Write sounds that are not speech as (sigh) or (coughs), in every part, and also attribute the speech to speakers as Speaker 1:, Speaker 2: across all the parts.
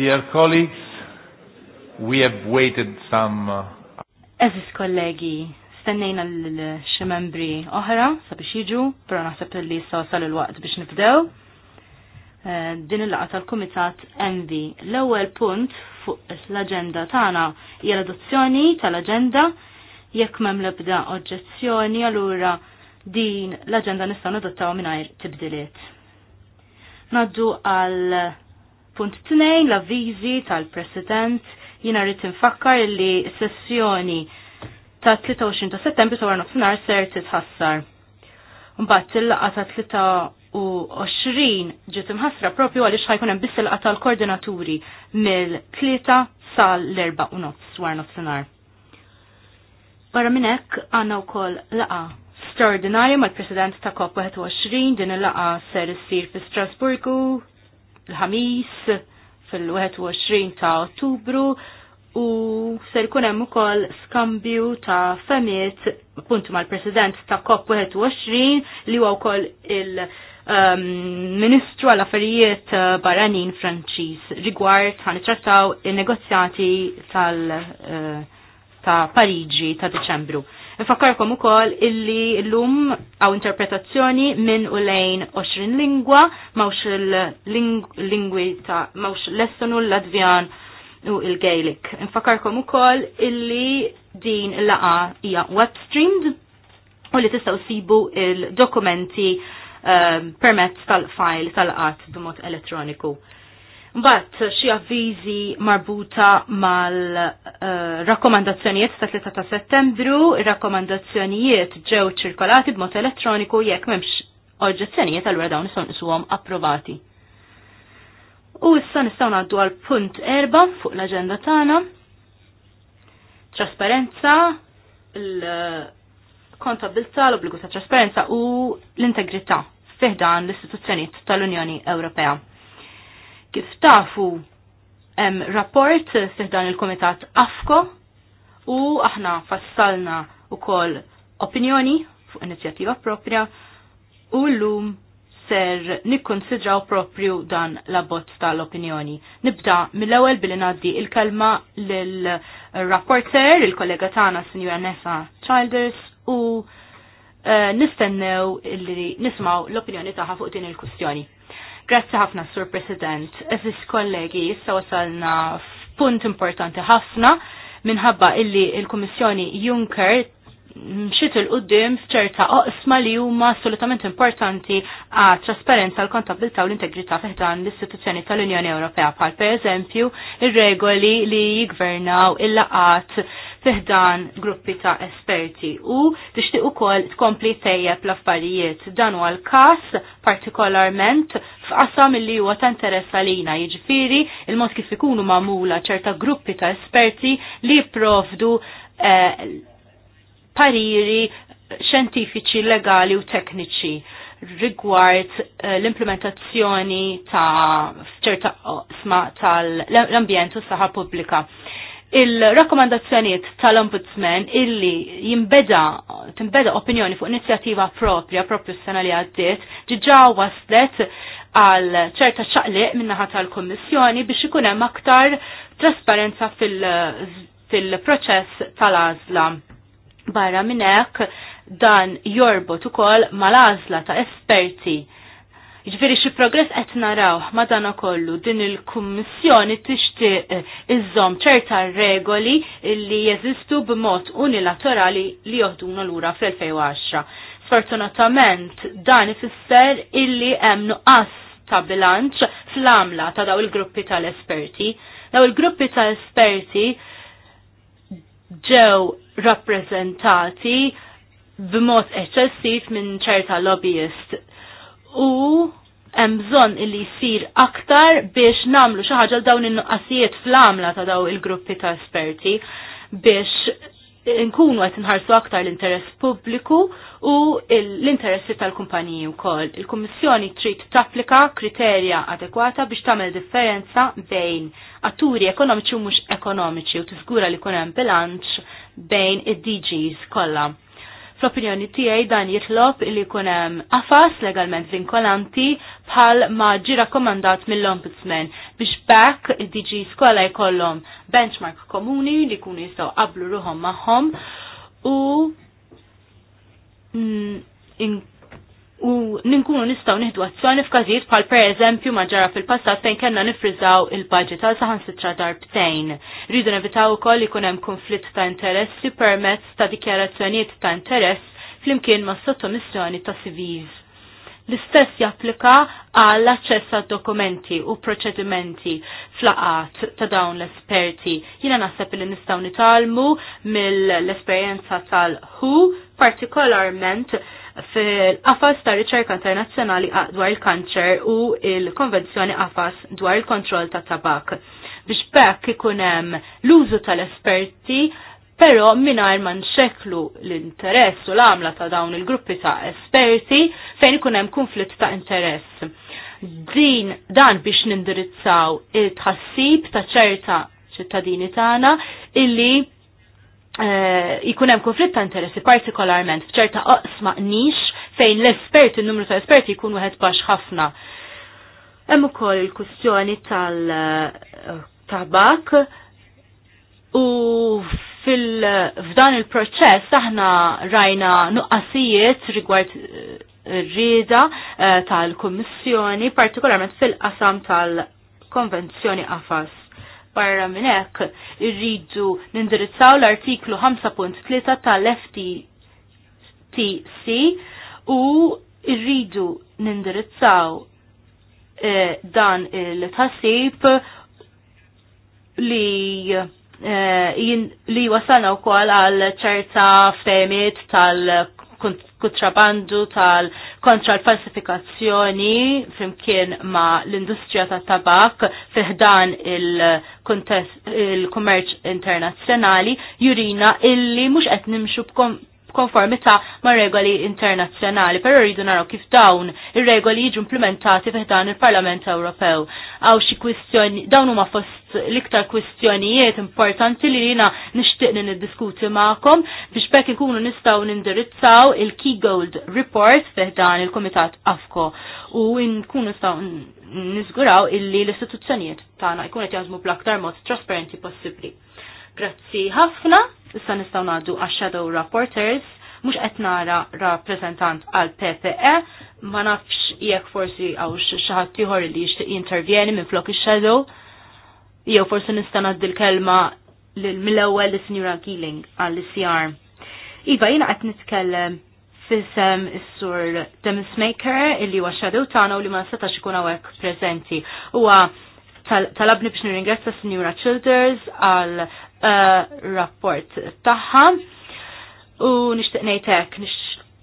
Speaker 1: Dear colleagues, we have waited some. Uh,
Speaker 2: Eżis kollegi, stennejna l-xi membri oħra sabiex jiġu, però naħseb li issa wasal il-waqt biex nibdew. Eh, din il-laqgħa tal-Kumitat MV. L-ewwel punt fuq l agenda tagħna hija l-adozzjoni tal-aġenda jekk m'hemm l-ebda oġġezzjoni allura din l agenda nistgħu nadottaw mingħajr tibdiliet. Naddu għal Punt tnejn, l-avviżi tal-President jina rrit infakkar li sessjoni ta' 23 ta' settembru ta' nofsinhar ser titħassar. Mbatt il-laqgħa ta' 23 ġiet imħassra propju għaliex ħajkun hemm biss il-laqgħa tal-koordinaturi mill-3 sal-4 u nofs wara nofsinhar. Barra minn hekk għandna wkoll laqa straordinarja mal-President ta' COP21 din il-laqgħa ser issir fi Strasburgu l-ħamis fil-21 ta' Ottubru u ser ikun hemm ukoll skambju ta' femiet punt mal-President ta' COP21 li huwa wkoll il- um, Ministru għal affarijiet uh, barranin Franċiż rigward ħan trattaw in-negozjati tal uh, ta' Pariġi ta' Deċembru. Nifakkarkom ukoll illi llum għaw interpretazzjoni minn u lejn 20 lingwa, mawx il-lingwi ta' mawx l-Estonu, l-Latvjan u il-Gaelic. Nifakkarkom ukoll illi din laqa hija web streamed u li tistaw sibu il-dokumenti eh, permezz tal-file tal qat b'mod elettroniku. Mbatt xi avviżi marbuta mal-rakkomandazzjonijiet uh, ta' 3 ta' Settembru, ir-rakkomandazzjonijiet ġew ċirkolati b'mod elettroniku jekk m'hemmx oġġezzjonijiet allura dawn ison isuhom approvati. U issa nistgħu ngħaddu għal punt erba' fuq l-aġenda tagħna. Trasparenza, l-kontabilità, l-obbligu ta' trasparenza u l-integrità fiħdan l-istituzzjonijiet tal-Unjoni Ewropea. Kif tafu hemm rapport seħdan il-Komitat AFCO u aħna fassalna kol opinjoni fuq inizjattiva propria u llum ser nikkonsidraw propriu dan la abbozz tal-opinjoni. Nibda mill-ewwel billi naddi il-kelma l rapporter il-kollega tagħna Sinjura Nessa Childers u uh, nistennew li nismaw l-opinjoni tagħha fuq din il-kwistjoni. Grazzi ħafna, Sur President. Eżis kollegi, jissa wasalna f'punt importanti ħafna minħabba illi il-Kummissjoni Juncker mxiet il-qoddim f'ċerta oqsma li huma assolutament importanti għal trasparenza l kontabilta u l-integrità fiħdan l-istituzzjoni tal-Unjoni Ewropea bħal pereżempju ir-regoli li jigvernaw il-laqat fiħdan gruppi ta' esperti u u ukoll tkompli tejjeb l-affarijiet. Dan huwa l-każ partikolarment f'qasam li huwa ta' li jina jiġifieri il-mod kif ikunu magħmula ċerta gruppi ta' esperti li jipprovdu eh, pariri xjentifiċi, legali u tekniċi rigward eh, l-implementazzjoni ta' ċerta sma tal-ambjent u saħa pubblika il-rakkomandazzjoniet tal-Ombudsman illi jimbeda, timbeda opinjoni fuq inizjattiva propria, propju s-sena li għaddiet, ġiġa waslet għal ċerta ċaqliq minnaħa tal-Kommissjoni biex ikun hemm aktar trasparenza fil-proċess fil proċess fil tal azla Barra minn hekk dan jorbot ukoll mal azla ta' esperti Ġveri xie progress qed naraw madana kollu din il-Kummissjoni tixtieq eh, iżżomm ċerta regoli li jeżistu b'mod unilaterali li joħduna lura fl-2010. Sfortunatament dan ifisser illi hemm nuqqas ta' bilanċ fl amla ta' daw il-gruppi tal-esperti. Daw il-gruppi tal-esperti ġew rappresentati b'mod eċċessiv minn ċerta lobbyist u hemm bżonn illi jsir aktar biex nagħmlu xi ħaġa dawn il nuqqasijiet fl-għamla ta' daw il-gruppi ta' esperti biex nkunu qed inħarsu aktar l-interess pubbliku u l-interessi tal-kumpaniji wkoll. Il-Kummissjoni trid tapplika kriterja adekwata biex tagħmel differenza bejn atturi ekonomiċi u mhux ekonomiċi u tiżgura li jkun hemm bilanċ bejn id-DGs kollha. Fl-opinjoni tiegħi dan jitlob li kunem hemm qafas legalment vinkolanti bħal ma ġi rakkomandat mill-Ombudsman biex back diġi skola jkollhom benchmark komuni li jkunu jistgħu qablu ruhom magħhom u mm, u ninkunu nistaw nihdu azzjoni f'każijiet bħal pereżempju ma ġara fil-passat fejn kellna nifriżaw il-budget għal saħan sitra darbtejn. Rridu nevitaw ukoll ikun hemm konflitt ta' interessi permezz ta' dikjarazzjonijiet ta' interess flimkien ma' sottomissjoni ta' civiz. L-istess japplika għall aċċess għad dokumenti u proċedimenti flaqat ta' dawn l-esperti. Jina naħseb li nistaw nitalmu mill-esperjenza tal hu partikolarment fil-qafas ta' riċerka internazzjonali dwar il-kanċer u il-konvenzjoni qafas dwar il-kontroll ta' tabak. Biex bekk ikunem l-użu tal-esperti Pero minar man xeklu l-interess u l-għamla ta' dawn il-gruppi ta' esperti fejn ikun hemm konflitt ta' interess. Din dan biex nindirizzaw il-tħassib ta' ċerta ċittadini tagħna illi jikunem eh, hemm konflitt ta' interessi partikolarment f'ċerta oqsma nix fejn l-espert, il-numru ta' esperti jkun wieħed baxx ħafna. Hemm ukoll il-kwistjoni tal-tabak u f'dan il-proċess aħna rajna nuqqasijiet rigward eh, rida eh, tal-Kummissjoni, partikolarment fil-qasam tal-Konvenzjoni AFAS barra minn hekk irridu nindirizzaw l-artiklu 5.3 tal ftc u irridu nindirizzaw eh, dan il-tasib li eh, li wasalna u kol għal ċerta fremit tal kontrabandu tal kontra l-falsifikazzjoni flimkien ma l-industrija tat tabak fiħdan il kommerċ il internazzjonali jurina illi mhux qed nimxu b'konformità ma' regoli internazzjonali, però rridu naraw kif dawn ir-regoli jiġu implementati fiħdan il-Parlament Ewropew. Għaw xi kwistjoni, dawn huma fost l-iktar kwistjonijiet importanti li jina nixtieq li niddiskuti magħkom biex bekk ikunu nistgħu nindirizzaw il-Key Gold Report fiħdan il-Kumitat AFCO u nkunu nistgħu niżguraw illi l-istituzzjonijiet tagħna jkun qed jaħdmu bl-aktar mod trasparenti possibbli. Grazzi ħafna. Issa nistgħu ngħaddu għax-Shadow Rapporters, mhux qed nara rappreżentant għal PPE, ma nafx jekk forsi għaw xi ħadd ieħor li jixtieq jintervjeni minn flok il shadow Jew forsi nistaw naddu l-kelma mill-ewwel lis-Sinjura Keeling għall-CR. Iva, jiena qed nitkellem fissem is-sur Demis Maker illi huwa xadew tagħna u li ma setax ikun hawnhekk preżenti. Huwa talabni biex s Sinjura Childers għal Eh, rapport tagħha u nixtieq ngħid hekk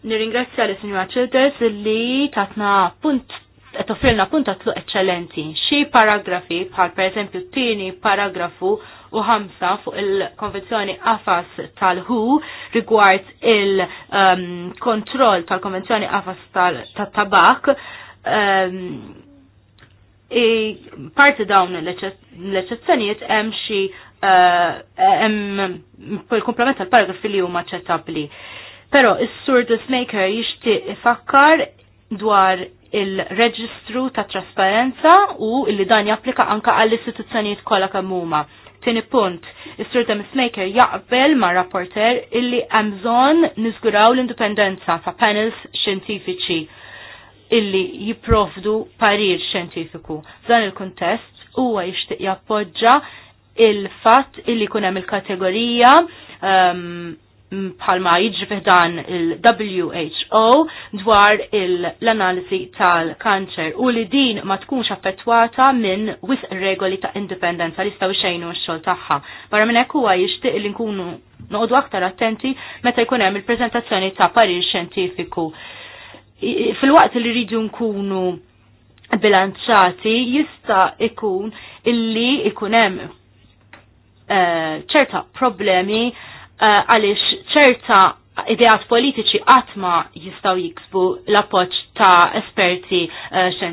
Speaker 2: nirringrazzja li sinjora Childers li tatna punt qed offrilna punt tatlu eċċellenti. Xi paragrafi bħal pereżempju t-tieni paragrafu u ħamsa fuq il-konvenzjoni AFAS tal-HU rigward il-kontroll ehm, tal-konvenzjoni AFAS tal-tabak um, ehm, parti dawn l-eċezzjonijiet hemm xi eh, eh, hemm komplement tal-paragrafi li huma aċċettabbli. Però is-Sur Maker jixtieq ifakkar dwar il-reġistru ta' trasparenza u li dan japplika anka għall-istituzzjonijiet kollha kemm huma. Tieni punt, is-Sur Maker jaqbel ma' rapporter illi hemm bżonn niżguraw l-indipendenza ta' panels xjentifiċi illi jiprofdu parir xjentifiku. F'dan il-kuntest huwa jixtieq jappoġġa il-fatt illi kunem hemm il-kategorija ehm, bħalma um, jiġri dan il-WHO dwar l-analisi tal-kanċer u li din ma tkunx affettwata minn wis regoli ta' indipendenza li staw xejnu x-xogħol tagħha. Barra minn ekku huwa jixtieq li nkunu noqogħdu aktar attenti meta jkun hemm il-preżentazzjoni ta' parir xjentifiku fil-waqt li rridu nkunu bilanċati jista' ikun illi ikun hemm eh, ċerta problemi eh, għaliex ċerta ideat politiċi għatma jistaw jiksbu l-appoċ ta' esperti eh,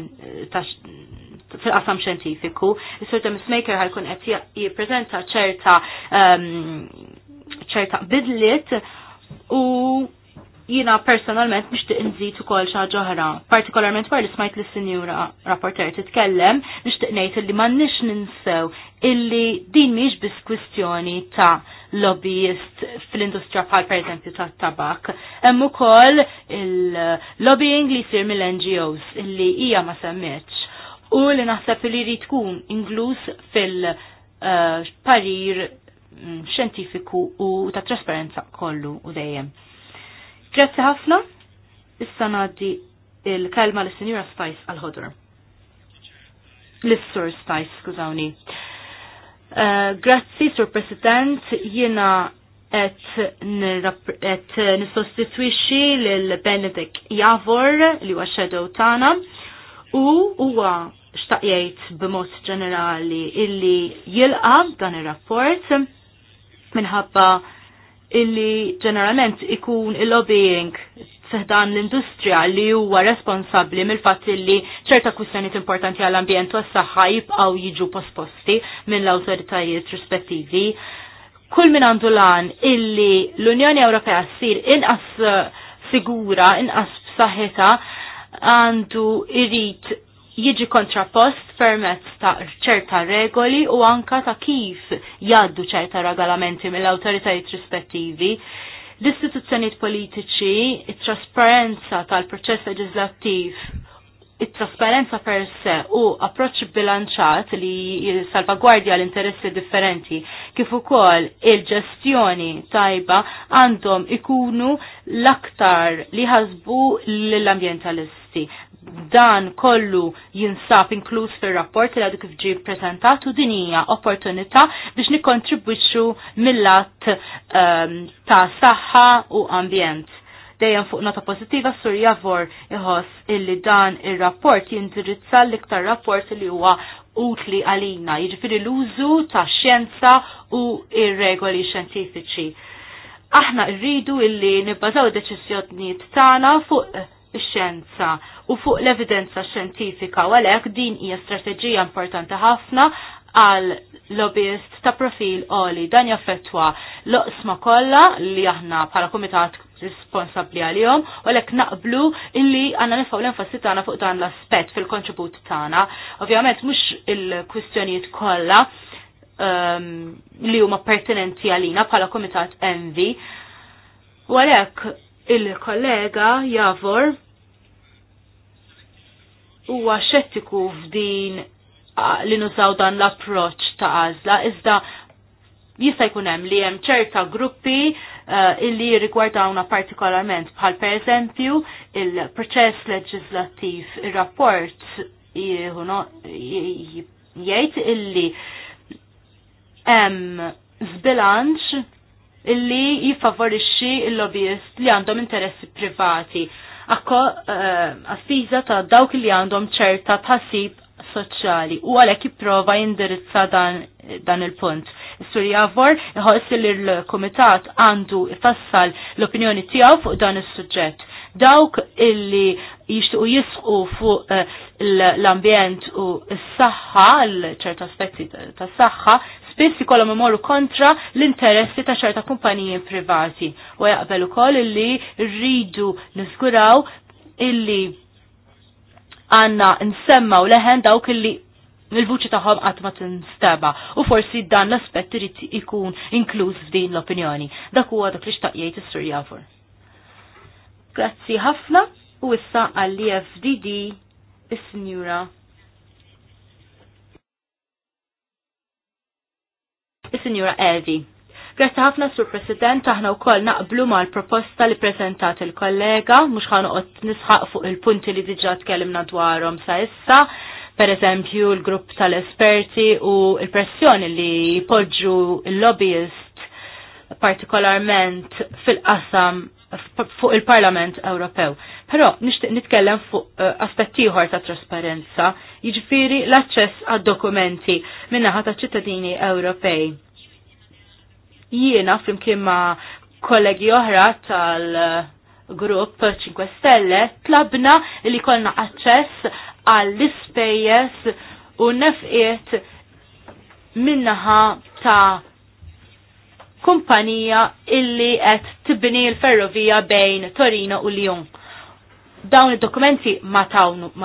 Speaker 2: fil-qasam xentifiku. Is-sorta mismaker ħajkun qed jippreżenta ċerta ehm, ċerta bidlit u jina personalment nishtiq nżid ukoll xi ħaġa oħra, partikolarment wara li smajt lis sinjura rapporter titkellem, nixtieq ngħid li m'għandniex ninsew illi din mhix biss kwistjoni ta' lobbyist fl-industrija bħal pereżempju tat-tabak. Hemm ukoll il-lobbying li jsir mill-NGOs illi hija ma semmitx u li naħseb li jrid tkun inkluż fil-parir eh, mm, xjentifiku u ta' trasparenza kollu u dejjem. Grazzi ħafna, issa ngħaddi il-kelma lis sinjura Spice għal-ħodur. L-Sur Spice, skużawni. Eh, grazzi, Sur President, jiena et nissostitwixi lil benedict Javor li huwa shadow tana u huwa xtaqjajt b'mod ġenerali illi jilqa dan ir-rapport minħabba illi ġeneralment ikun il-lobbying seħdan l-industrija li huwa responsabli mill-fatt li ċerta kwistjonijiet importanti għall-ambjent u s-saħħa jibqgħu jiġu posposti mill-awtoritajiet rispettivi. Kull min għandu lan illi l-Unjoni Ewropea ssir inqas eh, sigura, inqas b'saħħitha għandu irid jiġi kontrapost permezz ta' ċerta regoli u anka ta' kif jaddu ċerta regolamenti mill-autoritajiet rispettivi. L-istituzzjonijiet politiċi, it-trasparenza tal-proċess leġislattiv, it-trasparenza per se u approċċ bilanċat li salvagwardja l-interessi differenti kif ukoll il-ġestjoni tajba għandhom ikunu l-aktar li ħasbu l-ambientalisti dan kollu jinsab inkluż fir-rapport li għadu kif ġi prezentat u din hija opportunità biex nikkontribwixxu mill-att um, ta' saħħa u ambjent. Dejjem fuq nota pożittiva sur Javor iħoss illi dan ir-rapport jindirizza l-iktar rapport li huwa utli għalina, jiġifieri l-użu ta' xjenza u ir-regoli xjentifiċi. Aħna rridu illi nibbażaw id-deċiżjonijiet tagħna fuq ix-xjenza u fuq l-evidenza xjentifika u għalhekk din hija strateġija importanti ħafna għal lobbyist ta' profil oli dan jaffettwa l-oqsma kolla li aħna bħala komitat responsabli għal-jom u għalhekk naqblu illi għanna nifaw l-enfasi tagħna fuq dan l-aspet fil-kontribut tagħna. Ovvjament mux il-kwistjoniet kolla um, ehm, li huma pertinenti għalina bħala komitat envi. U għalek il-kollega Javor huwa xettiku f'din li nużaw dan l-approċ ta' għażla, iżda jista' jkun hemm li hemm ċerta gruppi uh, illi rigwardawna partikolarment bħal pereżempju il-proċess leġislattiv, ir-rapport jgħid illi hemm zbilanċ illi jiffavorixxi l-lobbyist li għandhom interessi privati għaspiża eh, ta' dawk li għandhom ċerta tħassib soċjali u għalhekk jipprova jindirizza dan, dan il-punt. Sur Javor jħoss li l-Kumitat għandu jfassal l-opinjoni tiegħu fuq dan is-suġġett. Dawk illi jixtuqu jisqu fuq eh, l-ambjent u s-saħħa, l-ċerta aspetti tas-saħħa, spiss ikollhom imorru kontra l-interessi ta' ċerta kumpaniji privati. U jaqbel ukoll illi rridu niskuraw illi għanna nsemmaw leħen dawk illi il-vuċi taħħom għat ma tinstaba u forsi dan l-aspett irid ikun inkluż f'din l-opinjoni. Dak huwa dak li xtaqjejt is-Sur Javor. Grazzi ħafna u issa għall-EFDD is-Sinjura Is-Sinjura Eldi. Grazzi ħafna sur President, aħna wkoll naqblu mal proposta li prezentat il-kollega, mhux ħanoqgħod nisħaq fuq il-punti li diġà tkellimna dwarhom sa issa, per eżempju l-grupp tal-esperti u l-pressjoni li poġġu l-lobbyist partikolarment fil-qasam fuq il-Parlament Ewropew. Però nixtieq nitkellem fuq eh, aspetti ieħor ta' trasparenza, jiġifieri l-aċċess għad dokumenti minnaħa ta' ċittadini Ewropej. Jiena flimkien ma' kollegi oħra tal-grupp 5 Stelle tlabna li kollna aċċess għall-ispejjeż u nefqiet minnaħa ta' kumpanija illi qed tibni l-ferrovija bejn Torino u Lyon. Dawn id-dokumenti ma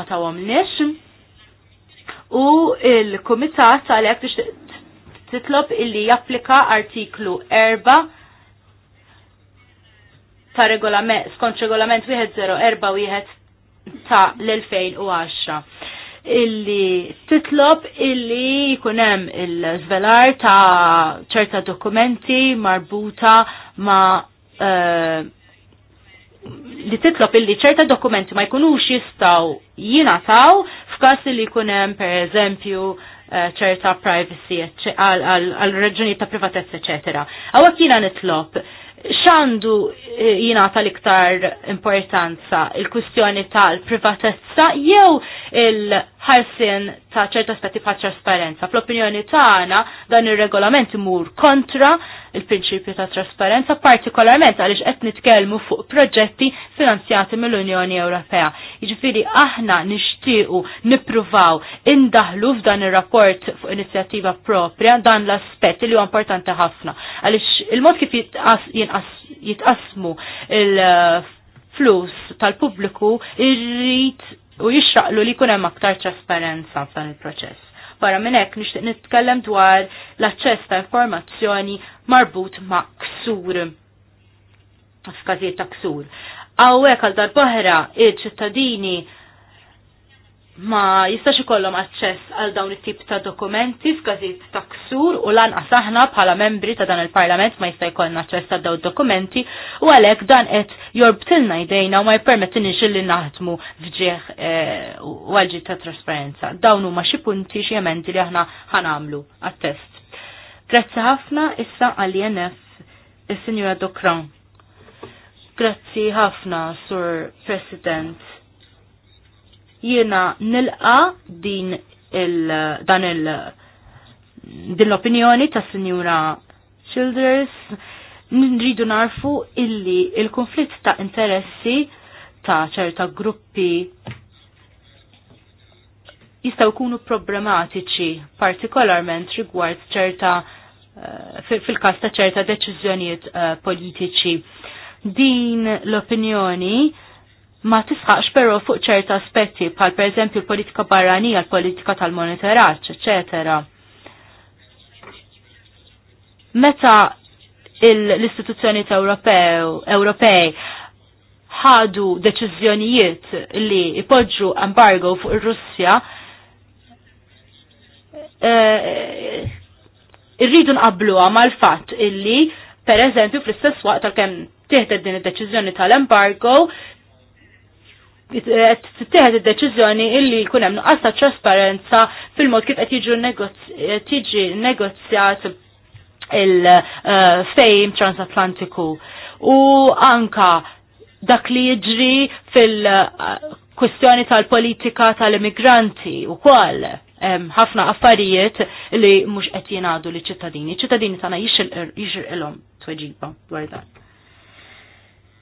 Speaker 2: tawhom nix u il-Kumitat għalhekk titlob illi japplika artiklu 4 ta' regolament skont regolament 104 ta' l-2010 illi titlob illi jkunem il-zvelar ta' ċerta dokumenti marbuta ma' eh, li titlob illi ċerta dokumenti ma jkunux jistaw taw f'kas li jkunem per eżempju eh, ċerta privacy għal raġuni ta' privatezza eccetera. Għawak jina nitlob xandu eh, jina l-iktar importanza il-kustjoni tal-privatezza jew il- ħarsien ta' ċerta aspetti pa' trasparenza. Fl-opinjoni tagħna dan ir-regolament imur kontra il-prinċipju ta' trasparenza, partikolarment għaliex qed nitkellmu fuq proġetti finanzjati mill-Unjoni Ewropea. Jiġifieri aħna nixtiequ nippruvaw indaħlu f'dan ir-rapport fuq inizjattiva propria dan l aspetti li huwa importanti ħafna. Għaliex il-mod kif jitqasmu il-flus tal-pubbliku irrit u jixxaqlu li kunem aktar trasparenza f'dan il-proċess. Barra minn hekk nixtieq nitkellem dwar l-aċċess ta' informazzjoni marbut ma' ksur. F'każijiet ta' ksur. Hawnhekk għal darbohra iċ-ċittadini ma jistax ikollhom aċċess għal dawn it-tip ta' dokumenti f'każijiet ta' ksur u lanqas aħna bħala membri ta' dan il-Parlament ma jista' jkollna aċċess ta' dawn dokumenti u għalhekk dan qed jorbtilna jdejna u ma jippermettinix illi naħdmu fġieħ eh, u għalġi ta' trasparenza. Dawn huma xi punti xi emendi li aħna ħanamlu għat-test. Grazzi ħafna issa għall-INF is-Sinjura Dokran. Grazzi ħafna, Sur President jiena nilqa din il dan il din l-opinjoni ta' Sinjura Childers nridu narfu illi il-konflitt ta' interessi ta' ċerta gruppi jistaw kunu problematiċi, partikolarment rigward ċerta eh, fil-kas ta' ċerta deċiżjonijiet eh, politiċi. Din l-opinjoni ma tisħax però fuq ċerta aspetti, bħal per eżempju l-politika barranija, l-politika tal-monitoraċ, ecc. Meta l-istituzzjoni Ewropej ħadu deċiżjonijiet li ipoġġu embargo fuq ir-Russja, eh, irridu nqabluha mal-fatt illi per eżempju fl-istess waqt tal-kemm tieħdet din id-deċiżjoni tal-embargo, tittieħed id-deċiżjoni illi jkun hemm nuqqas ta' trasparenza fil-mod kif qed jiġu tiġi negozjat il-fejm eh, transatlantiku. U anka dak li jiġri fil-kwestjoni tal-politika tal-immigranti u koll ħafna affarijiet li mhux qed jingħadu li ċittadini. ċittadini tagħna jixirqilhom tweġiba dwar dan.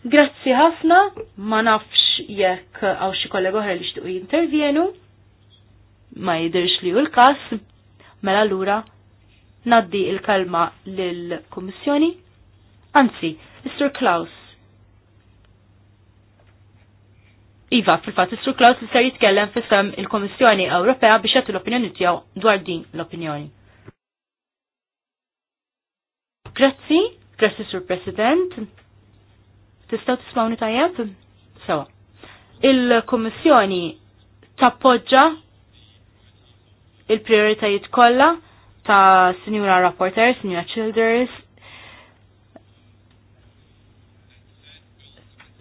Speaker 2: Grazzi ħafna, ma nafx jekk għaw xi kollega oħra li xtiqu jintervjenu, ma jidirx li hu l-każ, mela allura naddi il-kalma lill-Kummissjoni. Anzi, Mr. Klaus. Iva, fil-fatt, Mr. Klaus li jitkellem jitkellem sem il-Kommissjoni Ewropea biex jagħtu l-opinjoni tiegħu dwar din l-opinjoni. Grazzi, grazzi Sur President. Tistgħu tismawni tajjeb? Sewa il-Kommissjoni tappoġġa il-prioritajiet kollha ta' Sinjura Rapporter, Sinjura Childers.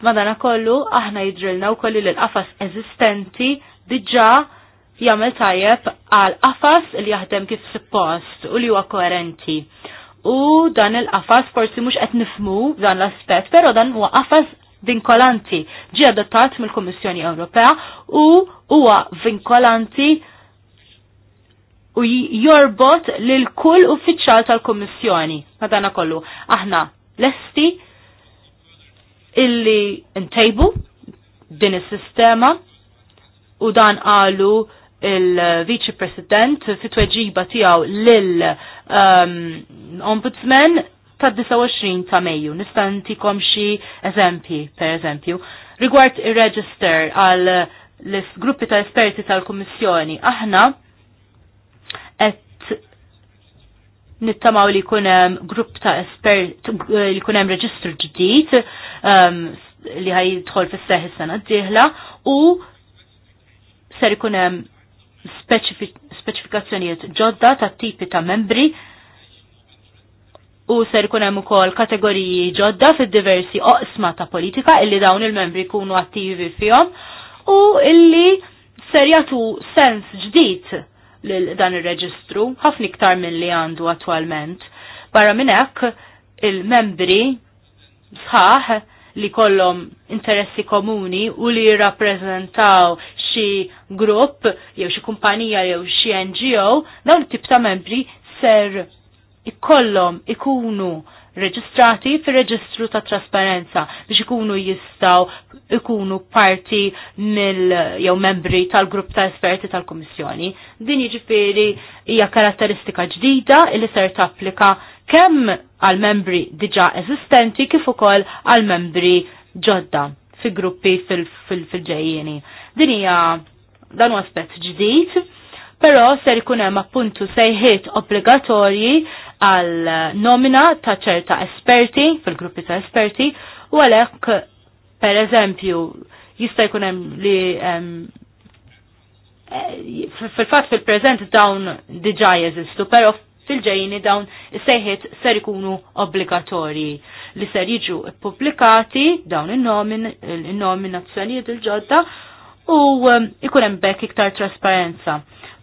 Speaker 2: Madana kollu aħna jidrilna wkoll li l-qafas eżistenti diġà jagħmel tajjeb għal qafas li jaħdem kif suppost u li huwa koerenti. U dan il-qafas forsi mhux qed nifmu dan l-aspett, però dan huwa qafas vinkolanti ġi adottat mill-Kummissjoni Ewropea u huwa vinkolanti u jorbot lil kull uffiċjal tal-Kummissjoni. Madana kollu, aħna lesti illi ntejbu din is-sistema u dan qalu il-Vice President fit tweġiba tiegħu lil um, Ombudsman ta' 29 ta' Mejju. Nista' ntikom xi eżempji, per eżempju. Rigward ir-register għal l-gruppi ta' esperti tal-Kummissjoni, aħna qed nittamaw li kunem grupp ta' espert li kunem reġistru ġdid um, li tħol fis-seħ is-sena d-dieħla u ser kunem hemm speċifikazzjonijiet ġodda ta' tipi ta' membri u ser ikun hemm ukoll kategoriji ġodda fid-diversi oqsma ta' politika illi dawn il-membri jkunu attivi fihom u illi ser jagħtu sens ġdid lil dan ir-reġistru ħafna iktar minn li għandu attwalment. Barra minn hekk il-membri sħaħ li kollhom interessi komuni u li jirrappreżentaw xi grupp jew xi kumpanija jew xi NGO dawn it-tip ta' membri ser ikollhom ikunu reġistrati fir-reġistru ta' trasparenza biex ikunu jistaw ikunu parti mill jew membri tal-grupp ta' esperti tal-Kummissjoni. Din jiġifieri hija karatteristika ġdida li ser tapplika kemm għal membri diġà eżistenti kif ukoll għal membri ġodda fi gruppi fil-ġejjieni. Din hija dan aspett ġdid però ser ikun hemm appuntu sejħiet obbligatorji għal nomina ta' ċerta esperti fil-gruppi ta' esperti u għalhekk per eżempju jista' jkun hemm li eh, fil-fatt fil-preżent dawn diġà jeżistu, però fil-ġejni dawn sejħiet ser ikunu obbligatorji li ser jiġu pubblikati dawn il-nominazzjonijiet il-ġodda u ikun hemm bekk iktar trasparenza.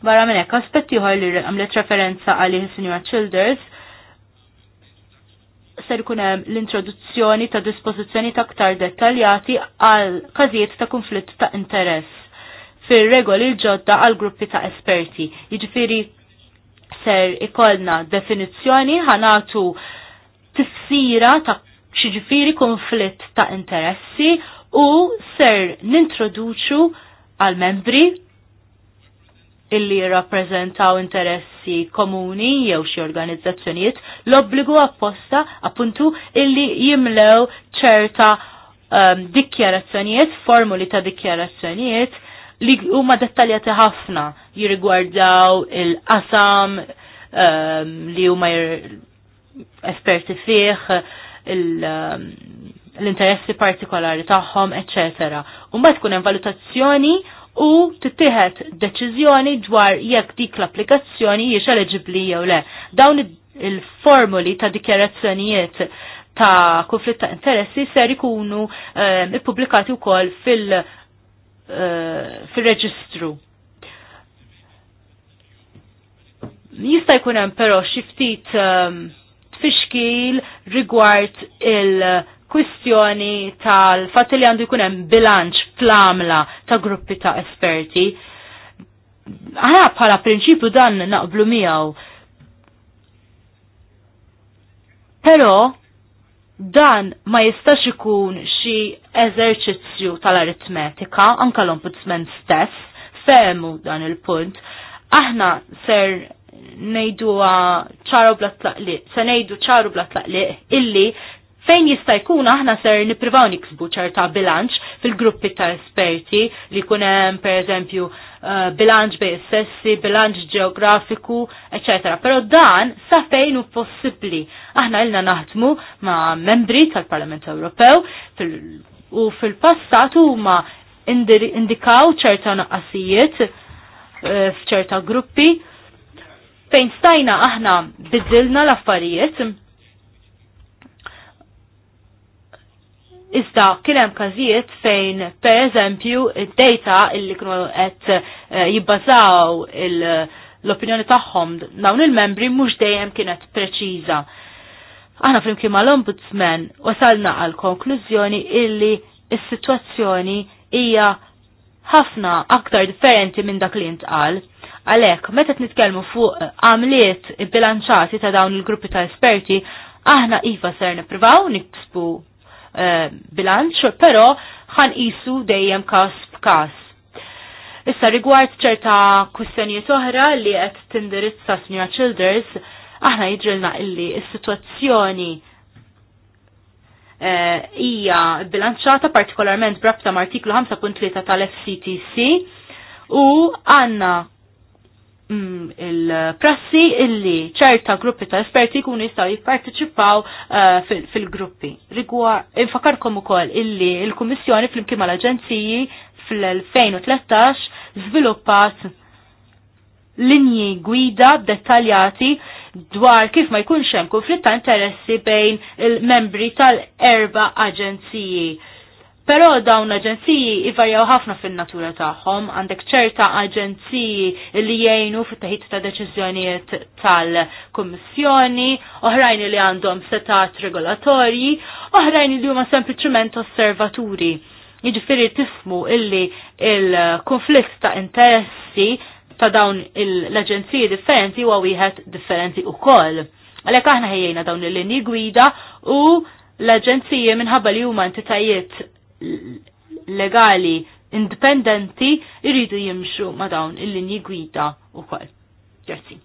Speaker 2: Barra minnek, aspetti ieħor li għamlet referenza għalli is Childers ser ikun hemm l-introduzzjoni ta' dispożizzjoni ta' ktar dettaljati għal każijiet ta' konflitt ta' interess fir-regoli ġodda għal gruppi ta' esperti. Jiġifieri ser ikollna definizzjoni ħanatu tifsira ta' xiġifieri konflitt ta' interessi u ser nintroduċu għal membri illi jirrappreżentaw interessi komuni jew xi organizzazzjonijiet l-obbligu apposta appuntu illi jimlew ċerta um, dikjarazzjonijiet, formuli ta' dikjarazzjonijiet li huma dettaljati ħafna jirrigwardaw il-qasam um, li huma esperti fih ehm, l-interessi partikolari tagħhom, eċċetera. Mbagħad tkun hemm valutazzjoni u tittieħed deċiżjoni dwar jekk dik l-applikazzjoni hiex eligibbli jew le. Dawn il-formuli ta' dikjarazzjonijiet ta' konflitt ta' interessi ser ikunu eh, ippubblikati wkoll fil- eh, fil-reġistru. Jista' jkun hemm però xi ftit eh, tfixkil rigward il- kwistjoni tal fatti li għandu jkun hemm bilanċ fl ta' gruppi ta' esperti. Aħna bħala prinċipju dan naqblu miegħu. Però dan ma jistax ikun xi eżerċizzju tal-aritmetika, anka l-ombudsman stess, fehmu dan il-punt, aħna ser nejdu ċaru bla tlaqliq, se nejdu ċaru bla tlaqliq illi fejn jista' jkun aħna ser nipprivaw niksbu ċerta bilanċ fil-gruppi ta' esperti li jkun hemm pereżempju eh, bilanċ bej sessi, bilanċ ġeografiku, etc. Però dan sa fejn hu possibbli. Aħna ilna naħdmu ma' membri tal-Parlament Ewropew u fil-passat huma indikaw ċerta naqasijiet eh, f'ċerta gruppi fejn stajna aħna bidilna l-affarijiet Iżda kien hemm każijiet fejn pereżempju id-data illi kienu qed eh, jibbażaw l-opinjoni tagħhom dawn il-membri mhux dejjem kienet preċiża. Aħna flimkien mal-Ombudsman wasalna għal konklużjoni illi is-sitwazzjoni hija ħafna aktar differenti minn dak li intqal. Għalhekk, meta nitkellmu fuq għamliet bilanċati ta' dawn il-gruppi ta' esperti, aħna iva ser nippruvaw niksbu Eh, bilanċ, però ħan isu dejjem kas b'kas. Issa rigward ċerta kustenijiet oħra li qed tindirizza Smira Childers, aħna jidrilna illi is situazzjoni eh, hija uh, bilanċata partikolarment brabta ma' artiklu 5.3 tal-FCTC u għanna Mm, il-prassi illi ċerta gruppi ta' esperti kun jistaw jipparteċipaw uh, fil-gruppi. Rigwar, infakarkom ukoll illi il-Kummissjoni fl-imkien mal-Aġenziji fl-2013 żviluppat linji gwida dettaljati dwar kif ma jkunx hemm konflitt ta' interessi bejn il-membri tal-erba' aġenziji Pero dawn l-aġenziji ivarjaw ħafna fil-natura tagħhom, għandek ċerta aġenziji li jgħinu fit taħit ta' deċiżjonijiet tal-Kummissjoni, oħrajn li għandhom setat regolatorji, oħrajn li huma sempliċement osservaturi. Jiġifieri tifmu illi il-konflitt ta' interessi ta' dawn l-aġenziji differenti huwa wieħed differenti ukoll. Għalhekk aħna ħejjejna dawn il-linji gwida u l-aġenziji minħabba li huma entitajiet legali indipendenti irridu jimxu ma dawn il-linji gwida u kol. Grazie.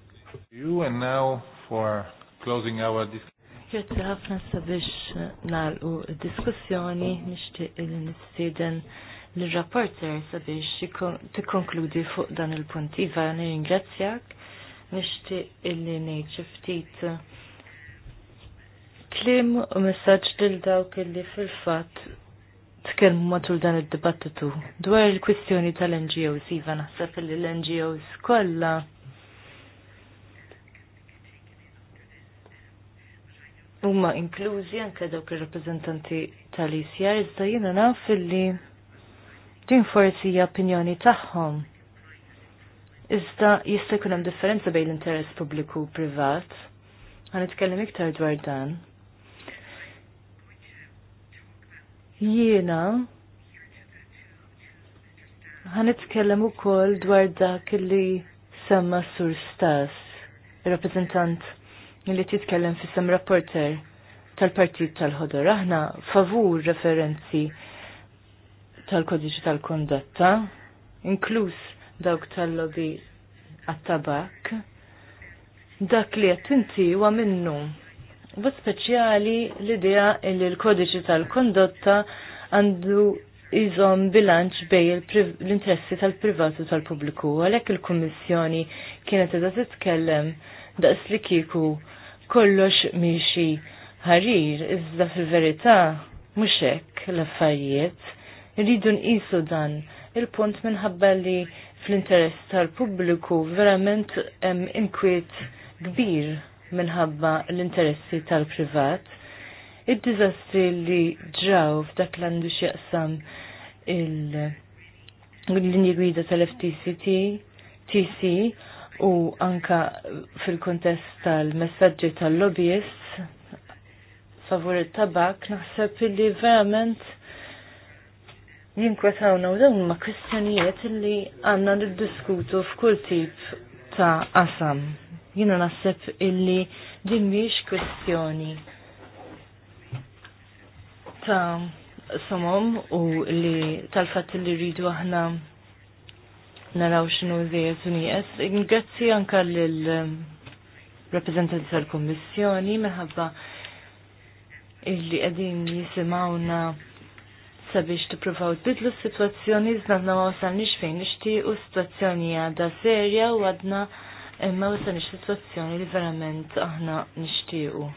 Speaker 1: You and now for closing our discussion.
Speaker 2: Grazzi ħafna
Speaker 3: sabiex nalqu diskussjoni nixtieq il nistieden l-rapporter sabiex tikkonkludi fuq dan il-punt. Iva, nirringrazzjak, nixtieq illi ngħid xi ftit klim u messaġġ lil dawk illi fil-fatt tkellmu matul dan id-dibattitu dwar il-kwistjoni tal-NGOs iva naħseb li l-NGOs kollha huma inklużi anke dawk ir-rappreżentanti tal-ICR iżda jiena naf illi din forsi hija opinjoni tagħhom. Iżda jista' jkun hemm differenza bejn l-interess pubbliku u privat. Għan itkellem iktar dwar dan. Jiena ħanitkellem ukoll dwar dak li semma Sur Stas, rappresentant li titkellem fi sem rapporter tal-Partit tal-Ħodor. Aħna favur referenzi tal-kodiċi tal-kondotta, inkluż dawk tal-lobby għat-tabak. Dak li qed inti huwa minnu Bot speċjali l-idea li l-kodiċi tal-kondotta għandu jizom bilanċ bej l-interessi tal-privatu tal-pubbliku. Għalhekk il-Kummissjoni kienet edha titkellem daqs li kiku kollox miexi ħarir, iżda fil-verità mhux hekk l-affarijiet. Rridu nqisu dan il-punt minħabba li fl-interess tal-pubbliku verament inkwiet kbir minħabba l-interessi tal-privat. Id-dizastri li ġraw f'dak l-għandu xieqsam il-linji gwida tal-FTCT, TC, u anka fil-kontest tal-messagġi tal lobbyist favur il-tabak, naħseb li verament jinkwetawna u dawn ma kwistjonijiet li għanna niddiskutu f'kull tip ta' asam. Jina naħseb illi din kwestjoni ta' somom u li tal-fat li rridu aħna naraw xinu zejet unijes. Ingrazzi anka l-reprezentanti ehm, tal-kommissjoni meħabba illi għedin jisimawna sabiex t-provaw tbidlu s-situazzjoni znadna ma wasalniex fejn nixti u situazzjoni għadha serja u għadna imma nix situazzjoni li verament aħna nixtiequ.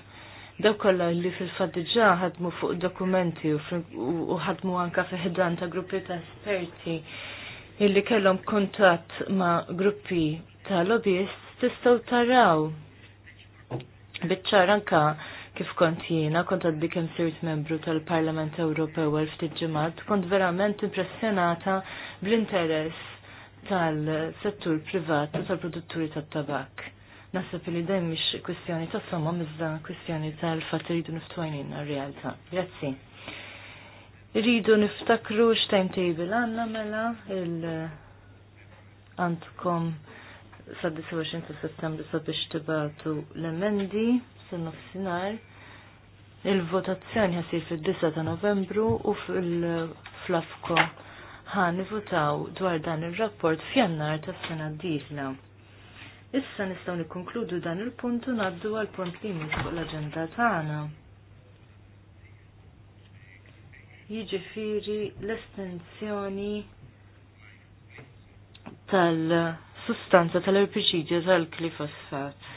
Speaker 3: Daw kollha li fil-fatt ħadmu fuq dokumenti u ħadmu anka fi ħidan ta' gruppi ta' esperti illi kellhom kuntatt ma' gruppi ta' lobbyist tistaw taraw. Biċċar anka kif kont jiena kont għaddi kemm sirt membru tal-Parlament Ewropew għal ftit ġimgħat kont verament impressjonata bl-interess tal-settur privat u tal-produtturi tat-tabak. Nasab li dejjem mish kwestjoni ta' somma iżda kwistjoni tal-fatiridu niftwajnin għar-realtà. Grazzi. Rridu niftakru timetable għandna mela il għandkom sa' 29 ta' settembru sabiex tibatu l-emendi sa nofsinhar Il-votazzjoni ħasir fid-9 ta' Novembru u fil-Flafko ħan votaw dwar dan il-rapport f'jannar ta' sena d dijna Issa nistaw nikkonkludu dan il-punt u naddu għal punt li fuq l-agenda tagħna. Jiġifieri l-estensjoni tal-sustanza tal-erpiċidja tal-glifosfat.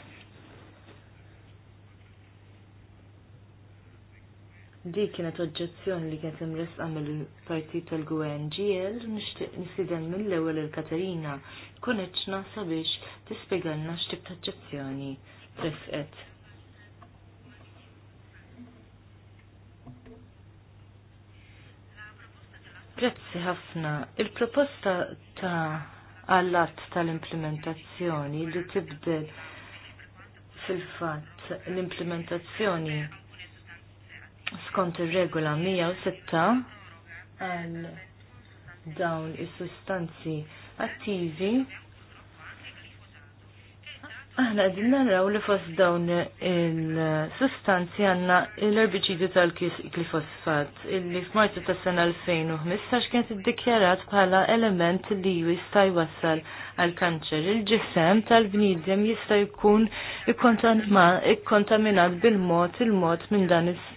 Speaker 3: Di kienet oġġezzjoni li kienet imrisqa mill-partit tal-Gwen GL nisiden mill-ewwel il-Katerina Koneċna sabiex tispjegalna x'tib ta' oġġezzjoni trefqet. Grazzi ħafna. Il-proposta ta' għall-att tal-implementazzjoni li tibdel fil-fatt l-implementazzjoni skont ir-regola 106 għal dawn is-sustanzi attivi aħna qegħdin naraw li fost dawn il-sustanzi għandna l erbiċidu tal-glifosfat illi f'Marzu tas-sena 2015 kienet iddikjarat bħala element li jista' jwassal għal kanċer. Il-ġisem tal-bniedem jista' jkun ikkontaminat bil-mod il-mod minn dan is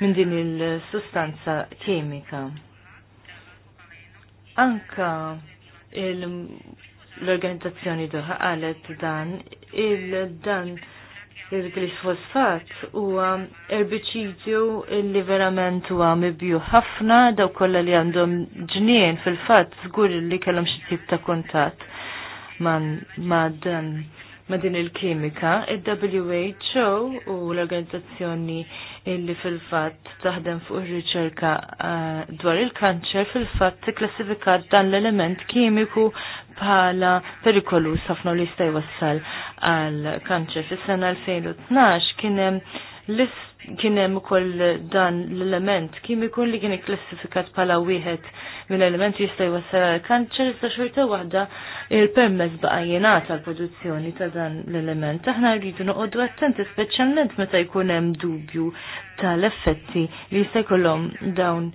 Speaker 3: minn din il-sustanza kimika. Anka l-organizzazzjoni doħa qalet dan il-dan il-glisfosfat huwa erbiċidju li verament u mibju ħafna daw kollha li għandhom ġnien fil-fatt żgur li kellhom xi tip ta' kuntatt ma' dan ma' din il-kimika, il-WHO u l-organizzazzjoni illi fil-fat taħdem fuq ir-riċerka eh, dwar il-kanċer fil-fat tiklassifikat dan l-element kimiku bħala perikolu ħafna li jista' jwassal għal kanċer. Fis-sena 2012 kienem kienem kien hemm ukoll dan l-element kimiku li kien ikklassifikat bħala wieħed mill elementi jista' jwassal għal kanċer iżda xorta waħda il-permess baqa' jingħata tal-produzzjoni ta' dan l-element. Aħna rridu noqogħdu attenti speċjalment meta jkun hemm dubju tal-effetti li jista' jkollhom dawn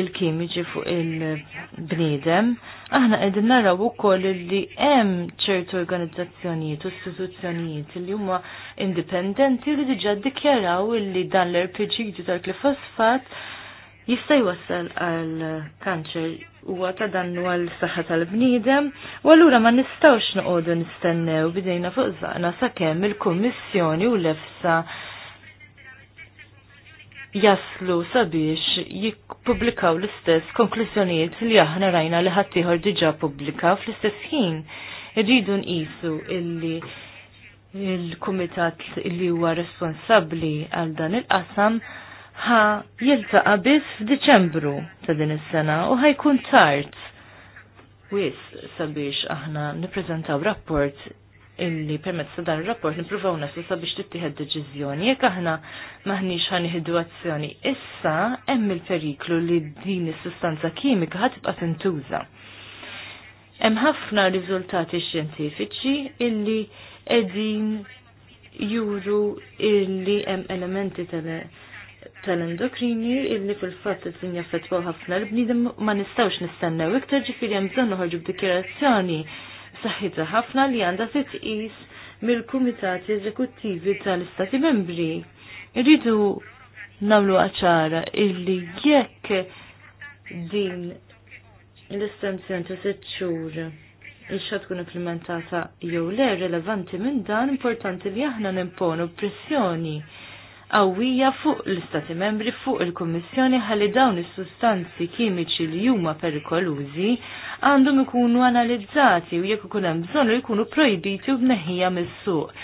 Speaker 3: il-kimiċi fuq il-bniedem, aħna qegħdin naraw ukoll li hemm ċertu organizzazzjonijiet u istituzzjonijiet li huma indipendenti li diġà ddikjaraw li dan l-RPG tal-glifosfat jista' jwassal għal kanċer huwa ta' dannu għal saħħa tal-bniedem u allura ma nistgħux noqogħdu nistennew bidejna fuq żaqna sakemm il-Kummissjoni u l-EFSA jaslu sabiex jippubblikaw l-istess konklużjonijiet li aħna rajna li ħaddieħor diġà pubblika fl-istess ħin irridu nqisu illi il-kumitat li huwa responsabbli għal dan il-qasam il qasam ħa jiltaqa' biss f'Diċembru ta' din is-sena u ħajkun tard. Wis sabiex aħna nippreżentaw rapport illi permezz ta' dan ir-rapport nippruvaw naslu sabiex tittieħed deċiżjoni. Jekk aħna maħniex ħaniħdu azzjoni issa hemm il-periklu li din is-sustanza kimika ħad tintuża. Hemm ħafna riżultati xjentifiċi illi qegħdin juru illi hemm elementi tal- tal-endokrini illi fil-fatt qed jaffettwaw ħafna l-bniedem ma nistgħux nistennew iktar ġifieri hemm bżonn noħorġu b'dikjerazzjoni saħħitha ħafna li għandha titqis mill-kumitati eżekuttivi tal-Istati Membri. Irridu nagħmlu aċara illi jekk din l istanzjon ta' sitt xhur xat tkun implementata jew le rilevanti minn dan importanti li aħna nimponu pressjoni qawwija fuq l-Istati membri fuq il-Kummissjoni ħalli dawn is-sustanzi kimiċi li huma perikolużi għandhom ikunu analizzati u jekk ikun hemm bżonn li jkunu projbiti u bneħħija mis-suq.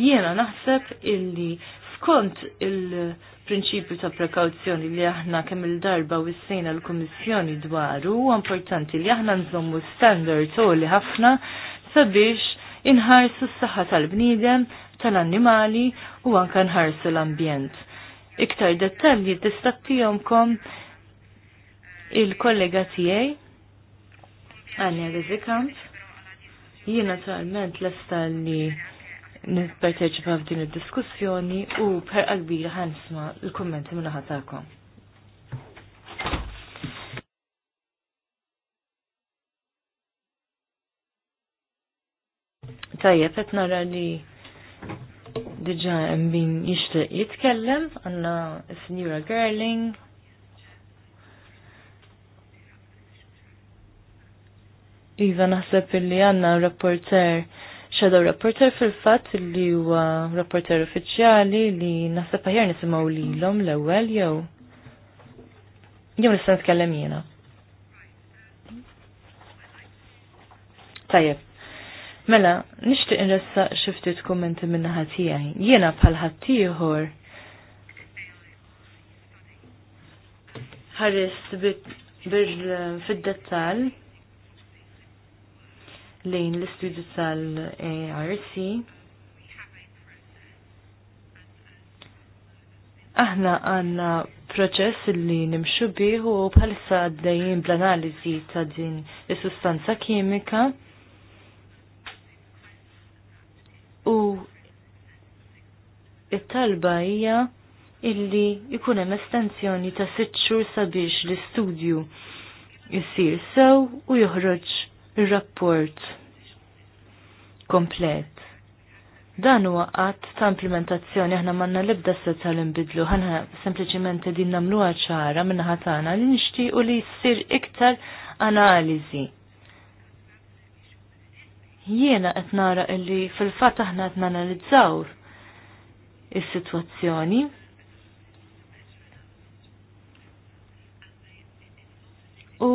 Speaker 3: Jiena naħseb illi skont il-prinċipju ta' prekawzjoni li aħna kemm il-darba u sejna l-Kummissjoni dwaru, importanti li aħna nżommu standard li ħafna sabiex inħarsu s-saħħa tal-bniedem, tal-annimali u anka nħarsu l-ambjent. Iktar dettalji tistattijomkom il-kollega tijaj, Anja Rizikamp, jiena talment l-esta li nipparteċipa f'din id-diskussjoni u per qalbira ħansma l-kommenti minna ħatakom. Tajjeb, qed nara li diġà hemm min jixtieq jitkellem, għandna Sinjura Gerling. Iva naħseb illi għandna rapporter Shadow Rapporter fil-fatt li huwa rapporter uffiċjali li naħseb aħjar nisimgħu lilhom l-ewwel jew jew nista' nitkellem jiena. Tajjeb, Mela, nixtieq inressa xiftit kommenti minna ħatijaj. Jiena bħal ħaddieħor bil fid-dettal lejn l-istudju tal-ARC. Aħna għanna proċess li nimxu bih u bħalissa għaddejjien bl-analizi ta' din is-sustanza kimika. it-talba hija illi jkun hemm estensjoni ta' sitt xhur sabiex l-istudju jsir sew u joħroġ ir-rapport komplet. Dan huwa qatt ta' implementazzjoni aħna manna l-ibda se tal-inbidlu, ħana sempliċiment din nagħmluha ċara minn ħatana li nixtiequ li jsir iktar analiżi. Jiena qed nara illi fil-fatt aħna qed nanalizzaw is-sitwazzjoni. U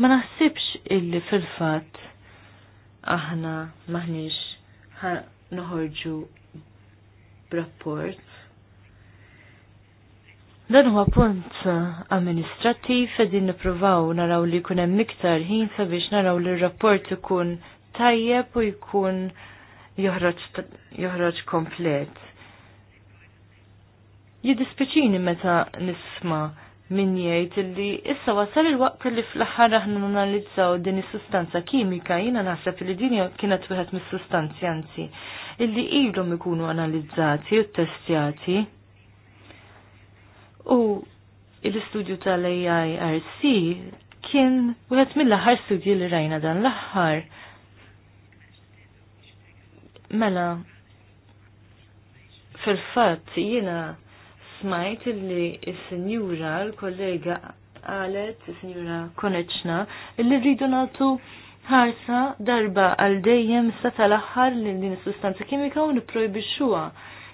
Speaker 3: ma naħsibx illi fil-fatt aħna maħniex noħorġu b'rapport. Dan huwa punt amministrattiv qegħdin nippruvaw naraw li jkun hemm iktar ħin sabiex naraw li r-rapport ikun tajjeb u jkun joħroġ komplet. Jiddispiċini meta nisma min jgħid illi issa wasal il-waqt li fl-aħħar aħna nanalizzaw din is-sustanza kimika jiena naħseb li din kienet wieħed mis-sustanzi anzi illi ilhom ikunu analizzati u ttestjati. U l-istudju tal-AIRC kien wieħed mill-aħħar studji li rajna dan l-aħħar. Mela, fil-fatt jiena smajt illi s-senjura, l-kollega għalet, s-senjura koneċna, li rridu natu ħarsa darba għal dejjem sa tal-axħar li din sustanza kimika u niprojbixxuha.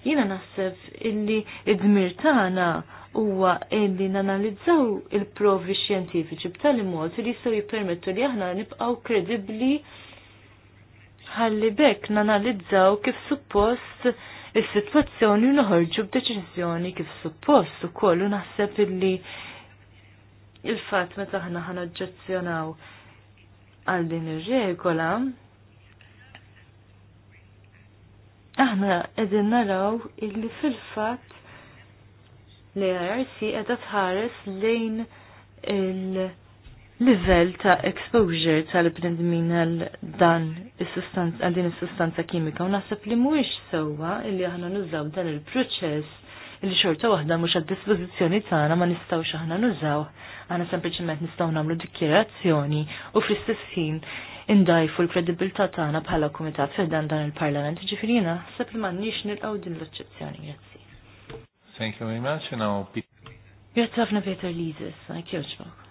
Speaker 3: Jiena naħseb illi id-dmir tagħna huwa illi nanalizzaw il-provi xjentifiċi b'tali mod li jistgħu jippermettu li aħna nibqgħu kredibbli ħalli bekk nanalizzaw kif suppost is-sitwazzjoni noħorġu b'deċiżjoni kif suppost u kollu naħseb illi il-fatt meta aħna ħana oġġezzjonaw għal din ir-regola aħna qegħdin naraw illi fil-fatt l-ARC qiegħda tħares lejn il- livell ta' exposure tal prendmin għal dan is-sustanza għal din is-sustanza kimika u naħseb li mhuwiex sewwa illi aħna nużaw dan il-proċess illi xorta waħda mhux għad-dispożizzjoni tagħna ma nistgħux aħna nużaw. Aħna sempliċement nistgħu nagħmlu dikjerazzjoni u fl-istess ħin indajfu l kredibilta tagħna bħala kumitat fedan dan il-Parlament. Ġifirina, naħseb li m'għandniex nilqgħu din l-oċċezzjoni. Grazzi.
Speaker 1: Thank you very much. Now, Peter.
Speaker 3: Grazzi ħafna Peter Lizis, għakjoċbok.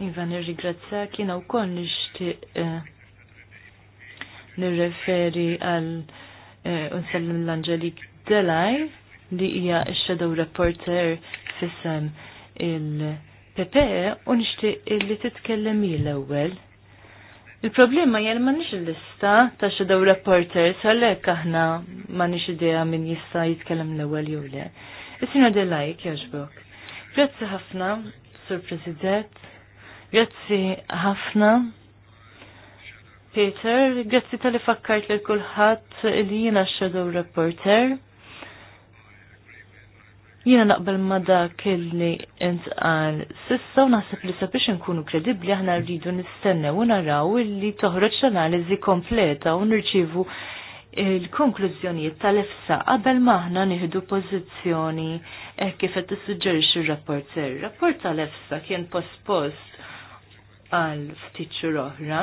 Speaker 3: Iva nirrigrazzja kiena u koll nishtiq eh, nirreferi għal eh, unsellim l-Angelik Delaj li hija shadow reporter fissem il-PPE u nishtiq li titkellem jil ewwel Il-problema jgħal ma nix l-lista ta' shadow reporter għalhekk aħna ma nix idea min jista' jitkellem l-ewwel jew le. Is-sina Delaj kjaġbuk. Grazzi ħafna, Sur President, Grazzi ħafna. Peter, grazzi tal-li fakkart li kullħat li x shadow reporter. Jiena naqbel ma dak li intqal sissa u naħseb li sabiex nkunu kredibli aħna rridu nistennew u naraw li toħroġ analiżi kompleta u nirċivu il-konklużjonijiet tal-efsa qabel maħna nieħdu pożizzjoni eh, kif qed tissuġġerixxi r-rapport ser. Rapport tal-efsa kien post għal ftit xhur oħra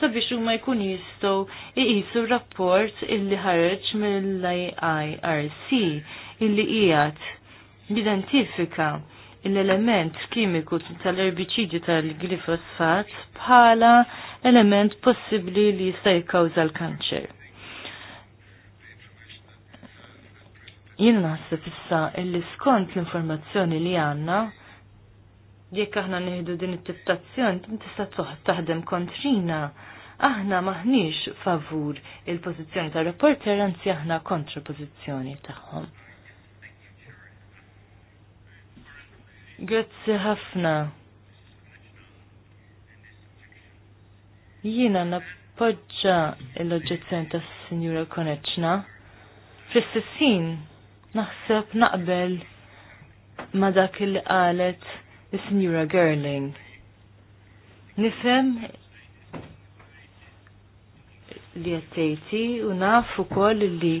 Speaker 3: sabiex huma jkun jistgħu iqisu rapport illi ħareġ mill-IRC illi qiegħed jidentifika l-element kimiku tal-erbiċidju tal-glifosfat bħala element possibbli li jista' jikkawża l-kanċer. Jien naħseb issa illi skont l-informazzjoni li għandna jekk aħna nieħdu din it tittazzjon tista' taħdem kontrina. Aħna maħniex favur il-pożizzjoni tar reporter anzi aħna kontra pożizzjoni tagħhom. Grazzi ħafna. Jiena nappoġġa l-oġġezzjoni tas-Sinjura Koneċna. Fl-istessin naħseb naqbel ma dak il qalet is-Sinjura Gerling. Nifhem li għattejti u naf ukoll li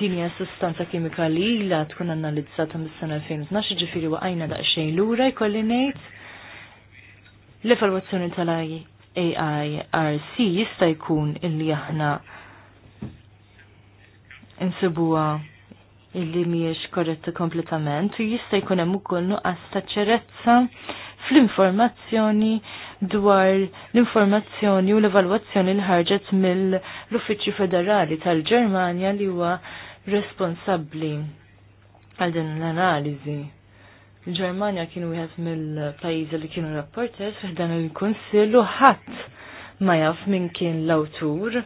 Speaker 3: dinja sustanza kimika li la tkun analizzata mis-sena 2012 ġifiri waqajna daqsxejn lura jkolli ngħid. L-evalwazzjoni tal-AIRC jista' jkun illi aħna insibuha illi miex korretta kompletament u jista' jkun hemm ukoll nuqqas ta' ċerezza fl-informazzjoni dwar l-informazzjoni u l-evalwazzjoni li ħarġet mill-Uffiċċju Federali tal-Ġermanja li huwa responsabbli għal din l-analiżi. Il-Ġermanja kienu wieħed mill-pajjiżi li kienu rapporters f'dan il-Kunsill u ħadd ma jaf minn kien l-awtur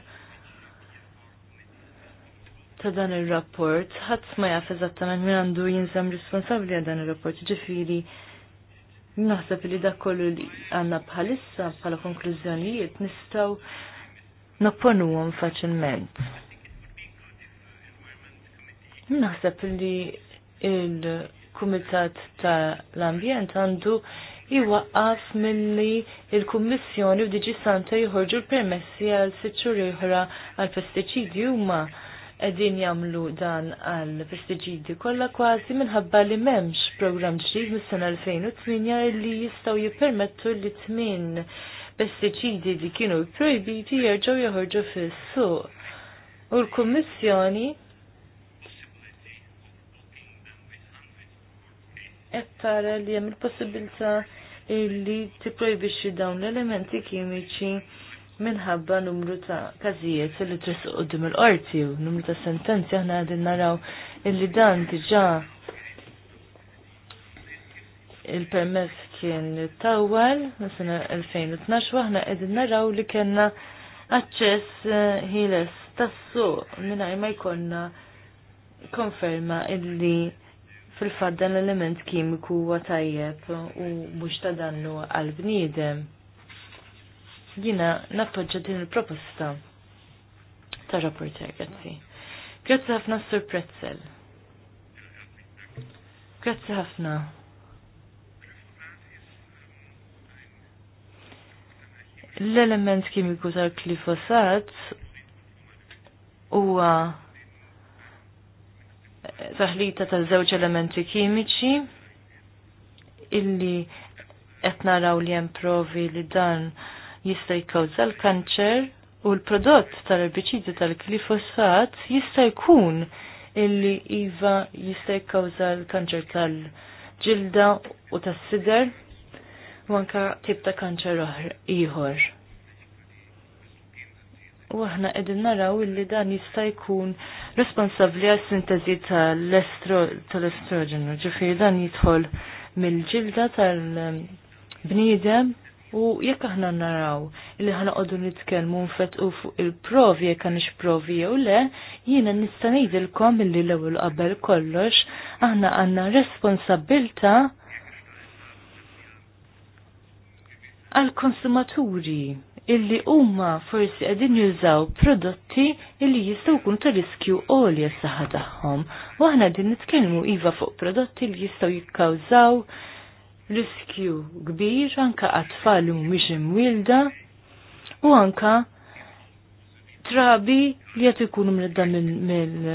Speaker 3: ta' dan il-rapport, ħadd ma jaf eżattament min għandu jinsam responsabbli għal dan il-rapport, ġifiri naħseb li dak kollu li għandna bħalissa bħala konklużjonijiet nistgħu napponuhom faċilment. Naħseb li il-Kumitat tal-Ambjent għandu iwaqqaf milli il-Kummissjoni u Diġi Santa jħorġu l-permessi għal sitt xhur oħra għal pestiċidi huma qegħdin jagħmlu dan għal prestiġidi kollha kważi minħabba li m'hemmx programm ġdid mis-sena 2008 li jistgħu jippermettu li tmien pestiċidi li kienu projbiti jerġgħu joħorġu fis-suq. U l-Kummissjoni qed tara li hemm il-possibilità t tipprojbixxi dawn l-elementi kimiċi minħabba numru ta' każijiet li trisqu qudiem il-qorti u numru ta' sentenzi aħna qegħdin naraw illi dan diġa' il-permess kien tawwal sena 2012 waħna qegħdin naraw li kellna aċċess eh, ħieles tas-suq mingħajr ma jkollna konferma illi fil-fatt dan l-element kimiku huwa tajjeb u mhux ta' dannu għal bniedem jina nappoġġa din il-proposta ta' rapporter, grazzi. Grazzi ħafna Sur Pretzel. Grazzi ħafna. L-element kimiku tal-klifosat huwa taħlita ta' żewġ elementi kimiċi illi qed naraw li hemm provi li dan jista' jikkawża l-kanċer u l-prodott tal-erbiċidi tal-glifosat jista' jkun illi iva jista' jikkawża l-kanċer tal-ġilda u tas-sider u anka tip ta' kanċer ieħor. U aħna qegħdin naraw illi dan jista' jkun responsabbli għas-sintesi tal tal-est-estrogenu, ġifieri dan jidħol mill-ġilda tal-bniedem U jekk aħna naraw li ħana qodu nitkellmu u fuq il-provi jekk għandix provi jew le, jiena nista' ngħidilkom milli l-ewwel qabel kollox aħna għandna responsabilta għall konsumaturi illi huma forsi qegħdin jużaw prodotti illi jistgħu jkunu ta' riskju għolja s-saħħa tagħhom. U aħna qegħdin nitkellmu iva fuq prodotti li jistgħu jikkawżaw riskju kbir anka għatfall u mhix imwielda u anka trabi li qed ikunu mredda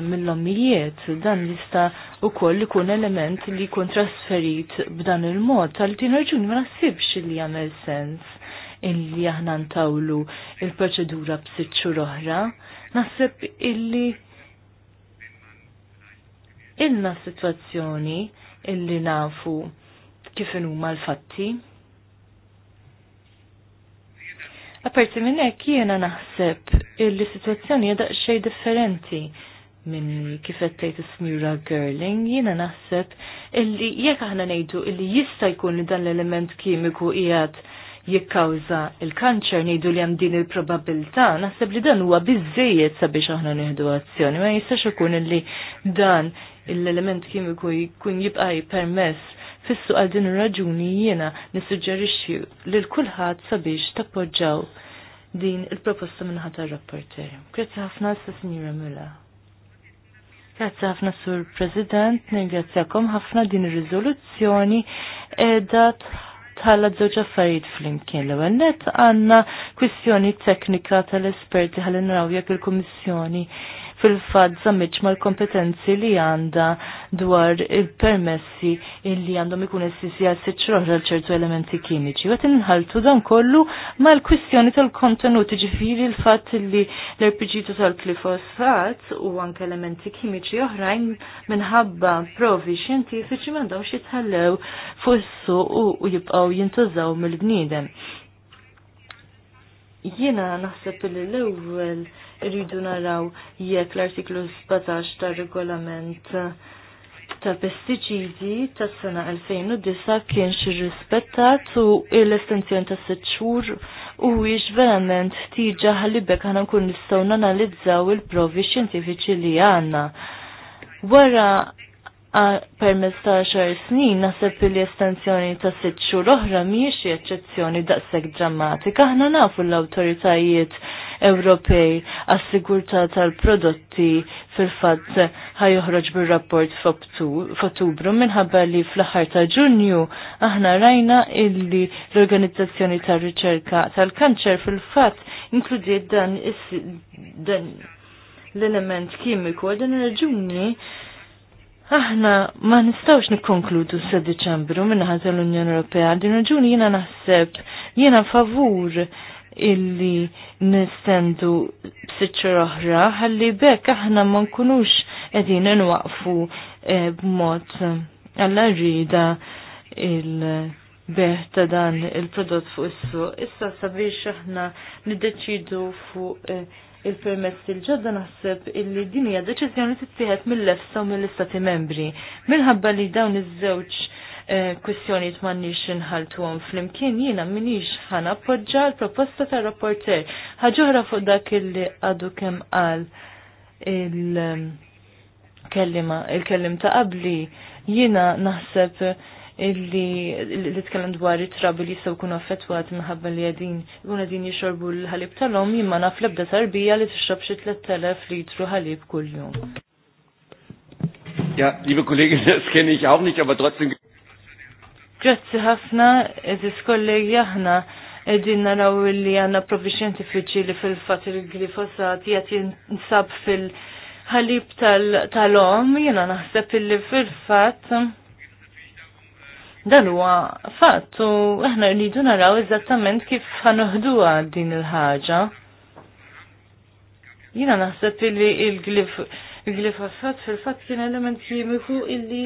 Speaker 3: mill-ommijiet dan jista' ukoll ikun element li jkun trasferit b'dan il-mod tal din ma naħsibx li jagħmel sens illi aħna ntawlu il-proċedura b'sitxu roħra oħra. Naħseb illi ilna situazzjoni illi nafu kif huma l-fatti. Aperti minn hekk jiena naħseb li situazzjoni hija daqsxejn differenti minn kif qed tgħid is-Smira Girling, jiena naħseb illi jekk aħna ngħidu illi jista' jkun li dan l-element kimiku qiegħed jikkawża il-kanċer ngħidu li hemm din il-probabilità, naħseb li dan huwa biżejjed sabiex aħna nieħdu azzjoni, ma jistax ikun illi dan l-element kimiku jkun jibqa' permess Fissu għal din raġuni jiena nissuġġerixxi lil kulħadd sabiex tappoġġaw din il-proposta minn ħadd rapporter Grazzi ħafna sa Sinjura Mela. Grazzi ħafna Sur President, ningrazzjakom ħafna din ir-riżoluzzjoni edha tħalla żewġ affarijiet flimkien l-ewwel nett għandna kwistjoni teknika tal-esperti ħalli naraw jekk il-Kummissjoni fil fad zammiċ mal-kompetenzi li għanda dwar il-permessi illi għandhom ikun essisi għal sitxroħra ċertu elementi kimiċi. Għat nħaltu dan kollu mal-kwistjoni tal-kontenuti ġifiri l-fat li l-RPG tal-klifosfat u anke elementi kimiċi oħrajn minħabba provi xjentifiċi m'għandhomx jitħallew fussu u jibqgħu jintużaw mill bnidem jiena naħseb li l-ewwel rridu naraw jekk l-artiklu 17 tar regolament ta' pestiċidi tas sena 2009 kienx irrispettat u l estenzjon ta' sitt xhur u wiex verament tiġa ħallibek ħana nkun nistgħu nanalizzaw il-provi xjentifiċi li għandna. Wara permezz ta' xar snin naħseb li estenzjoni ta' sitt xhur oħra mhijiex eċċezzjoni daqshekk drammatika. Aħna nafu l-awtoritajiet Ewropej għas-sigurtà tal-prodotti fil-fatt joħroġ bir-rapport f'Ottubru minħabba li fl-aħħar ta' Ġunju aħna rajna illi l-Organizzazzjoni tar-Riċerka tal-Kanċer fil-fatt inkludiet dan l-element kimiku għal din raġuni Aħna ma nistawx nikkonkludu sa Deċembru minna l-Unjoni Ewropea. Din raġuni jiena naħseb jiena favur illi nistendu b'siċċur oħra ħalli bekk aħna ma nkunux qegħdin inwaqfu eh, b'mod għalla rida il-beħ ta' dan il-prodott fuq is-suq. Issa sabiex aħna niddeċidu fuq eh, il-permess il-ġodda naħseb illi din hija deċiżjoni tittieħed mill-lefsa u mill-istati membri. Minħabba li dawn iż-żewġ Eh, kwistjoni m'għandniex inħaltuhom flimkien jiena minix ħan appoġġa l-proposta tar rapporter. ħagġuħra fuq dak illi għadu kemm qal il-kellima eh, il-kellim ta' qabli jiena naħseb illi li tkellem dwar it-trabi li jistgħu jkunu affettwat minħabba li għadin, jkun għadin jixorbu l-ħalib tal-om jimma naf l-ebda tarbija li tixrob xi 3000 litru ħalib kuljum.
Speaker 2: Ja, liebe Kollegin, (laughs) das kenne ich auch nicht, aber trotzdem
Speaker 3: Grazzi ħafna, edis kollegi aħna edin naraw li għanna provi fiċi li fil-fat il-glifosat jgħat jinsab fil-ħalib tal-om, jena naħseb li fil-fat dan huwa fatt u aħna rridu naraw eżattament kif ħanuħduha din il-ħaġa. Jina naħseb li il-glifosat fil-fat kien element kimiku illi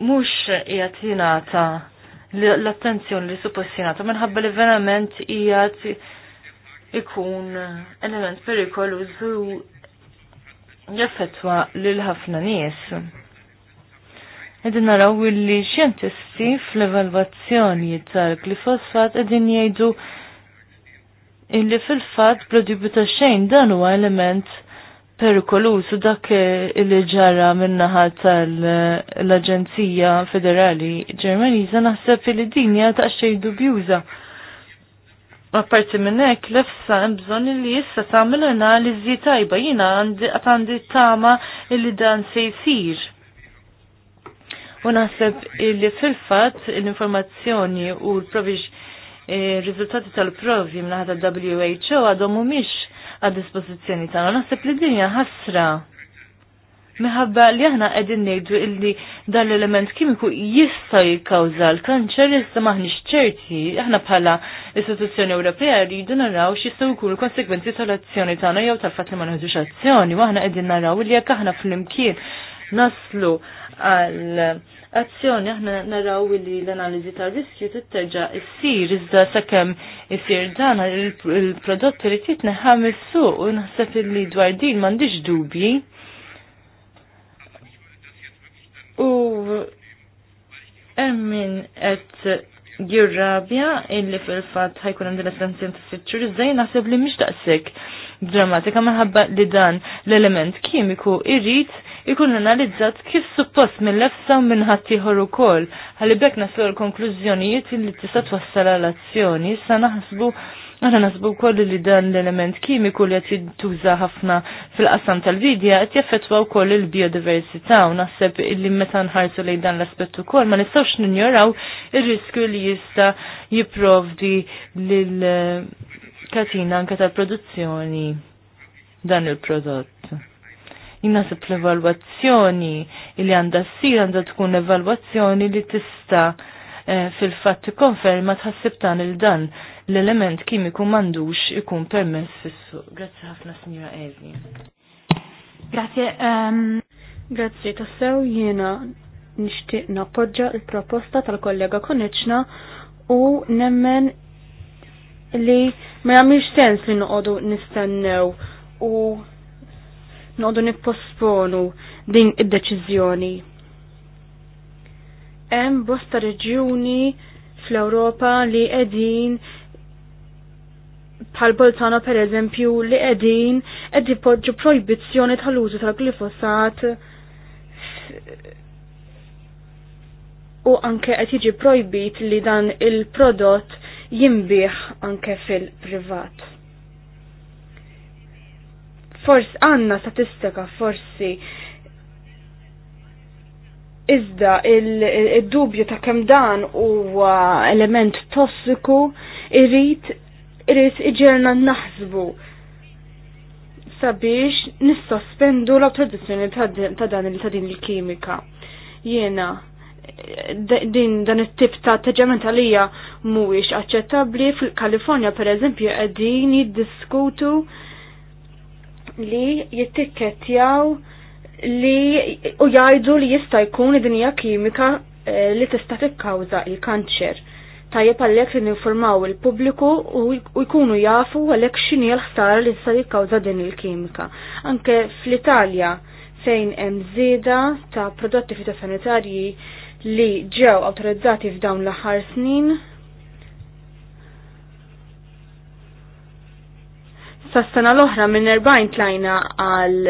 Speaker 3: mhux qiegħed jingħata l-attenzjoni li suppost jingħata minħabba li verament jgħat ikun element perikolużu jaffetwa lil ħafna nies. Edin naraw illi xjentisti fl-evalvazzjoni tal-glifosfat edin jgħidu illi fil-fat bla ta' xejn dan huwa element perikoluż dak li ġara minnaħa tal-Aġenzija Federali Ġermaniża naħseb li din hija ta' dubjuża. Apparti minn hekk l-efsa hemm bżonn li issa tagħmel analiżi tajba jiena għandi tama li dan se jsir. U naħseb li fil-fatt l-informazzjoni u l-proviġ eh, riżultati tal-provi minnaħa tal-WHO għadhom mhumiex għad-dispożizzjoni tagħna. Naħseb li dinja ħasra. Meħabba li aħna qegħdin ngħidu illi dan l-element kimiku jista' jikkawża l-kanċer jista' maħniex ċerti, aħna bħala istituzzjoni Ewropea rridu naraw x'jistgħu jkunu l-konsekwenzi tal-azzjoni tagħna jew tal-fatt li ma nħedux azzjoni, u aħna qegħdin naraw li jekk aħna flimkien naslu għal azzjoni aħna naraw li l-analiżi ta' riskju titterġa' issir iżda sakemm isir dan il-prodott irid jitneħħa mis-suq u naħseb li dwar din m'għandix dubji. U emmin qed jirrabja illi fil-fatt ħajkun għandina sanzjon ta' sitxur, iżdej naħseb li mhix daqshekk drammatika minħabba li dan l-element kimiku irrit ikun analizzat kif suppost minn lefsa u minnħattijħor u kol. Għalli bekk naslu l-konklużjonijiet li tista' twassal għal-azzjoni, issa naħsbu Għana nasbu koll li dan l-element kimiku li għat tuża ħafna fil-qasam tal-vidja għat jaffetwaw koll il-biodiversità u naħseb illi meta nħarsu li dan l-aspettu koll ma nistawx ninjoraw il-riskju li jista jiprovdi lil katina anke tal-produzzjoni dan il-prodott. sepp l-evalwazzjoni li għandha ssir għandha tkun evalwazzjoni li tista' eh, fil-fatt konferma tħassib tan il-dan l-element kimiku mandux ikun permess fissu. Grazie Grazzi ħafna, Signora Evi.
Speaker 4: Grazie. Um... tassew jiena nixtieq nappoġġa il-proposta tal-kollega Konneċna u nemmen li ma jamiex sens li noqogħdu nistennew u noqogħdu nipposponu din id-deċiżjoni. Hemm bosta reġjuni fl-Ewropa li qegħdin bħal Bolzano per eżempju li qegħdin qed ipoġġu projbizzjoni tal-użu tal-glifosat u anke qed jiġi projbit li dan il-prodott jimbieħ anke fil-privat. Forsi għanna statistika forsi iżda il-dubju ta' kemm dan huwa element tossiku irrit irrit iġerna naħsbu sabiex nissospendu l-autorizzazzjoni ta' dan ta' din il-kimika. Jiena Eh, din dan it-tip ta' teġament għalija mhuwiex aċċettabbli fil-Kalifornja pereżempju qegħdin jiddiskutu li jittikkettjaw li u jgħidu li jista' jkun id-dinja kimika eh, li tista' tikkawża il-kanċer. Tajjeb għalhekk li ninformaw il-pubbliku u jkunu jafu għalhekk x'inhi l-ħsara li tista' jikkawża din il-kimika. Anke fl-Italja fejn hemm żieda ta' prodotti fitosanitarji li ġew autorizzati f'dawn l-aħħar snin sas-sena l-oħra minn 40 tlajna għal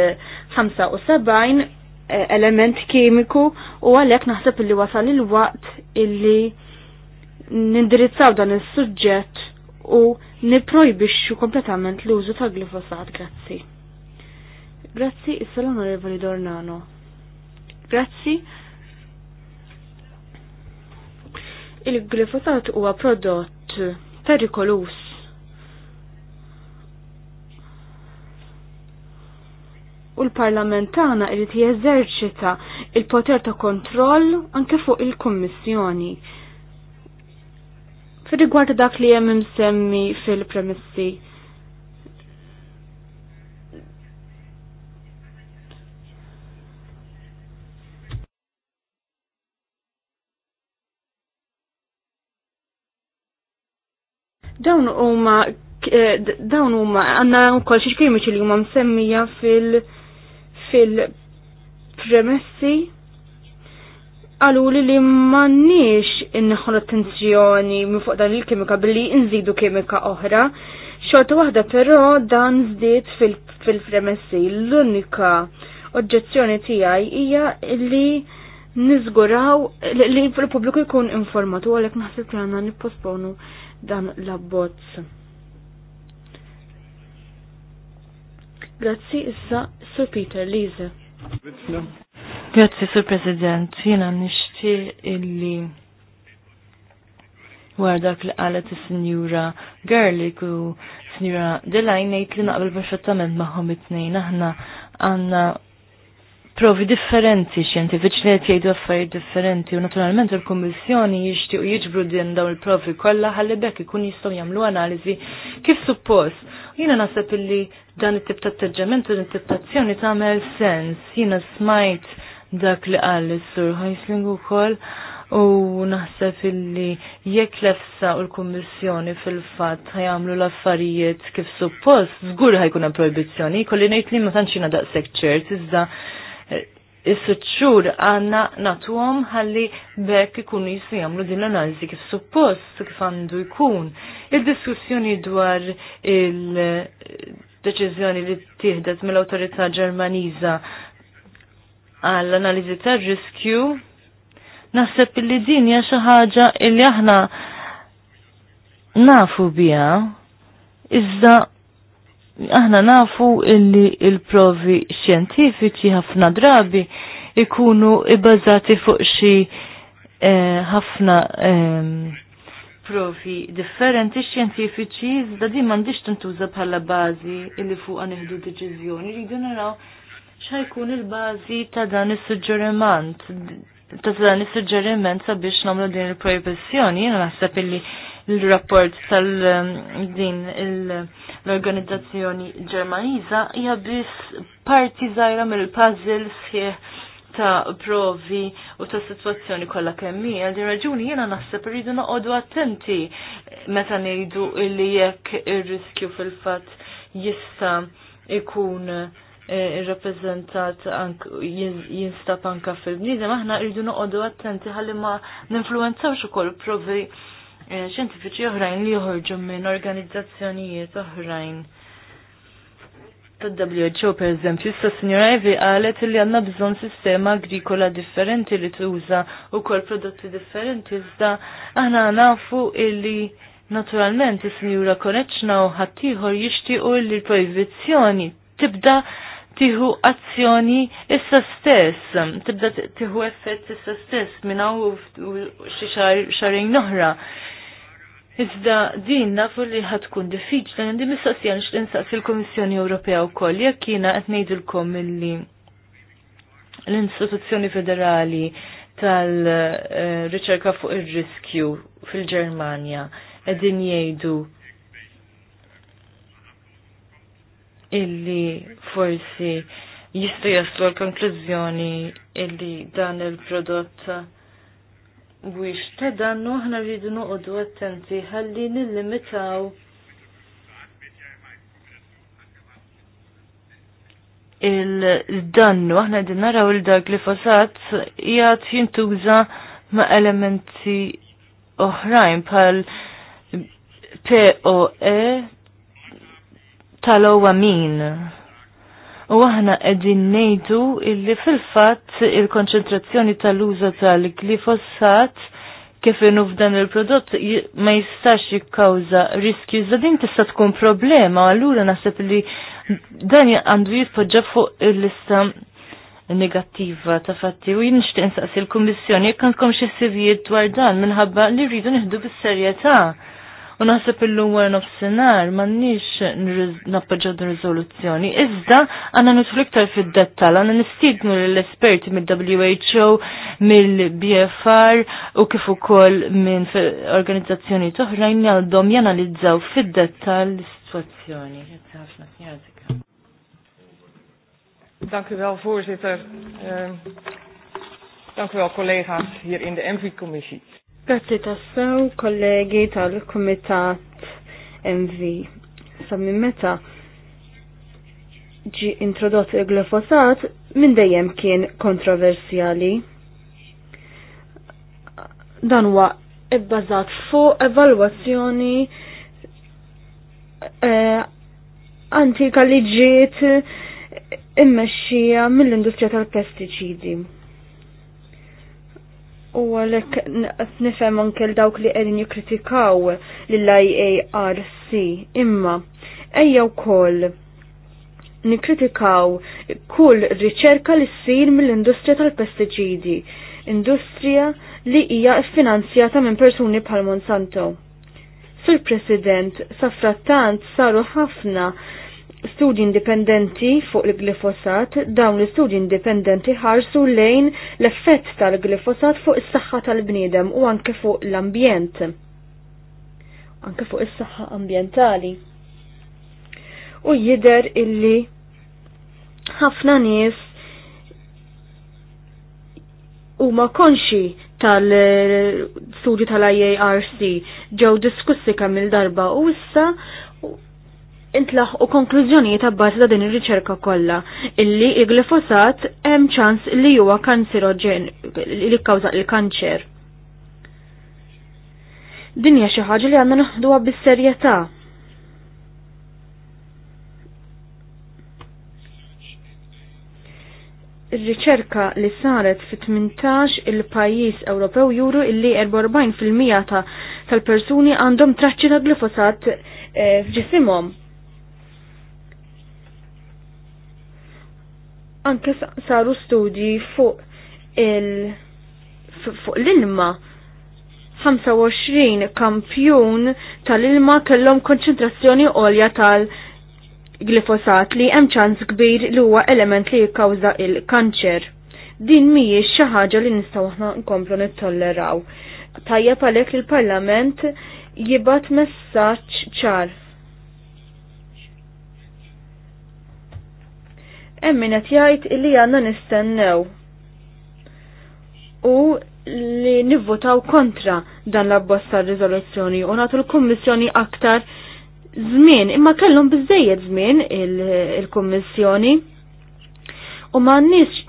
Speaker 4: 75 eh, element kimiku u għalhekk naħseb li wasal il-waqt illi nindirizzaw dan is-suġġett u niprojbixxu kompletament l-użu ta' glifosat, grazzi. Grazzi, is-sal onorevoli Dornano. Grazzi, il-glifosat huwa prodott perikolus. U l-parlamentana irid jeżerċita il-poter ta' kontroll anke fuq il-Kummissjoni. Fir-rigward dak li hemm semmi fil-premessi Dawn huma eh, dawn huma għandna wkoll xi kimiċi li huma msemmija fil fil-premessi għaluli li m'għandniex inneħħu attenzjoni minn fuq dan il-kimika billi nżidu kimika oħra. Xorta waħda però dan żdied fil-premessi. L-unika oġġezzjoni tiegħi hija li nizguraw li l-pubbliku jkun informatu u għalek naħseb li għanna nipposponu dan l-abbozz. Grazzi issa Sir Peter Lise.
Speaker 3: Grazzi Sir President, jena nishti illi war dak li qalet is-Sinjura Gerlik u Sinjura Delajn ngħid li naqbel perfettament magħhom it-tnejn aħna għandna provi differenti xjentifiċi li qed jgħidu affarijiet differenti u naturalment il-Kummissjoni jixtiequ jiġbru din dawn il-provi kollha ħalli bekk ikun jistgħu jagħmlu analiżi kif suppost. Jiena naħseb illi dan it-tip ta' atteġġament u l ta' tagħmel sens. Jiena smajt dak li qal is-Sur Heisling ukoll u naħseb illi jekk lefsa u l-Kummissjoni fil-fatt ħajamlu l-affarijiet kif suppost, żgur ħajkuna hemm proibizzjoni, kolli ngħid li ma tantx jiena daqshekk ċert iżda is-sitxur għanna natuhom ħalli bekk ikunu jisu jagħmlu din l-analiżi kif suppost kif għandu jkun. Il-diskussjoni dwar il-deċiżjoni li tieħdet mill-awtorità Ġermaniża għall-analiżi tar-riskju naħseb li din hija xi ħaġa li aħna nafu biha iżda aħna nafu illi il-provi xjentifiċi ħafna drabi ikunu ibbażati fuq xi eh, ħafna ehm, provi differenti xjentifiċi iżda din m'għandix tintuża bħala bażi illi fuq nieħdu deċiżjoni. Rridu naraw x'ħajkun il-bażi ta' dan is-suġġeriment ta' dan is-suġġeriment sabiex nagħmlu din il-proibizzjoni. Jiena naħseb illi l-rapport tal-din um, l-organizzazzjoni ġermaniza hija biss parti żgħira mill-puzzle sħiħ ta' provi u ta' situazzjoni kollha kemm hija din raġuni jiena naħseb irridu noqogħdu attenti meta ngħidu li jekk ir-riskju fil-fatt jista' ikun eh, ank jinstab anka fil-bniedem aħna rridu noqogħdu attenti ħalli ma ninfluwenzawx ukoll provi Eh, xjentifiċi oħrajn li joħorġu minn organizzazzjonijiet oħrajn tad-WHO per eżempju, sta' signora Evi għalet li għanna bżon sistema agrikola differenti li tuża u kol prodotti differenti, iżda aħna nafu illi naturalment is-signora koreċna u ħattijħor jishtiqu li l-proibizjoni tibda tiħu azzjoni issa stess, tibda tiħu effett issa stess minna u xie xarin noħra. Iżda din nafu li ħatkun diffiċli għandi mistoqsija nix l-insaqs il-Komissjoni Ewropea wkoll jekk jiena qed ngħidilkom milli l-Istituzzjoni Federali tal-riċerka fuq ir-riskju fil-Ġermanja qegħdin jgħidu illi forsi jista' jaslu għall konklużjoni illi dan il-prodott gwix ta' dannu ħna rridu noqogħdu attenti ħalli nillimitaw il-dannu aħna din naraw il-dak li fasat jgħat jintuża ma' elementi oħrajn bħal POE tal-owamin. U aħna qegħdin ngħidu illi fil-fatt il-konċentrazzjoni tal-użu tal-glifosat kif inhu f'dan il-prodott ma jistax jikkawża riskju iżda din tista' tkun problema, allura naħseb li dan għandu jitpoġġa fuq il-lista negattiva ta' fatti u jinxtieq insaqsi l-Kummissjoni jekk għandkom xi sivijiet dwar dan minħabba li rridu nieħdu bis-serjetà U naħseb illum wara nofsinhar m'għandniex nappoġġaw din rizoluzzjoni Iżda għandna nidħlu fil fid-dettall, għandna nistiednu lill-esperti mill-WHO, mill-BFR u kif ukoll minn organizzazzjoni oħrajn għandhom janalizzaw fid-dettall l-istwazzjoni. Dank u wel, voorzitter. Uh, dank u wel, collega's hier in de MV-commissie.
Speaker 4: Grazie tassew kollegi tal-Kumitat MV. Sammi meta ġi introdott il-glifosat minn dejjem kien kontroversjali. Dan huwa ibbażat fuq evalwazzjoni eh, antika liġiet immexxija mill-industrija tal-pestiċidi. U għalek nifem anke dawk li qegħdin jikkritikaw lill-IARC imma ejja wkoll nikkritikaw kull riċerka li ssir mill-industrija tal-pestiċidi, industrija li hija finanzjata minn persuni bħal Monsanto. Sur President, saffrattant saru ħafna studji indipendenti fuq il-glifosat, dawn l studi indipendenti ħarsu lejn l-effett tal-glifosat fuq is-saħħa tal-bniedem u anke fuq l-ambjent. Anke fuq is-saħħa ambjentali. U jider illi ħafna nies huma konxi tal studi tal-IARC ġew diskussi kemm il-darba u issa intlaħ u konklużjonijiet ta' ta' din ir-riċerka kollha illi il-glifosat hemm ċans li huwa kanseroġen li kkawża il-kanċer. Din hija xi ħaġa li għandna naħduha bis-serjetà. Ir-riċerka li saret fit-18 il-pajjiż Ewropew juru illi 44% ta' tal-persuni għandhom traċċi ta' glifosat eh, f'ġisimhom. Eh, anke saru studji fuq il fuq l-ilma 25 kampjun tal-ilma kellhom konċentrazzjoni għolja tal glifosat li hemm ċans kbir li huwa element li jikkawża il-kanċer. Din mhijiex xi ħaġa li nistgħu aħna nkomplu nittolleraw. Tajjeb għalhekk il-Parlament jibat messaġġ ċar emminet qed jgħid illi għandna nistennew u li nivvotaw kontra dan l-abbozz rizoluzzjoni riżoluzzjoni u nagħtu l-Kummissjoni aktar żmien, imma kellhom bizzejed żmien il-Kummissjoni. U nix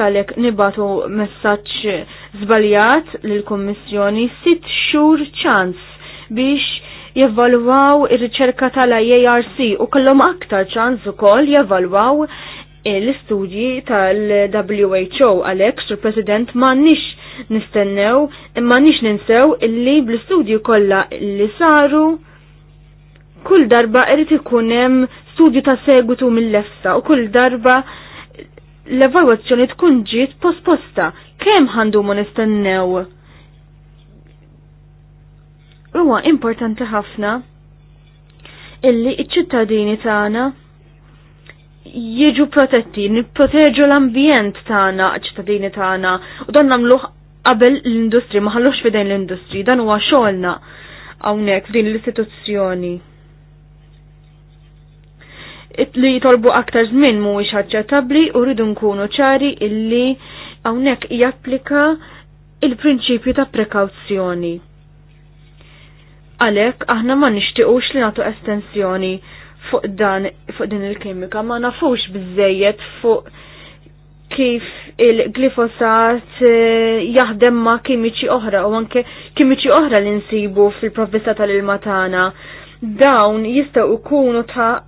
Speaker 4: għalhekk nibatu messaġġ żbaljat l kummissjoni sitt xhur ċans biex jevalwaw ir-riċerka tal-IARC u kellhom aktar ċans ukoll jevalwaw l-istudji tal-WHO għalek, sur President, ma nix nistennew, ma nix ninsew illi bl-istudji kolla li saru kull darba irrit ikunem studju ta' segwitu mill-lefsa u kull darba l-evaluazzjoni tkun ġiet posposta. Kem għandu ma nistennew? Huwa importanti ħafna illi iċ-ċittadini tagħna jiġu protetti, nipproteġu l-ambjent tagħna, ċittadini tagħna, u dan nagħmluh qabel l-industri, ma ħallux f'idejn l-industri, dan huwa xogħolna hawnhekk f'din l-istituzzjoni. Li jitolbu aktar żmien mhuwiex aċċettabbli u rridu nkunu ċari illi hawnhekk japplika il-prinċipju ta' prekawzjoni. Għalhekk aħna ma nixtiequx li nagħtu estensjoni fuq dan fuq din il-kimika ma nafux biżejjed fuq kif il-glifosat eh, jaħdem ma' kimiċi oħra u anke kimiċi oħra li nsibu fil-provvista tal-ilma tagħna. Dawn jistgħu jkunu ta'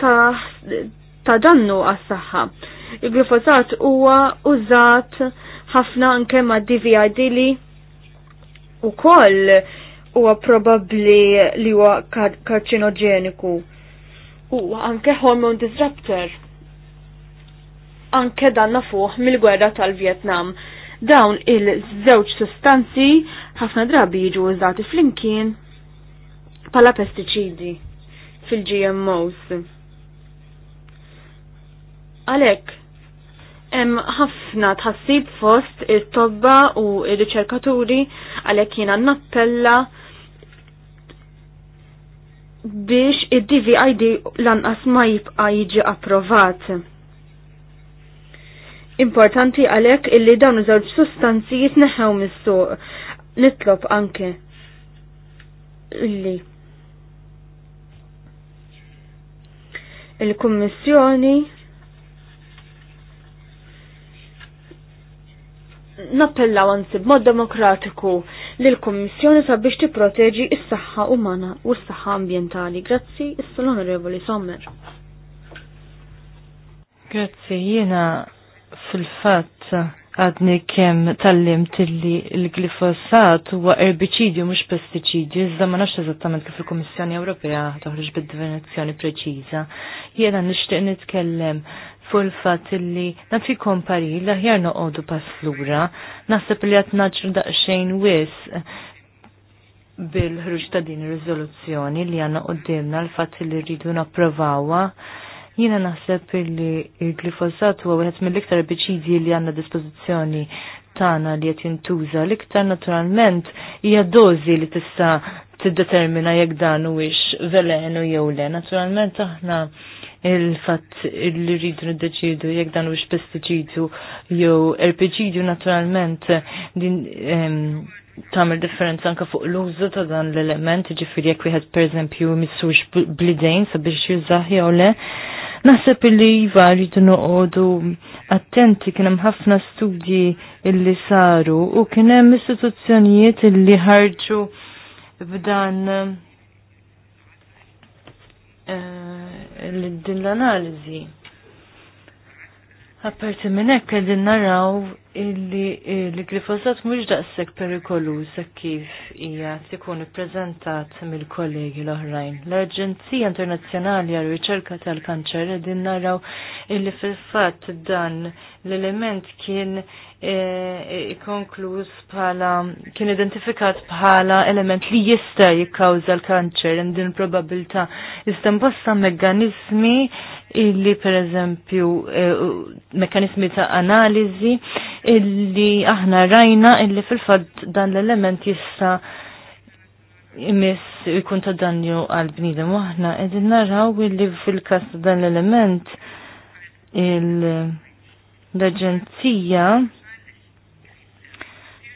Speaker 4: ta', ta dannu għas-saħħa. Il-glifosat huwa użat ħafna anke ma' DVD li u koll huwa probabbli li huwa karċinoġeniku. Kar u anke hormone disruptor. Anke dan nafuħ mill-gwerra tal-Vietnam. Dawn il-żewġ sustanzi ħafna drabi jiġu użati flimkien pala pestiċidi fil-GMOs. Għalek, hemm ħafna tħassib fost it-tobba u r riċerkaturi għalhekk jiena nappella biex id-DVID lanqas ma jibqa' jiġi approvat. Importanti għalhekk illi dawn iż-żewġ sustanzi jitneħħew mis-suq. Nitlob anke illi il-Kummissjoni nappellaw għansib b'mod demokratiku l kummissjoni sabiex tipproteġi s-saħħa umana u s-saħħa ambjentali. Grazzi, issa l-Onorevoli Sommer.
Speaker 3: Grazzi, jiena fil-fatt għadni kem tal-lim tilli l-glifosat huwa erbicidju mhux pesticidju, iżda ma nafx eżattament kif il-Kummissjoni Ewropea toħroġ bid-definizzjoni preċiża. Jiena nixtieq nitkellem fuq il-fatt illi nafi kompari l-aħjar noqogħdu pass lura, naħseb li qed naġru daqsxejn wis bil-ħruġ ta' din ir-riżoluzzjoni li għandna qudiemna l-fatt li rridu napprovawha jina naħseb li il-glifosat huwa wieħed mill-iktar biċidi li għandna dispożizzjoni tagħna li qed jintuża l-iktar naturalment hija dożi li tista' tiddetermina jekk dan huwiex velenu jew le. Naturalment aħna il-fatt li rridu niddeċidu jekk dan hux pestiċidu jew erbiċidju naturalment din tagħmel differenza anke fuq l-użu ta' dan l-element, ġifieri jekk wieħed pereżempju missux blidejn sabiex jużah jew le. Naħseb illi iva rridu noqogħdu attenti kien hemm ħafna studji illi saru u kien hemm istituzzjonijiet illi ħarġu b'dan eh, din l-analiżi. Apparti minn hekk qegħdin naraw illi l-glifosat mhux daqshekk perikolus kif ija ikun ippreżentat mill-kollegi l-oħrajn. L-Aġenzija Internazzjonali għal Riċerka tal-Kanċer qegħdin naraw illi fil-fatt dan l-element kien E, e, konkluż bħala kien identifikat bħala element li jista' jikkawża l-kanċer hemm din probabilità. Iżda mbosta mekkanizmi illi pereżempju e, mekkanizmi ta' analiżi illi aħna rajna illi fil-fatt dan l-element jista' jmiss ikun ta' danju għal bniedem waħna qegħdin naraw illi fil-każ ta' dan l-element il-l-aġenzija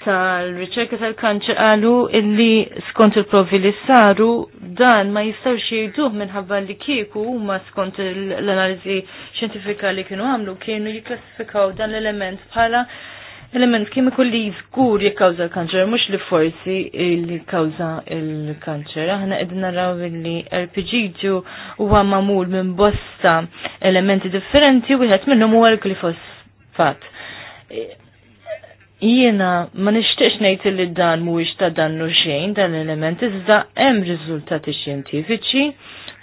Speaker 3: tal-riċerka tal-kanċer għalu illi skont il-provi li saru dan ma jistawx jgħiduh minħabba li kieku ma skont l-analizi xjentifika li kienu għamlu kienu jiklassifikaw dan l-element bħala element kimiku li jizgur jikkawza l-kanċer, mux li forsi li kawza l-kanċer. Aħna edin naraw li RPG huwa mamul minn bosta elementi differenti u jħet minnum li l-glifosfat Jiena ma nixtiex ngħid li dan mhuwiex ta' dannu xejn dan l-element iżda hemm riżultati xjentifiċi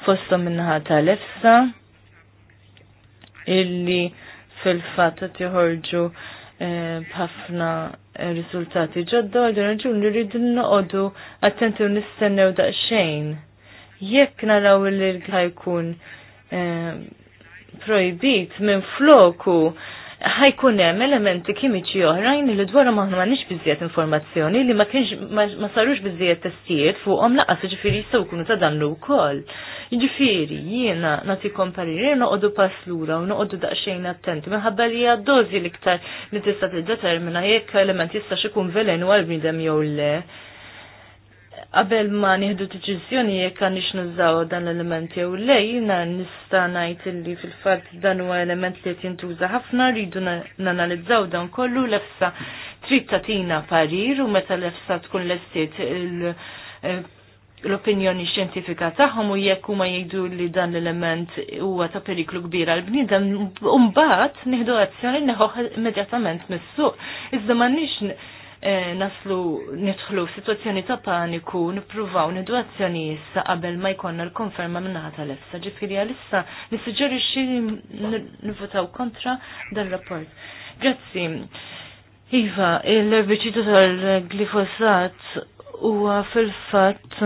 Speaker 3: fosthom minnaħa tal-EFSA illi fil-fatt qed joħorġu eh, b'ħafna eh, riżultati ġodda għal din li rridu noqogħdu attenti u nistennew daqsxejn. Jekk naraw li ħajkun eh, projbit minn floku ħajkun hemm elementi kimiċi oħrajn li dwarhom aħna m'għandniex biżjed informazzjoni li ma kienx ma sarux biżjed testijiet fuqhom laqas jiġifieri jistgħu jkunu ta' dannu wkoll. Jiġifieri jiena nagħtikom parir noqogħdu pass lura u noqogħdu daqsxejn attenti minħabba li hija dożi l-iktar li tista' tiddetermina jekk element jistax ikun velenu għal bniedem jew le qabel ma nieħdu deċiżjoni jekk għandix nużaw dan l-element jew lejna nista' ngħid illi fil-fatt dan huwa element li qed jintuża ħafna rridu nanalizzaw dan kollu l-efsa trid tagħtina parir u meta l-efsa tkun lestiet eh, l-opinjoni xjentifika tagħhom u jekk huma jgħidu li dan l-element huwa ta' periklu kbir għal bniedem mbagħad nieħdu azzjoni neħu immedjatament mis-suq. Iżda m'għandniex Eh, naslu nidħlu situazzjoni ta' paniku nippruvaw nidu azzjoni issa qabel ma jkollna l-konferma minnaħa tal-issa. Ġifieri għalissa nissuġġerixxi nivutaw kontra dal-rapport. Grazzi. Iva, l-erbiċidu tal-glifosat huwa fil-fatt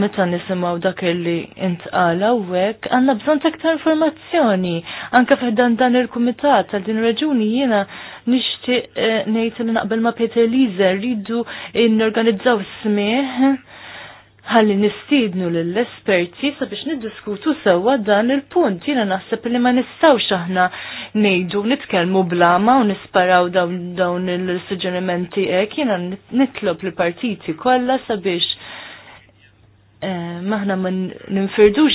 Speaker 3: meta nisimgħu dak illi intqala hekk għandna bżonn aktar informazzjoni anke f'dan dan il-kumitat għal din raġuni jiena nixtieq eh, ngħid li naqbel ma' Peter Lise rridu norganizzaw smih ħalli nistidnu l-esperti sabiex niddiskutu sewa dan il-punt. Jiena naħseb li ma nistawx aħna nejdu nitkelmu blama u nisparaw dawn, il-suġġerimenti hekk jiena nitlob li partiti kolla sabiex Eh, maħna ma ninfirdux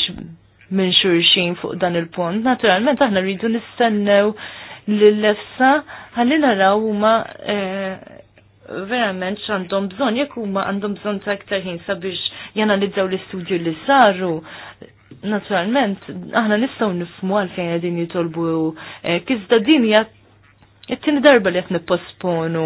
Speaker 3: minn xurxin fuq dan il pont Naturalment aħna rridu nistennew l-lefsa ħalli naraw huma eh, verament x'għandhom bżonn jekk huma għandhom bżonn ta' iktar ħin sabiex janalizzaw l-istudju li saru. Naturalment aħna nistgħu nifhmu għalfejn qegħdin jitolbu eh, kizda din hija it-tini darba li qed posponu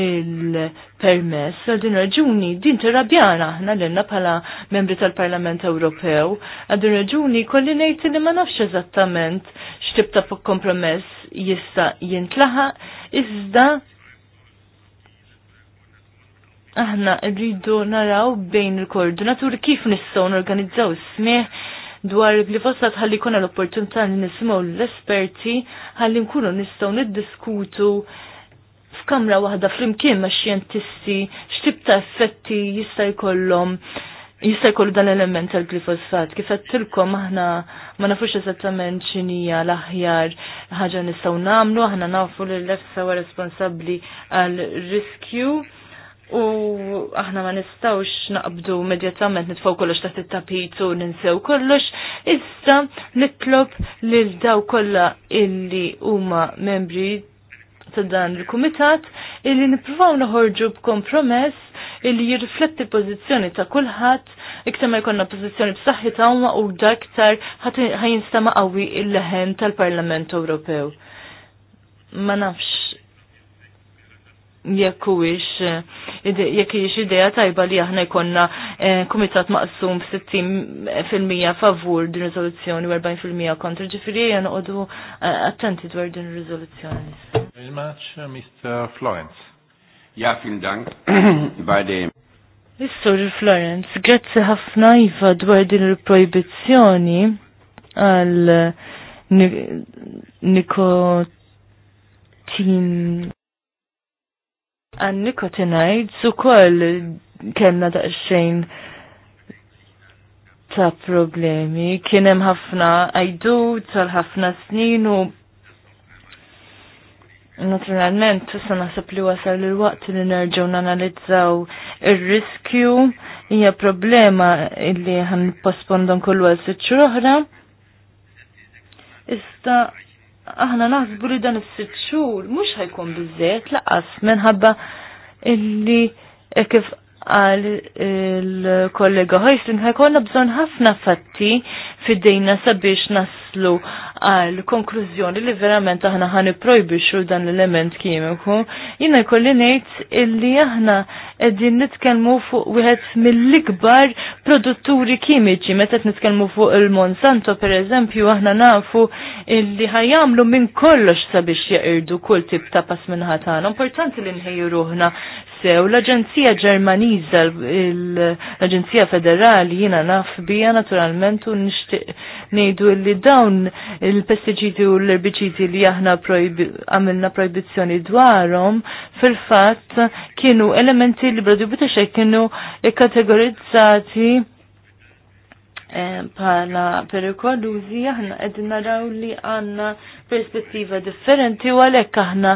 Speaker 3: il-permess għal din raġuni din tirrabjana aħna l bħala membri tal-Parlament Ewropew għal din raġuni kolli ngħid li ma nafx eżattament x'tib ta' fuq kompromess jista' jintlaħa iżda aħna rridu naraw bejn il-koordinaturi kif nistgħu norganizzaw smieħ dwar il-glifosat ħalli kuna l-opportunità li nisimgħu l-esperti ħalli nkunu nistgħu niddiskutu f'kamra waħda flimkien ma' xjentisti x'tib ta' effetti jista' jkollhom jista' jkollu dan l-element tal glifosfat Kif għattilkom aħna ma nafux eżattament x'inija l-aħjar ħaġa nistgħu nagħmlu, aħna nafu li l lefsa huwa responsabbli għal riskju u aħna ma nistawx naqbdu medjatament nitfgħu kollox taħt it-tapit u ninsew kollox, issa nitlob lil daw kollha illi huma membri ta' dan il-kumitat illi nippruvaw noħorġu b'kompromess illi jirrifletti pożizzjoni ta' kulħadd iktar ma jkollna pożizzjoni b'saħħi ta' huma u daktar ħajinstama' qawwi il-leħen tal-Parlament Ewropew. Ma nafx jekk huwiex eh, jekk hiex idea tajba li aħna jkollna eh, kumitat maqsum 60% favur din riżoluzzjoni u 40% kontra. Ġifieri jien noqogħdu eh, attenti dwar
Speaker 1: din riżoluzzjoni. Very much, uh, Mr. Florence. Ja, vielen Dank. (coughs) Bei
Speaker 3: Mr. Florence, grazzi ħafna iva dwar din il-projbizzjoni għal nikotin għan nikotinajd su koll kena daqxejn ta' problemi. Kienem ħafna għajdu tal-ħafna snin u Naturalment, tussa nasab li wasal il-waqt li nerġaw nanalizzaw il-riskju, hija problema li ħan pospondon kollu għal sitxur oħra. Ista aħna naħsbu li dan is-sitt xhur mhux ħajkun biżejjed laqas minħabba illi kif għal il-kollega Hoisling ħajkolla bżon ħafna fatti fiddejna sabiex naslu għal konklużjoni li verament aħna ħan projbixu dan l-element kimiku. Jina jkolli ngħid illi aħna qegħdin nitkellmu fuq wieħed mill-ikbar produtturi kimiċi meta nitkelmu nitkellmu fuq il-Monsanto pereżempju aħna nafu illi ħajamlu minn kollox sabiex jaqirdu kull tip ta' pass minn Importanti li nħejju ruħna sew. L-Aġenzija Ġermaniża, l-Aġenzija Federali jiena naf bija naturalment u nixtieq ngħidu li dawn il-pestiċidi u l-erbiċidi li aħna għamilna projbizzjoni dwarhom fil-fatt kienu elementi li bradu bitaxek kienu kategorizzati bħala perikolużi aħna qegħdin naraw li għandna perspettiva differenti u għalhekk aħna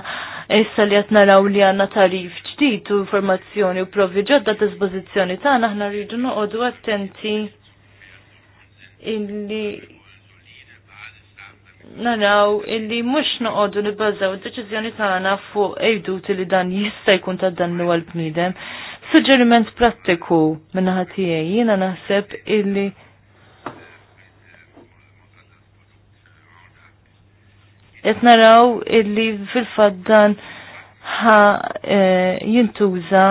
Speaker 3: issa li qed naraw li għandna tarif ġdid u informazzjoni u provi ġodda dispożizzjoni tagħna aħna rridu noqogħdu attenti illi naraw illi mux noqogħdu nibbażaw id-deċizjoni tagħna fuq ejduti li dan jista' jkun ta' dannu għal bniedem. Suġġeriment prattiku minna tiegħi jiena naħseb illi qed naraw illi fil faddan dan ħa eh, jintuża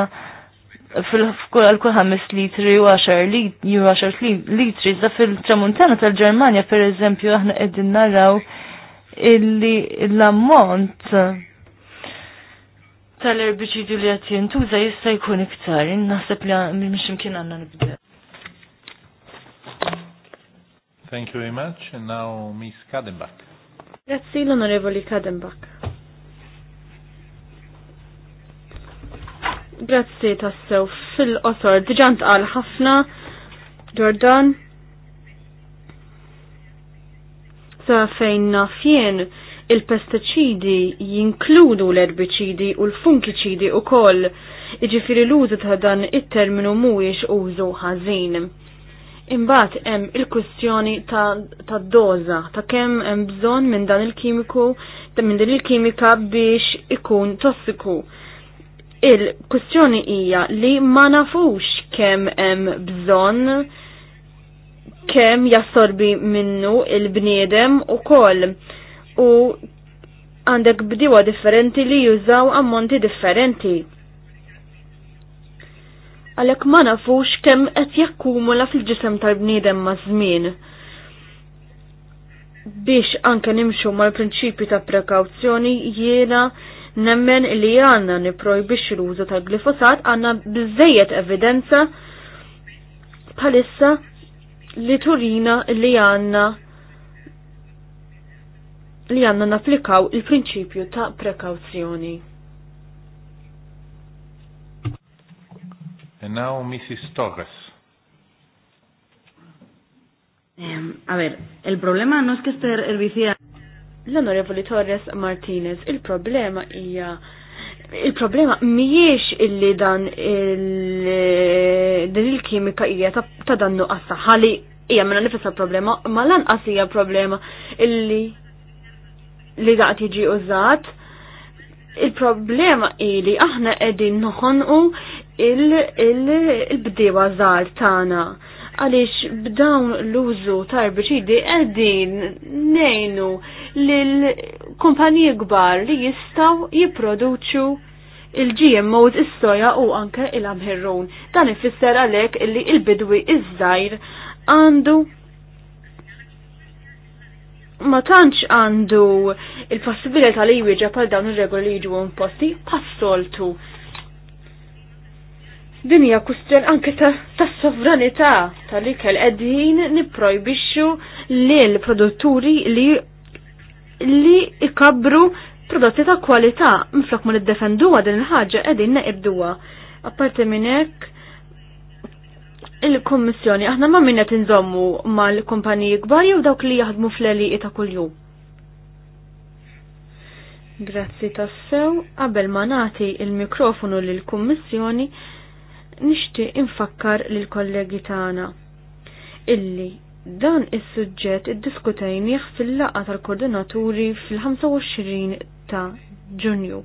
Speaker 3: għal kull ħames litri u 10 litri za fil-tramuntana tal-Ġermanja per eżempju aħna qegħdin naraw illi l-ammont tal-erbiċidju li qed jintuża jista' jkun iktar, naħseb li mhux imkien għandna nibdew.
Speaker 1: Thank you very much. And now Ms. Kadenbach.
Speaker 4: Grazzi l-Onorevoli Kadenbach. Grazzi tassew fil-qosor diġant għal ħafna Jordan. Sa fejn jien il-pesticidi jinkludu l-erbicidi u l-funkicidi u koll iġifiri l-użu ta' dan it-terminu iġ użu ħażin Imbagħad hemm il kwestjoni ta' doza ta' kemm hemm bżonn minn dan il-kimiku ta' minn din il-kimika biex ikun tossiku. Il-kwistjoni hija li ma nafux kemm hemm bżonn kemm jassorbi minnu il-bniedem ukoll u għandek bdiewa differenti li jużaw ammonti differenti għalhekk ma nafux kemm qed jakkumula fil-ġisem tal-bniedem ma' żmien. Biex anke nimxu mal-prinċipju ta' prekawzjoni jiena nemmen li għanna biex l-użu tal-glifosat għanna bizzejiet evidenza palissa li turina li għanna li għanna naplikaw il-prinċipju ta' prekawzjoni.
Speaker 1: And now Mrs. Torres.
Speaker 4: Eh, a ver, el problema no es que esté herbicida. L-Onorevoli Torres Martinez, il-problema hija il-problema mhijiex illi dan il eh, din il-kimika hija ta' dannu għas-saħħa li hija minna nifisa problema, ma lanqas hija problema illi li daqt jiġi użat. Il-problema ili aħna qegħdin noħonqu il-bdewa żgħar tagħna għaliex b'dawn l-użu ta' erbiċidi qegħdin nejnu lil kumpaniji kbar li jistgħu jipproduċu il-GMOs is-soja u anke il amherrun Dan ifisser għalhekk li il-bidwi iż-żgħir għandu ma tantx għandu il-possibilità li jwieġa pal dawn ir-regoli jiġu imposti pas-soltu Din hija kustjon anke tas-sovranità ta tal-ikel qegħdin nipprojbixxu lil produtturi li li ikabru prodotti ta' kwalità minflok ma niddefenduha din il-ħaġa qegħdin neqibduha. Apparti minn hekk il-Kommissjoni aħna ma minnet inżommu mal-kumpaniji kbar jew dawk li jaħdmu fl-eliqi ta' kuljum. Grazzi tassew, qabel ma nagħti il-mikrofonu lill-Kummissjoni nixtieq infakkar lil kollegi tagħna illi dan is-suġġett iddiskutejnieh fil-laqgħa tal-koordinaturi fil-25 ta' Ġunju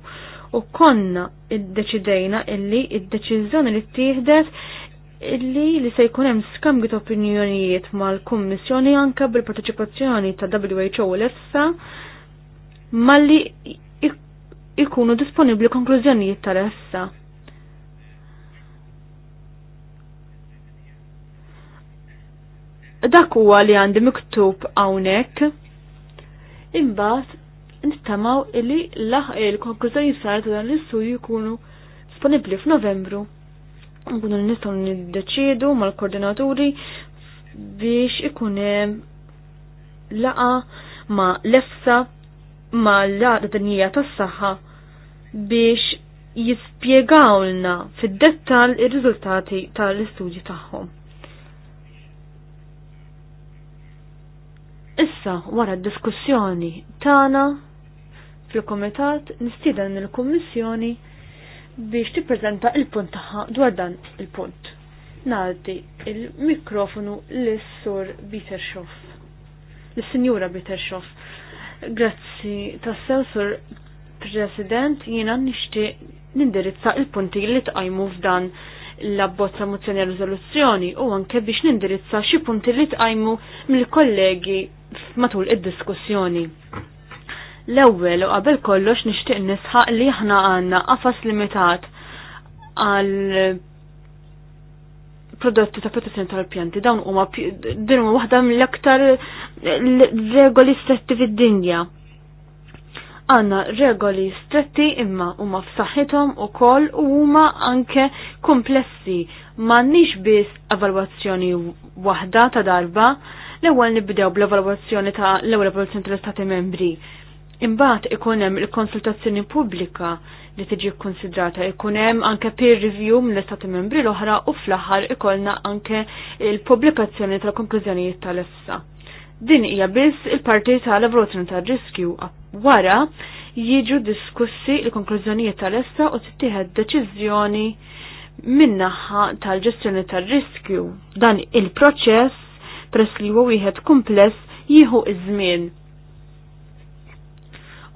Speaker 4: u konna iddeċidejna illi id-deċiżjoni li ttieħdet illi li se jkun hemm skambju ta' opinjonijiet mal-Kummissjoni anke bil-parteċipazzjoni ta' WHO u l-EFSA malli ikunu disponibbli konklużjonijiet tal-EFSA. dak huwa li għandi miktub hawnhekk. Imbagħad nittamaw illi l-konklużjoni saret dan l-istudju jkunu disponibbli f'Novembru. Nkunu nistgħu niddeċiedu mal-koordinaturi biex ikun hemm laqa ma' l-efsa ma' l-għada dinjija tas-saħħa biex jispjegawlna fid-dettal ir-riżultati tal-istudju tagħhom. Issa, wara d-diskussjoni tagħna fil-Komitat nistieden il-Kummissjoni biex tippreżenta il-punt tagħha dwar dan il-punt. Nalti il-mikrofonu lis-sur Bitershoff. l sinjura Peter Grazzi tassew sur President jiena nixtieq nindirizza il-punti li tqajmu f'dan l-abbozza mozzjoni riżoluzzjoni u anke biex nindirizza xi punti li tqajmu mill-kollegi matul id-diskussjoni. L-ewwel u qabel kollox nixtieq nisħaq li aħna għandna qafas limitat għal prodotti ta' protezzjoni tal-pjanti dawn huma din huma waħda mill-aktar regoli stretti fid-dinja. Għanna regoli stretti imma huma f'saħħithom ukoll u huma anke komplessi m'għandniex biss evalwazzjoni waħda ta' darba L-ewwel nibdew bl-evalwazzjoni ta' l-ewwel evalwazzjoni tal-Istati Membri. Imbagħad ikun hemm il-konsultazzjoni pubblika li tiġi kkonsidrata, ikun hemm anke peer review mill-Istati Membri l-oħra u fl-aħħar ikollna anke il-pubblikazzjoni tal-konklużjonijiet tal-issa. Din hija biss il-parti tal-evoluzzjoni tar-riskju. Wara jiġu diskussi il-konklużjonijiet tal-essa u tittieħed deċiżjoni minnaħħa tal-ġestjoni tal-riskju. Dan il-proċess press li huwa wieħed kumpless jieħu iż-żmien.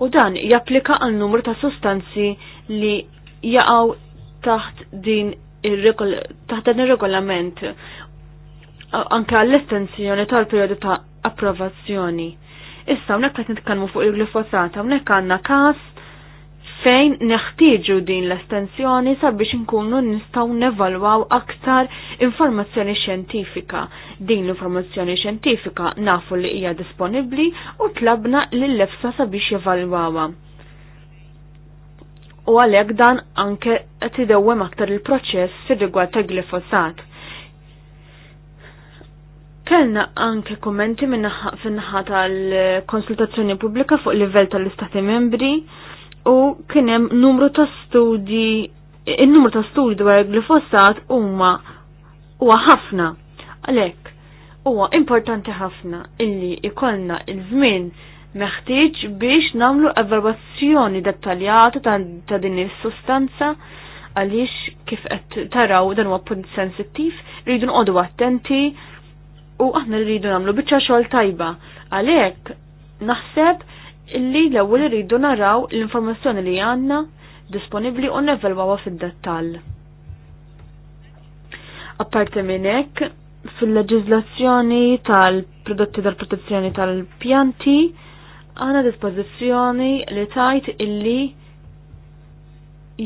Speaker 4: U dan japplika għal numru ta' sostanzi li jaqgħu taħt din taħt dan ir-regolament anke għall-estensjoni tal-perjodu ta' approvazzjoni. Issa hawnhekk qed nitkellmu fuq il glifosata hawnhekk għandna każ fejn neħtieġu din l-estensjoni sabiex nkunu nistaw nevalwaw aktar informazzjoni xjentifika. Din l-informazzjoni xjentifika nafu li hija disponibbli u tlabna lill-lefsa sabiex jevalwawa. U għalhekk dan anke qed idewwem aktar il-proċess fir-rigward ta' glifosat. Kellna anke kommenti minnaħa fin-naħa tal-konsultazzjoni pubblika fuq livell tal-istati membri u kienem numru ta' studi, il-numru ta' studi dwar glifosat huma huwa ħafna. Għalhekk huwa importanti ħafna illi ikollna il-żmien meħtieġ biex namlu evalwazzjoni dettaljata ta', ta din is-sustanza għaliex kif qed taraw dan huwa punt sensittiv, rridu nqogħdu attenti u aħna rridu nagħmlu biċċa xogħol tajba. Għalhekk naħseb illi l-ewwel iridu naraw l-informazzjoni li għandna disponibbli u nevelwawha fid-dettall. Apparti minn hekk, fil-leġiżlazzjoni tal-prodotti tal-protezzjoni tal-pjanti għana dispożizzjoni li tajt illi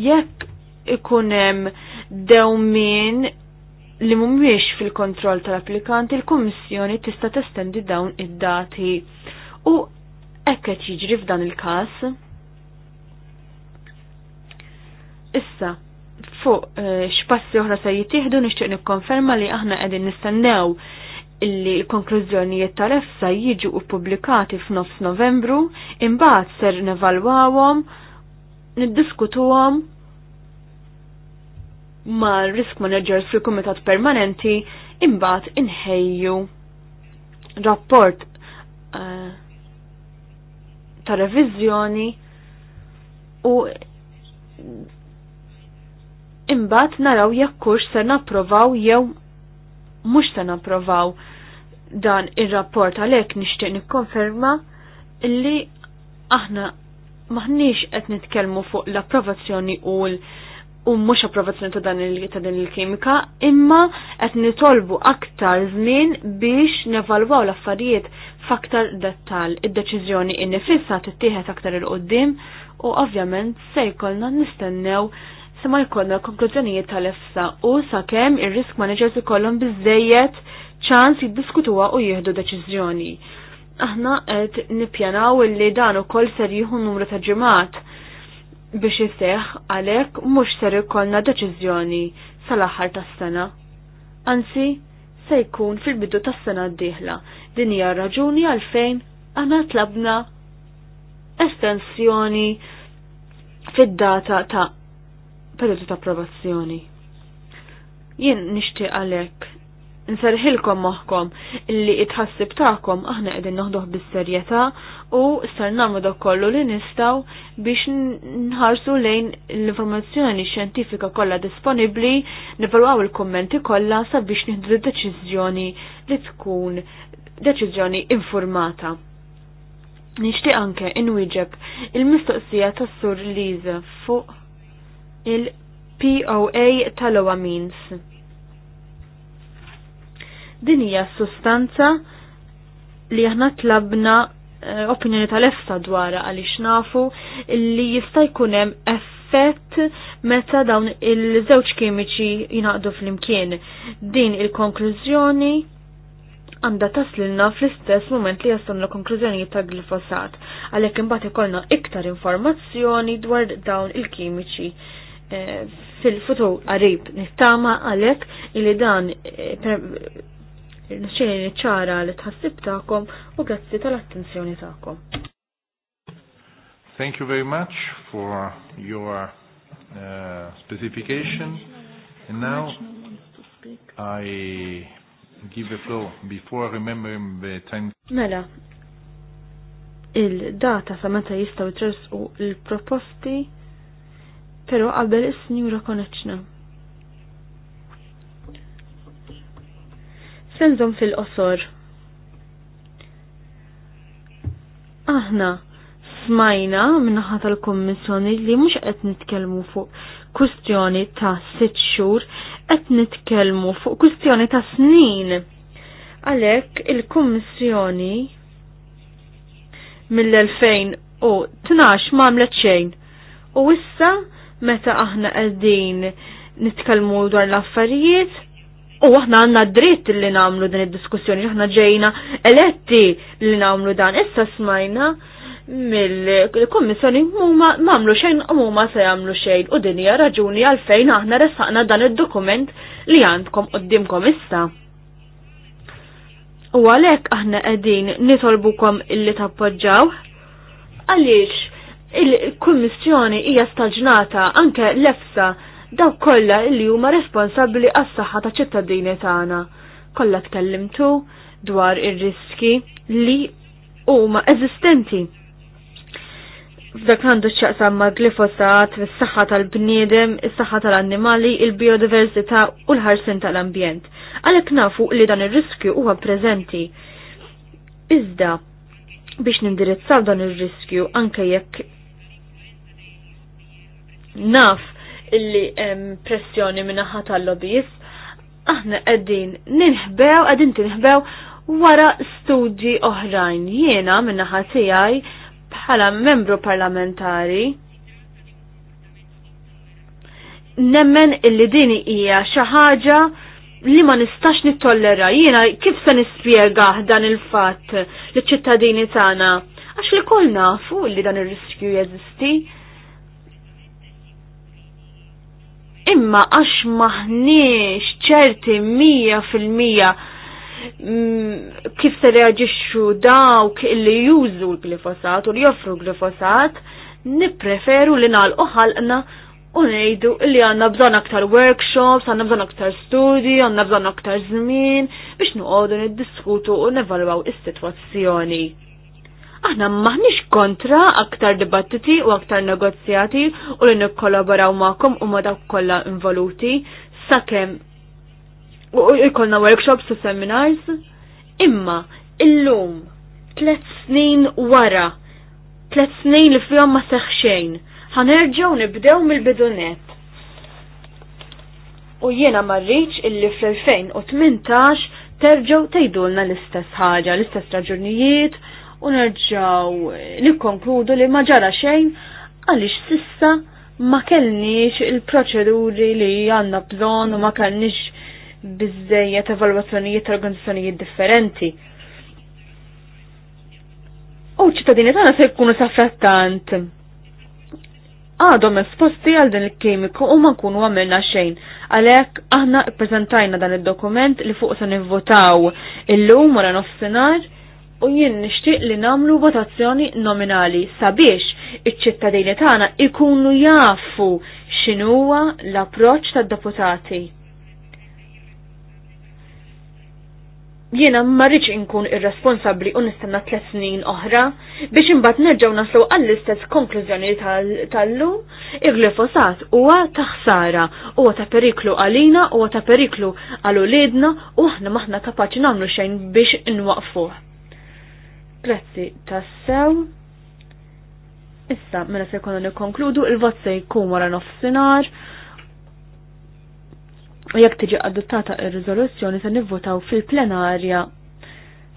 Speaker 4: jekk ikun hemm dewmin li mhumiex fil-kontroll tal-applikanti, il-Kummissjoni tista' testendi dawn id-dati u Ekk qed jiġri f'dan il-każ. Issa, fuq eh, x'passi oħra se jittieħdu nixtieq nikkonferma li aħna qegħdin nistennew illi konklużjonijiet tal-EFSA jiġu publikati f'nofs Novembru, imbagħad ser nevalwawhom, niddiskutuhom ma' risk managers fil-Kumitat Permanenti imbagħad inħejju rapport uh, ta' revizjoni u imbagħad naraw jekkux se napprovaw jew mhux se napprovaw dan ir-rapport għalhekk nixtieq nikkonferma li aħna maħniex qed nitkellmu fuq l-approvazzjoni u l- u mhux approvazzjoni ta' dan ta' din il-kimika, imma qed nitolbu aktar żmien biex nevalwaw l-affarijiet f'aktar dettal id-deċiżjoni innifissa tittieħed aktar il-qoddim u ovvjament se jkollna nistennew se ma jkollna konklużjonijiet tal-EFSA u sakemm ir-risk managers ikollhom biżejjed ċans jiddiskutuha u jieħdu deċiżjoni. Aħna qed nippjanaw illi dan ukoll ser jieħu numru ta' ġimgħat biex jiseħ għalhekk mhux ser ikollna deċiżjoni sal-aħħar tas-sena. Anzi, se jkun fil-bidu tas-sena d-dieħla. Din hija raġuni għalfejn għana tlabna estensjoni fid-data ta' periodu ta' approvazzjoni. Jien nixtieq għalhekk nserħilkom maħkom illi itħassib tagħkom aħna qegħdin noħduh bis-serjetà u sar nagħmlu dak kollu li nistgħu biex nħarsu lejn l-informazzjoni xjentifika kollha disponibbli, nivalwaw il-kummenti kollha sabiex nieħdu d-deċiżjoni li tkun deċiżjoni informata. Nixtieq anke inwieġeb il-mistoqsija tas-sur Liza fuq il-POA tal Means. Din hija sustanza li aħna tlabna eh, opinjoni tal-efsa dwar għaliex nafu li jista' jkun hemm effett meta dawn il-żewġ kimiċi jingħaqdu flimkien. Din il-konklużjoni għandha taslilna fl-istess moment li jastanna konklużjonijiet ta' glifosat, għalhekk imbagħad ikollna iktar informazzjoni dwar dawn il-kimiċi eh, fil futu qarib nittama għalhekk li dan eh, nixxejn ċara li tħassib tagħkom u grazzi tal-attenzjoni tagħkom.
Speaker 1: Thank you very much for your uh, specification. And now I give the floor before remembering the time.
Speaker 4: Mela, il-data sa meta jistaw u il-proposti, pero qabel is-snjura koneċna. Senżom fil-qosor. Aħna smajna minnaħa tal-Kommissjoni li mhux qed nitkellmu fuq kwistjoni ta' sitt xhur qed nitkellmu fuq kwistjoni ta' snin. Għalhekk il-Kummissjoni mill-2012 għamlet xejn. U issa meta aħna qegħdin nitkellmu dwar l-affarijiet, U aħna għanna dritt li namlu din id-diskussjoni, aħna ġejna eletti li namlu dan. Issa smajna mill-Kommissjoni huma mamlu xejn u huma se jagħmlu xejn u din hija raġuni għalfejn aħna ressaqna dan id-dokument li għandkom qoddimkom issa. U għalhekk aħna qegħdin nitolbukom illi tappoġġaw għaliex il-Kummissjoni hija staġnata anke l-EFSA daw kollha li huma responsabbli għas-saħħa ta' ċittadini tagħna. Kollha tkellimtu dwar ir-riski li huma eżistenti F'dak għandu x'aqsam ma' glifosat, fis-saħħa tal-bniedem, is-saħħa tal-annimali, il-biodiversità u l-ħarsin tal-ambjent. Għalhekk nafu li dan ir-riskju huwa preżenti. Iżda biex nindirizzaw dan ir-riskju anke jekk naf illi pressjoni minnaħa tal-lobbyist, aħna qegħdin ninħbew, qegħdin tinħbew wara studji oħrajn. Jiena minnaħa tiegħi bħala membru parlamentari nemmen illi dini hija xi ħaġa li ma nistax nittollera jiena kif se nispjegah dan il-fatt li ċittadini tagħna għax li kol nafu li dan ir-riskju jeżisti. Imma għax maħniex ċerti mija fil-mija Mm, kif se reagixxu dawk li jużu l-glifosat u li joffru glifosat, nippreferu li nagħlqu ħalqna u ngħidu li għandna bżonn aktar workshops, għandna bżonn aktar studi, għandna bżonn aktar żmien biex nuqogħdu niddiskutu u nevalwaw is-sitwazzjoni. Aħna maħniex kontra aktar dibattiti u aktar negozjati u li nikkollaboraw magħkom u ma dawk kollha involuti sakemm u jkollna workshops u seminars, imma illum tlet snin wara, tlet snin li fihom ma seħxejn, ħanerġaw nibdew mill-bidunet. U jiena marriċ illi fl-2018 terġgħu tgħidulna l-istess ħaġa, l-istess raġunijiet u nerġaw nikkonkludu li ma ġara xejn għaliex sissa ma kellniex il-proċeduri li għandna bżonn u ma kellniex ta' evalwazzjonijiet ta' organizzazzjonijiet differenti. U ċittadini tagħna se jkunu saffrattant. għadhom esposti għal din il-kemiku u ma nkunu għamilna xejn. Għalhekk aħna ppreżentajna dan id-dokument li fuq se nivvotaw illum wara nofsinhar u jien nixtieq li nagħmlu votazzjoni nominali sabiex iċ-ċittadini tagħna ikunu jafu x'inhuwa l-approċċ tad-deputati. jiena ma rridx inkun irresponsabbli u nistenna tliet snin oħra biex imbagħad nerġgħu naslu għall-istess konklużjoni tal-lum
Speaker 1: il-glifosat
Speaker 4: huwa ta' ħsara, huwa ta' periklu għalina, huwa ta' periklu għal uliedna u aħna maħna kapaċi nagħmlu xejn biex inwaqfuh. Grazzi tassew. Issa, mela se jkollna nikkonkludu, il-vot se jkun wara nofsinhar u jekk tiġi adottata ir-riżoluzzjoni se nivvotaw fil-plenarja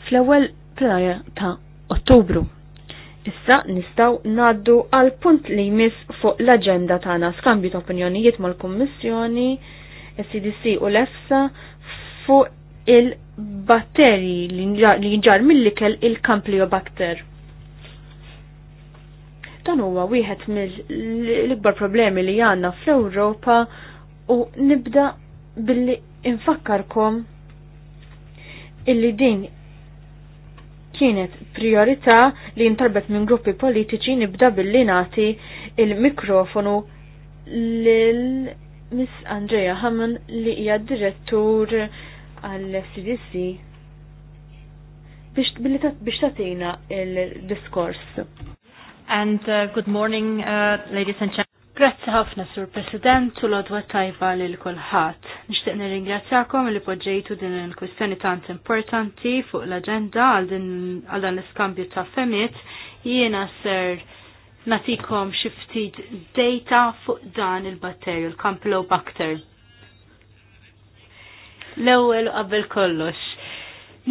Speaker 4: fl-ewwel plenarja ta' Ottubru. Issa nistaw naddu għal punt li jmiss fuq l-agenda tagħna skambju ta' opinjonijiet mal-Kummissjoni, CDC u l-EFSA fuq il-batteri li jinġar mill-ikel il-Campylobacter. Dan huwa wieħed mill-ikbar problemi li għandna fl-Ewropa u nibda billi infakkarkom illi din kienet priorità li intarbet minn gruppi politiċi nibda billi nati il-mikrofonu lil Miss Andrea Hammond li hija direttur għall-CDC
Speaker 2: biex tatina il-diskors. And uh, good morning, uh, ladies and gentlemen. Grazzi ħafna, Sur President, u l-odwa tajba lil kulħadd. Nixtieq ingrazzjakom li poġġejtu din il-kwistjoni tant importanti fuq l-aġenda għal dan l-iskambju ta' femmit. Jiena ser natikom xi ftit data fuq dan il-batterju, l-Campylobacter. L-ewwel qabel kollox,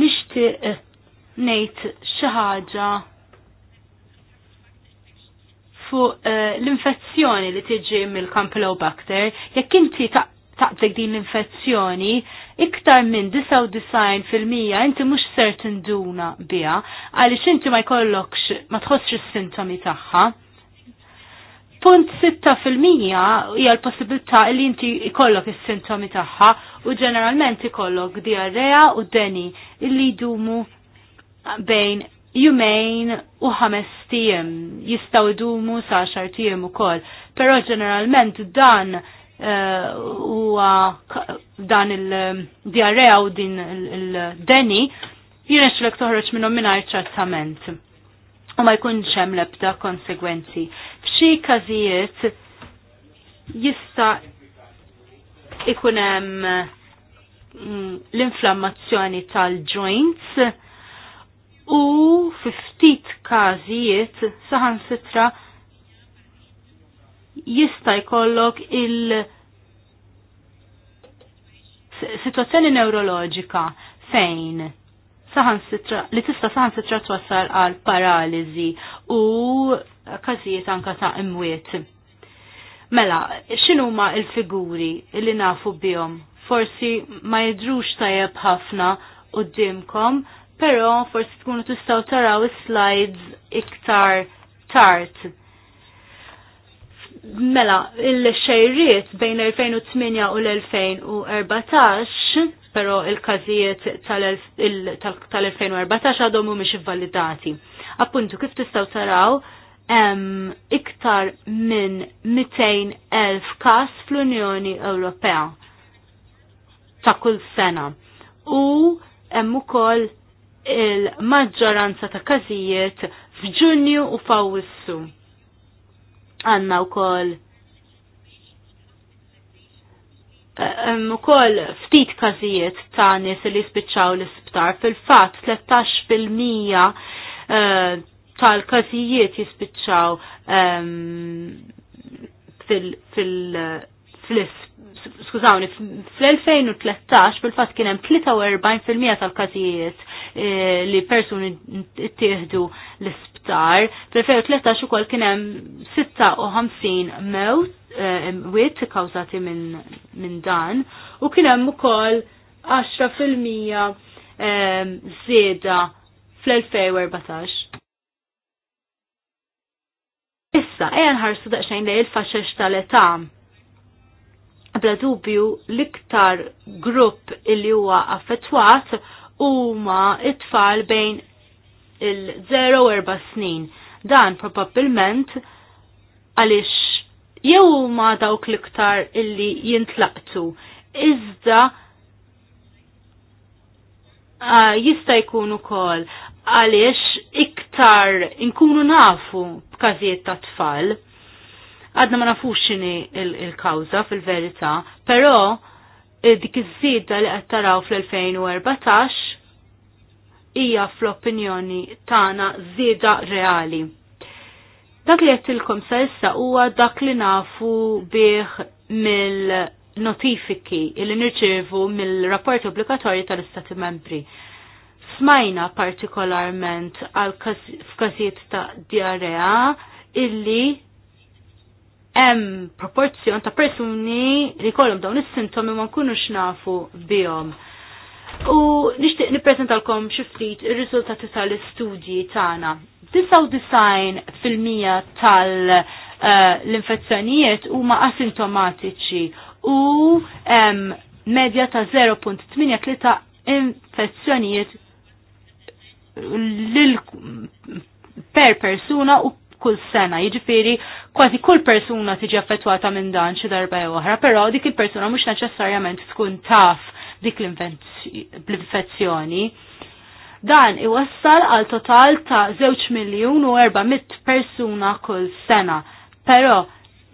Speaker 2: nixtieq ngħid xi ħaġa fuq eh, l-infezzjoni li tiġi mill-Campylobacter, jekk inti taqdek din l-infezzjoni, iktar minn 99% inti mhux ser tinduna biha għaliex inti ma jkollokx ma tħossx is-sintomi tagħha. Punt 6% hija l-possibilità li inti jkollok is-sintomi tagħha u ġeneralment ikollok diarrea u deni illi jdumu bejn jumejn u ħames tijem jistaw dumu saċar xar tijem u kol. Pero ġeneralment dan eh, huwa dan il-diarrea eh, u din il-deni jirex l toħroġ minnhom mingħajr trattament. U ma jkunx hemm lebda konsegwenzi. F'xi każijiet jista' ikun hemm mm, l-inflammazzjoni tal-joints u fi ftit każijiet saħan sitra jista' jkollok il- situazzjoni neuroloġika fejn saħan sitra, li tista saħan sitra twassal għal paralizi u każijiet anka ta' imwiet. Mela, xinu ma il-figuri li nafu bihom? Forsi ma jidrux tajab ħafna u dimkom pero forsi tkunu tistaw taraw slides iktar tart. Mela, il-xejriet bejn 2008 u l-2014, pero il-kazijiet tal-2014 għadhom mhumiex validati. Appuntu, kif tistaw taraw, iktar minn 200,000 kas fl-Unjoni Ewropea ta' kull sena. U hemm ukoll il-maġġoranza ta' każijiet f'Ġunju u f'Awwissu. Għandna wkoll ukoll ftit każijiet ta' nies li spiċċaw l-isptar fil-fatt 13 fil-mija eh, tal-każijiet jispiċċaw ehm, fil-isptar skużawni, fl-2013 bil-fat kienem 43% tal-kazijiet eh, li persuni ittieħdu l-isptar, fl-2013 u kol kienem 56 mewt, eh, wiet kawzati minn dan, u kienem u kol 10% zeda fl-2014. Issa, ejan ħarsu daqxajn li il-faċċex tal-etam bla dubju l-iktar grupp illi huwa affettwat huma it-tfal bejn il-0 u 4 snin. Dan probabbilment għaliex jew huma dawk l-iktar illi jintlaqtu. Iżda uh, jista' jkun ukoll għaliex iktar inkunu nafu b'każijiet ta' tfal għadna ma nafux xini il-kawza fil-verità, però eh, dik iż-żieda li qed taraw fl-2014 hija fl-opinjoni tagħna żieda reali. Dak li qed ilkom sa issa huwa dak li nafu bih mill-notifiki li nirċievu mill-rapport obbligatorji tal-Istati Membri. Smajna partikolarment għal f'każijiet ta' diarea illi hemm proporzjon ta' persuni li kollum dawn is-sintomi ma nkunux nafu bihom. U nixtieq nippreżentalkom xi ftit ir-riżultati tal-istudji tagħna. 99 fil-mija tal-infezzjonijiet eh, huma asintomatiċi u hemm medja ta' 0.83 infezzjonijiet lil per persuna u kull sena, jiġifieri kważi kull persuna tiġi affettwata minn dan xi darba jew oħra, però dik il-persuna mhux neċessarjament tkun taf dik l-infezzjoni. Dan iwassal għal total ta' 2 miljun u 400 persuna kull sena. Però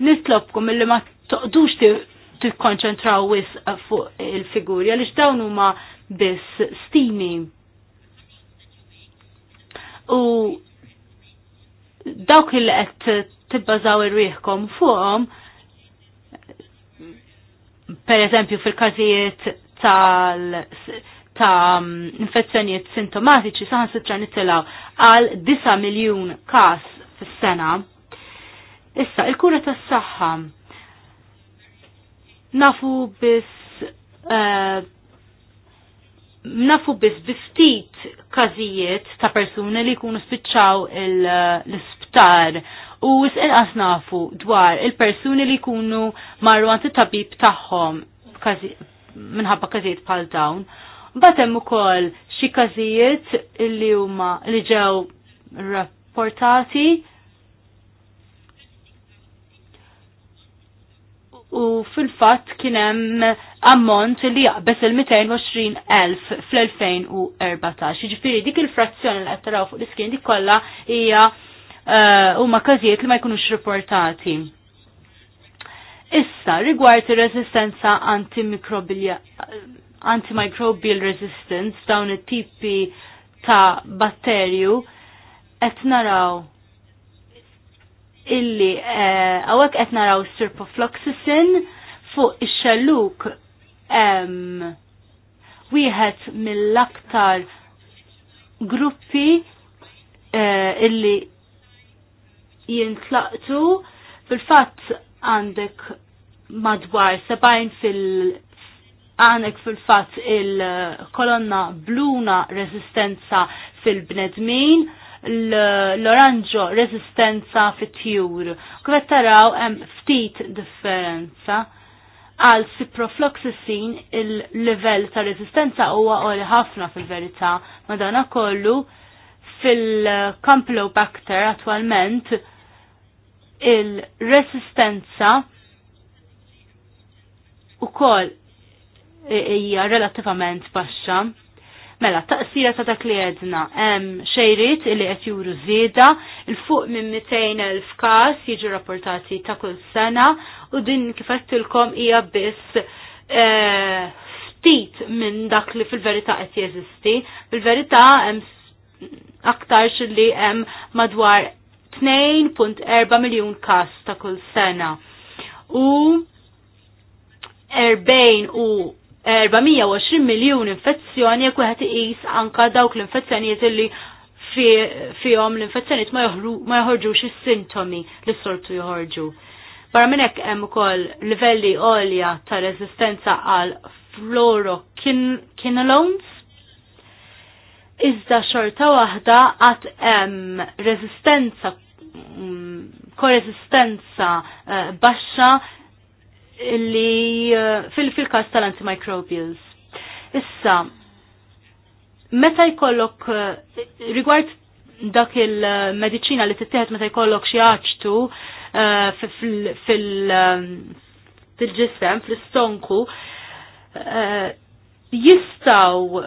Speaker 2: nitlobkom illi ma toqdux tikkonċentraw wis fuq il-figuri għaliex dawn huma biss stimi. U dawk il qed tibbażaw ir-rieħkom fuqhom per eżempju fil-każijiet tal ta' infezzjonijiet sintomatiċi saħan sitra nitilaw għal 9 miljun kas fis-sena. Issa, il-kura tas saħħa nafu biss uh, nafu bis biftit kazijiet ta' persuni li jkunu spiċċaw l-isptar l u s-inqas nafu dwar il-persuni li kunu marru għant tabib tagħhom minħabba każijiet bħal dawn. Batem u ukoll xi każijiet li huma li ġew rapportati u fil-fatt kienem ammont li jaqbes il-220.000 fl-2014. Ġifiri, dik il-frazzjoni li għattaraw fuq l iskien dik kolla hija Eh, huma każijiet li ma jkunux riportati. Issa, rigward ir-resistenza antimicrobial resistance dawn it-tipi ta' batterju qed naraw illi għawek eh, qed naraw sirpofloxisin fuq ix-xelluk wieħed mill-aktar gruppi eh, illi jintlaqtu fil-fatt għandek madwar 70 fil- għanek fil-fatt il-kolonna bluna resistenza fil-bnedmin, l-oranġo resistenza fil tjur Kvet taraw hemm ftit differenza għal ciprofloxacin il-level ta' resistenza huwa għoli ħafna fil-verità, madana kollu fil-Campylobacter attualment il-resistenza u kol e, e, hija relativament baxxa. Mela, taqsira ta' dak li għedna, hemm xejrit li qed juru zida, il fuq minn 200,000 kas jiġu rapportati ta' kull sena u din kif kom hija biss e, ftit minn dak li fil-verità qed jeżisti. Fil-verità hemm aktarx li hemm madwar 2.4 miljun kas ta' kull sena. U 40 u 420 miljun infezzjoni jekk wieħed iqis anka dawk l-infezzjonijiet li fihom l-infezzjonijiet ma joħorġux is-sintomi li sortu joħorġu. Barra minn hekk hemm ukoll livelli għolja ta' reżistenza għal fluorokinolones iżda xorta waħda għat hemm rezistenza koresistenza uh, eh, baxxa li uh, eh, fil-kas tal-antimicrobials. Issa, meta jkollok eh, rigward dak il-medicina li tittieħed meta jkollok xi fil-ġisem, fil-stonku, jistaw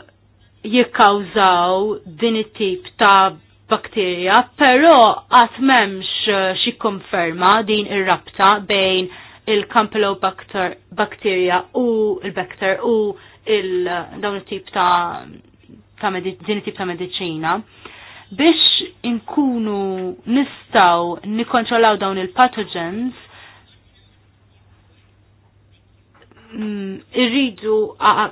Speaker 2: jikkawżaw din it-tip ta' bakterja, però għat memx eh, xi konferma din ir-rabta bejn il-Campylobacter u il bacter eh, u il dawn it-tip ta' ta' din tip ta' medicina biex inkunu nistaw nikontrollaw dawn il-pathogens Mm, irridu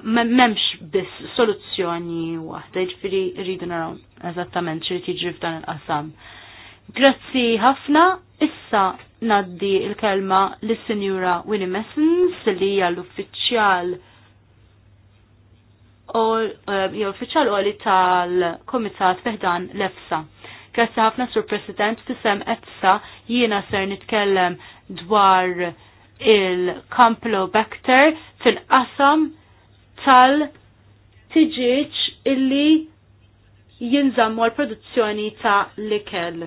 Speaker 2: memx biss soluzzjoni waħda, ġifiri irridu naraw eżattament xirrit jiġri f'dan il-qasam. Grazzi ħafna, issa naddi il-kelma l-Sinjura Winnie Messens li hija l-uffiċjal eh, l uffiċjal għalli tal-Komitat Fehdan l-EFSA. Grazzi ħafna, Sur President, fissem EFSA jiena ser nitkellem dwar il-Campylobacter fil-qasam tal-tiġiċ illi jinżammu l-produzzjoni ta' likel.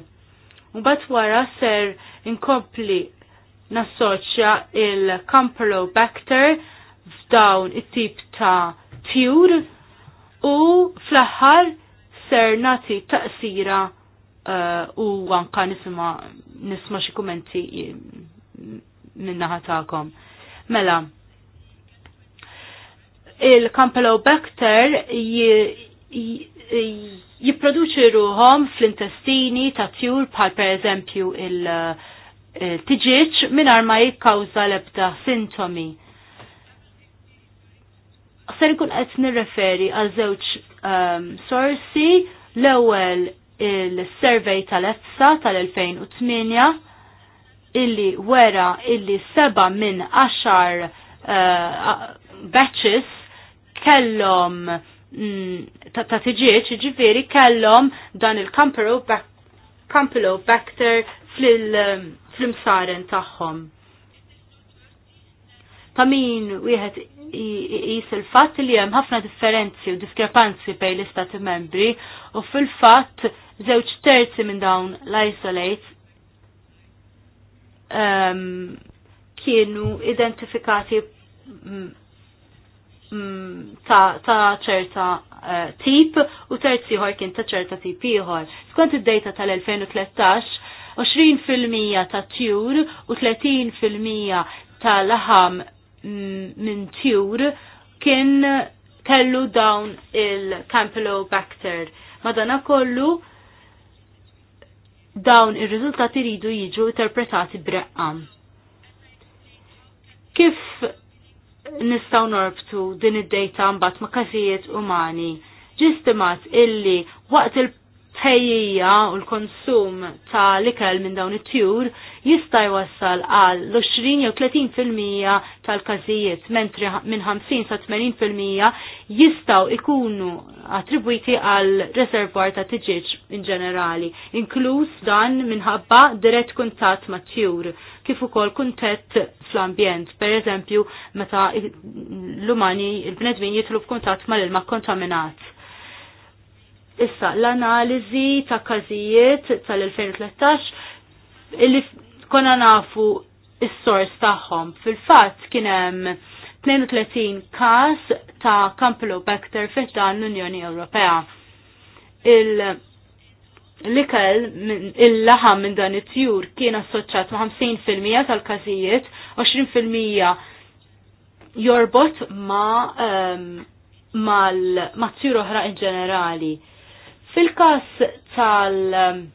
Speaker 2: Mbagħad wara ser inkompli nassoċja il-Campylobacter f'dawn it-tip ta' tjur u fl-aħħar ser nati taqsira uh, u anka nisma nisma xi kumenti minnaħa ta'kom. Mela, il-Campylobacter jipproduċi ruħom fl-intestini ta' tjur bħal per eżempju il-tiġiċ eh, minar ma jikkawza lebda sintomi. Ser ikun qed nirreferi għal żewġ ehm, sorsi l-ewwel il-survey tal-EFSA tal-2008 illi wera illi seba minn għaxar uh, batches kellom mm, ta' tiġieċ, ġifiri kellom dan il-Campylobacter fl-imsaren tagħhom. Ta' min wieħed jis il-fatt li hemm ħafna differenzi u diskrepanzi bejn l-istati membri u fil-fatt żewġ terzi minn dawn l-isolates um, kienu identifikati mm, mm, ta', ċerta uh, tip u terziħor kien ta' ċerta tip ieħor. Skont id-data tal-2013, 20% ta' tjur u 30% ta' laħam mm, minn tjur kien kellu dawn il-Campylobacter. Madana kollu dawn ir-riżultati ridu jiġu interpretati breqqa. Kif nistaw norbtu din id-dejta mbagħad ma' każijiet umani? Ġistimat illi waqt il ħejjija u l-konsum ta' l-ikel minn dawn it-tjur jista' jwassal għal l-20 jew 30% fil-mija tal-każijiet, mentri minn 50 sa 80% jistgħu ikunu attribwiti għal reservoir ta' tiġiġ in ġenerali, inkluż dan minħabba dirett kuntatt ma' tjur, kif ukoll kuntett fl-ambjent, pereżempju meta l-umani il-bnedmin jitlu f'kuntatt mal-ilma kontaminat. Issa, l-analizi ta' kazijiet tal-2013 illi konna nafu il sors tagħhom. Fil-fatt kien hemm 32 każ ta' Campylobacter fiħdan l-Unjoni Ewropea. Il- l-ikel il-laħam minn dan it-tjur kien assoċjat ma' 50% tal-każijiet, 20% jorbot ma' t ehm, tjur oħra in ġenerali. Fil-każ tal- um,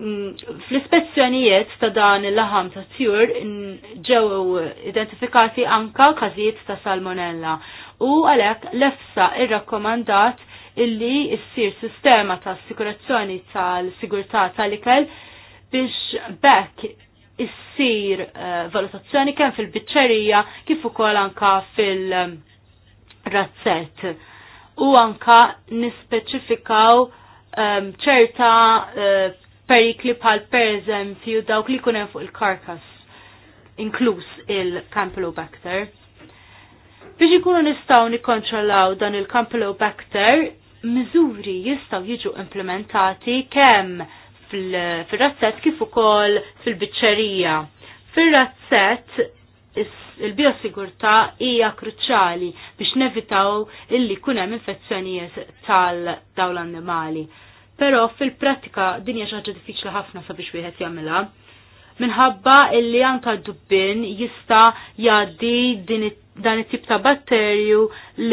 Speaker 2: Mm, fl-ispezzjonijiet ta' dan il-laħam ta' tjur ġew identifikati anka każijiet ta' salmonella u għalhekk l-efsa irrakkomandat illi issir sistema ta' assikurazzjoni tal-sigurtà tal-ikel biex bekk issir uh, valutazzjoni kemm fil-biċċerija kif ukoll anka fil-razzett u anka nispeċifikaw ehm, ċerta um, perikli bħal pereżempju dawk li jkun hemm fuq il-karkas, inkluż il-Campylobacter. Biex ikunu nistgħu nikkontrollaw dan il-Campylobacter, miżuri jistgħu jiġu implementati kemm fil-razzett kif ukoll fil-biċċerija. Fil-razzett il-biosigurtà hija kruċjali biex nevitaw illi kunem hemm infezzjonijiet tal dawl annimali però fil-prattika din hija xi ħaġa diffiċli ħafna sabiex wieħed jagħmilha. Minħabba illi anka dubbin jista' jgħaddi din dan it-tip ta' batterju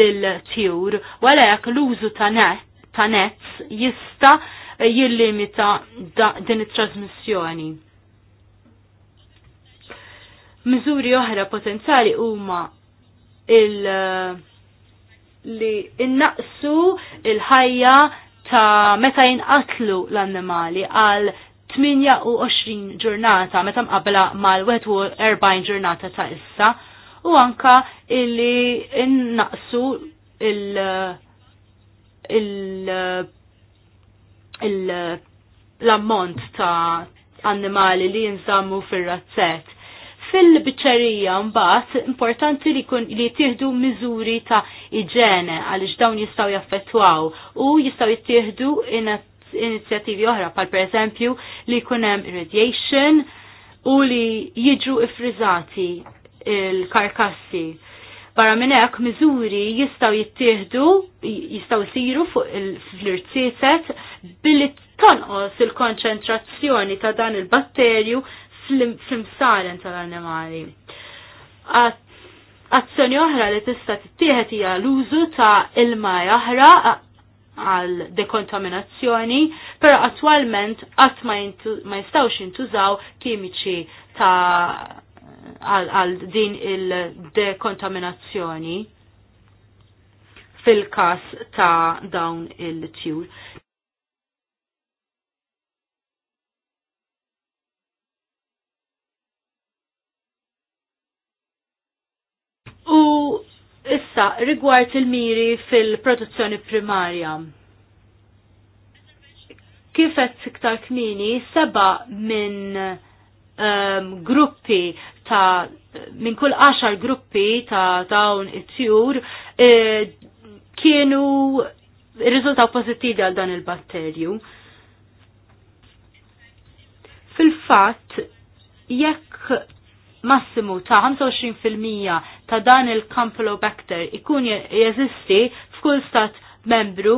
Speaker 2: lil tjur wara jekk l-użu ta' net ta' nets jista' jillimita din it-trasmissjoni. Miżuri oħra potenzjali huma il- li innaqsu il-ħajja ta' meta jinqatlu l-annimali għal 28 ġurnata meta mqabla mal-41 ġurnata ta' issa u anka illi innaqsu il- il- il- l-ammont ta' annimali li jinżammu fir-razzett Fil-biċċerija mbagħad importanti li kun li jittieħdu miżuri ta' iġene għaliex dawn jistgħu jaffettwaw u jistgħu jittieħdu inizjattivi oħra pal pereżempju li jkun hemm u li jiġu ifriżati il-karkassi. Barra minn hekk miżuri jistgħu jittieħdu, jistgħu jsiru fuq il-flirtietet billi tonqos il-konċentrazzjoni ta' dan il-batterju fl-imsaren tal-annimali. Azzjoni oħra li tista' tittieħed hija l-użu ta' ilma oħra għal dekontaminazzjoni, però attwalment qatt ma jistgħux jintużaw kimiċi ta' għal din il-dekontaminazzjoni fil-kas ta' dawn il-tjur. U issa rigward il-miri fil-produzzjoni primarja. Kifet iktar kmini seba minn um, gruppi ta' minn kull għaxar gruppi ta' dawn it-tjur e, kienu rizultaw pozittivi għal dan il-batterju. Fil-fatt, jekk massimu ta' 25% ta' dan il-Campylobacter ikun jeżisti f'kull stat membru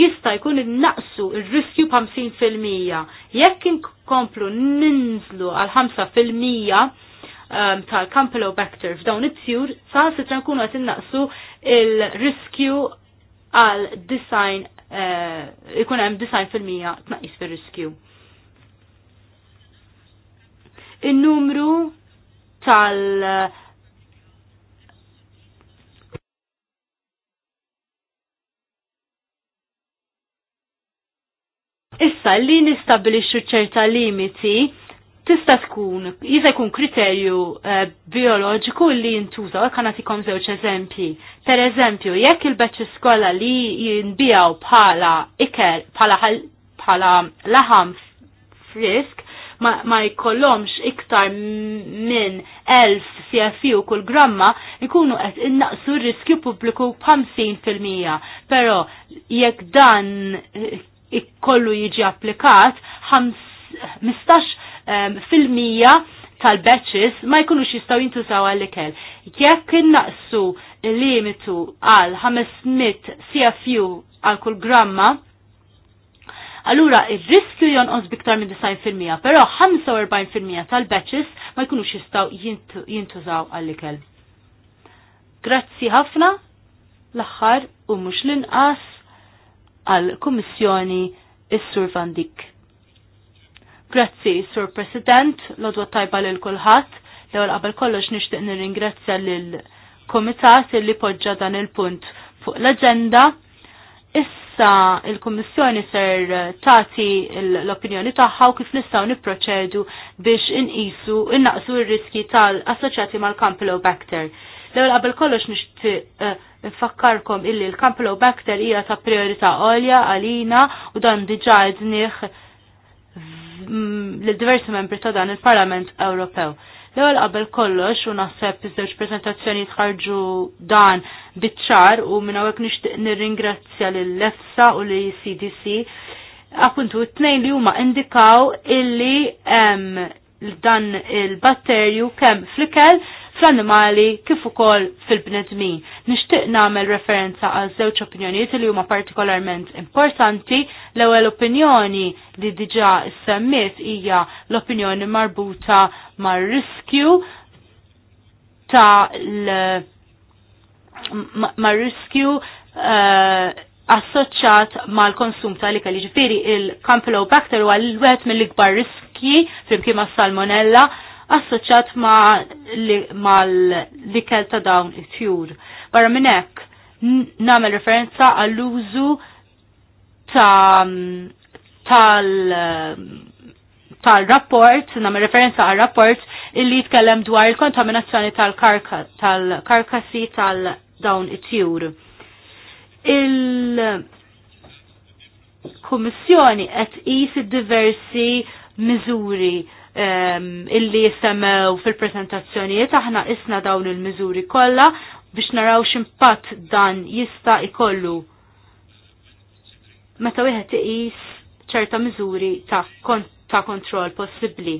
Speaker 2: jista' jkun innaqsu il riskju b'50%. Jekk inkomplu ninżlu għal 5% um, tal-Campylobacter f'dawn it-tjur, sa' sitra nkunu qed innaqsu il-riskju għal design uh, ikun hemm design fil-mija tnaqis fir-riskju. In-numru tal- Issa li nistabilixxu ċerta limiti tista' tkun jiza jkun kriterju eh, bioloġiku li jintuża jekk nagħtikom żewġ eżempji. Per eżempju, jekk il-beċ iskola li jinbijaw bħala iker bħala bħala laħam frisk, ma jkollhomx iktar minn elf CFU kull gramma ikunu qed innaqsu r-riskju pubbliku 50%. Però jekk dan ikollu eh, jiġi applikat 15 ehm, fil-mija tal-batches ma jkunux jistaw jintużaw għall-ikel. Jekk innaqsu limitu għal 500 CFU għal kull gramma, Allura il riskju jonqos biktar minn 90%, però 45% tal-batches ma jkunux jistgħu jintużaw għall-ikel. Grazzi ħafna l-aħħar u mhux l-inqas għall-Kummissjoni is-Sur Van Dik. Grazzi, Sur President, l-odwa tajba lil kulħadd, l-ewwel qabel kollox nixtieq nirringrazzja l Komitat li poġġa dan il-punt fuq l-aġenda issa il-Kommissjoni ser tati l-opinjoni tagħha u kif nistgħu nipproċedu biex inqisu innaqsu r-riski tal-assoċjati mal-Campylobacter. L-ewwel qabel kollox nixtieq eh, nfakkarkom illi l-Campylobacter hija ta' priorità għolja għalina u dan diġà idnih l-diversi membri ta' dan il-Parlament Ewropew l ewel qabel kollox u naħseb iż-żewġ prezentazzjoni tħarġu dan biċ-ċar u minn hawnhekk nixtieq nirringrazzja lil EFSA u li CDC. Appuntu t-tnejn li huma indikaw illi dan il-batterju kemm fl-ikel fl-animali kif ukoll fil-bnedmin. Nixtieq nagħmel referenza għal żewġ opinjonijiet li huma partikolarment importanti. L-ewwel opinjoni li diġà semmiet hija l-opinjoni marbuta mar-riskju ta' l mar-riskju eh, assoċjat mal-konsum tal-ikel, Ġifieri il-Campylobacter huwa l-wet mill-ikbar riski flimkien ma' salmonella assoċjat mal-likel ta' dawn it-tjur. Barra minn hekk nagħmel referenza għall-użu ta' mm, tal mm, tal-rapport, nagħmel referenza għall rapport illi jitkellem dwar il-kontaminazzjoni tal-karkassi tal-dawn it-tjur. Il-Kummissjoni qed qis diversi miżuri illi jisemmew fil-prezentazzjonijiet aħna isna dawn il-miżuri kollha biex naraw x'impatt dan jista' ikollu meta wieħed iqis ċerta miżuri ta', kon ta kontroll possibbli.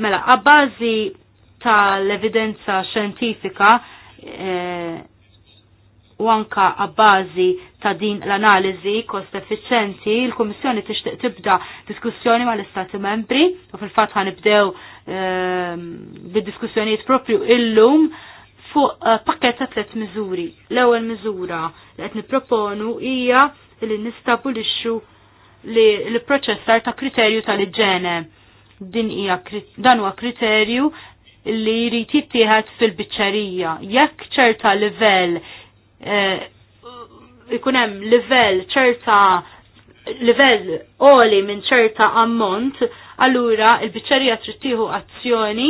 Speaker 2: Mela, għabbażi tal-evidenza xjentifika eh, u anka għabbażi ta' din l-analizi kost effiċenti, il komissjoni tixtieq tibda diskussjoni mal istati membri u fil-fatt ħanibdew ehm, bid-diskussjonijiet propju illum fuq eh, pakket ta' tliet miżuri. L-ewwel miżura li qed nipproponu hija li nistabulixxu li l-proċessar ta' kriterju tal-iġene. Din hija dan huwa kriterju li jrid jittieħed fil-biċċerija. Jekk ċerta livell Eh, ikun hemm livell ċerta livell oli minn ċerta ammont, allura il-biċċerija trid tieħu azzjoni,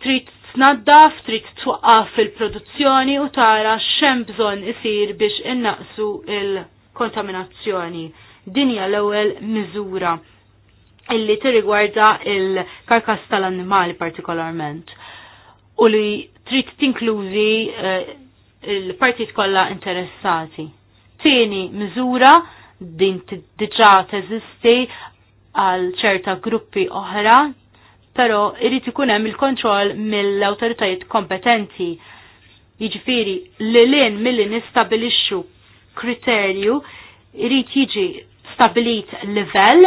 Speaker 2: trid tnaddaf, trid twaqqaf il-produzzjoni u tara xemm bżonn isir biex innaqsu il-kontaminazzjoni. Dinja l-ewwel miżura illi tirrigwarda il-karkas tal-annimali partikolarment u li trid tinklużi eh, il-partit kollha interessati. Tieni miżura din diġa' teżisti għal ċerta gruppi oħra, però irrit ikun hemm il-kontroll mill-awtoritajiet kompetenti. Jiġifieri li lin milli nistabilixxu kriterju irrid jiġi stabilit livell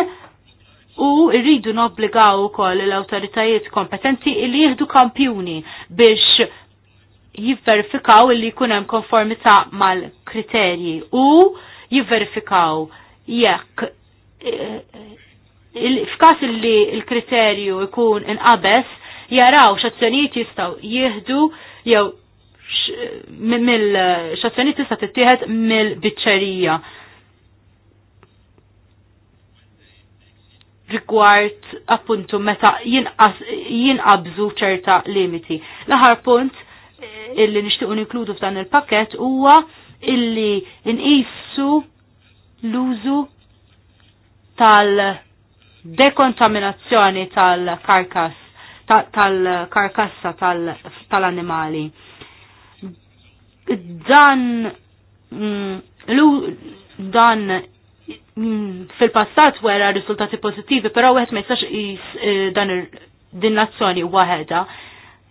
Speaker 2: u rridu nobbligaw ukoll l-awtoritajiet kompetenti li jieħdu kampjuni biex jivverifikaw li jkun hemm konformità mal-kriterji u jivverifikaw jekk eh, f'każ li l-kriterju jkun inqabes jaraw x'azzjonijiet jistgħu jieħdu jew mill x'azzjonijiet tista' tittieħed mill-biċċerija. rigward appuntu meta jinqabżu ċerta limiti. L-aħar punt illi nixtiequ nikludu f'dan il-pakket huwa illi nqisu l-użu tal-dekontaminazzjoni tal-karkas tal-karkassa tal-animali. Dan mm, dan mm, fil-passat wera riżultati pozittivi, però wieħed ma jistax eh, dan din l-azzjoni waħedha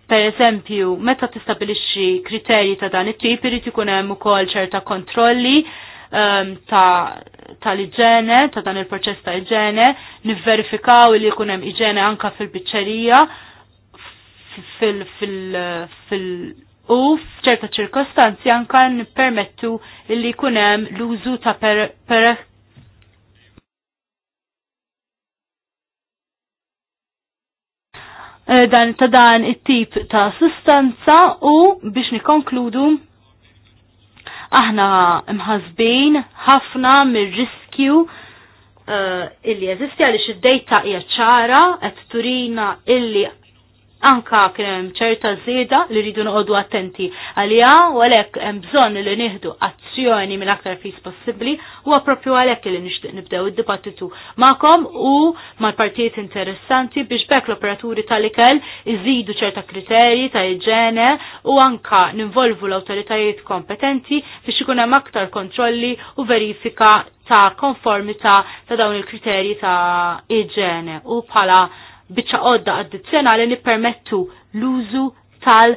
Speaker 2: Per eżempju, meta tistabilixxi kriterji ta' dan it-tip irid ikun hemm ukoll ċerta kontrolli um, ta' tal-iġene, ta' dan il-proċess ta' iġene, nifverifikaw li jkun hemm iġene anka fil-biċċerija fil fil fil u f'ċerta ċirkostanzi anka nippermettu li jkun hemm l-użu ta' per, Eh, dan ta' dan it-tip ta' sustanza u biex nikonkludu aħna mħazbin ħafna mir-riskju eh, illi jeżisti għaliex id-dejta hija ċara qed turina illi anka kienem ċerta zida li rridu noqodu attenti għalija u għalek bżon li nieħdu azzjoni mill aktar fis possibli u għapropju għalek li nixtieq nibdew id-dibattitu ma'kom u mal-partijiet interessanti biex bekk l-operaturi tal-ikel iżidu ċerta kriterji ta' iġene u anka ninvolvu l-autoritajiet kompetenti biex ikun hemm aktar kontrolli u verifika ta' konformita ta' dawn il-kriterji ta' iġene u bħala biċċa qodda addizzjonali li permettu l-użu tal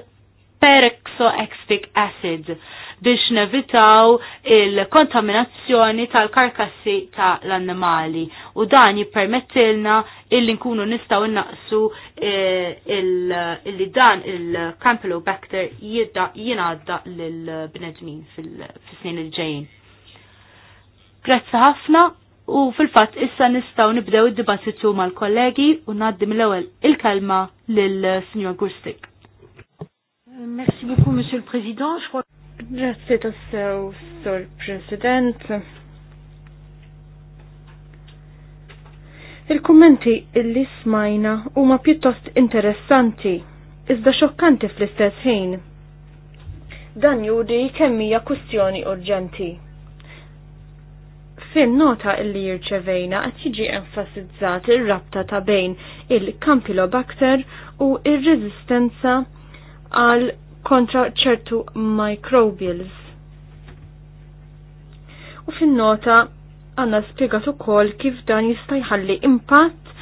Speaker 2: peroxoextic acid biex nevitaw il-kontaminazzjoni tal-karkassi tal-annimali u dan jippermettilna illi nkunu nistaw innaqsu eh, illi dan il-campylobacter jinadda l-bnedmin fil-snin il-ġejn. Grazzi ħafna U fil-fatt issa nistaw nibdew id-dibattitu mal-kollegi u naddim l ewwel il-kelma lill sinjor Gustik.
Speaker 4: Merci beaucoup, Monsieur le Président. Je crois... Grazie tassew, Sor President. Il-kummenti illi smajna huma pjuttost interessanti, iżda xokkanti fl-istess ħin. Dan juri kemm hija kwistjoni urġenti. Fin-nota illi jirċevejna qed jiġi enfasizzat ir-rabta ta' bejn il-Campylobacter u ir-reżistenza għal kontra ċertu microbials. U fin-nota għanna spiegat ukoll kif dan jista' jħalli impatt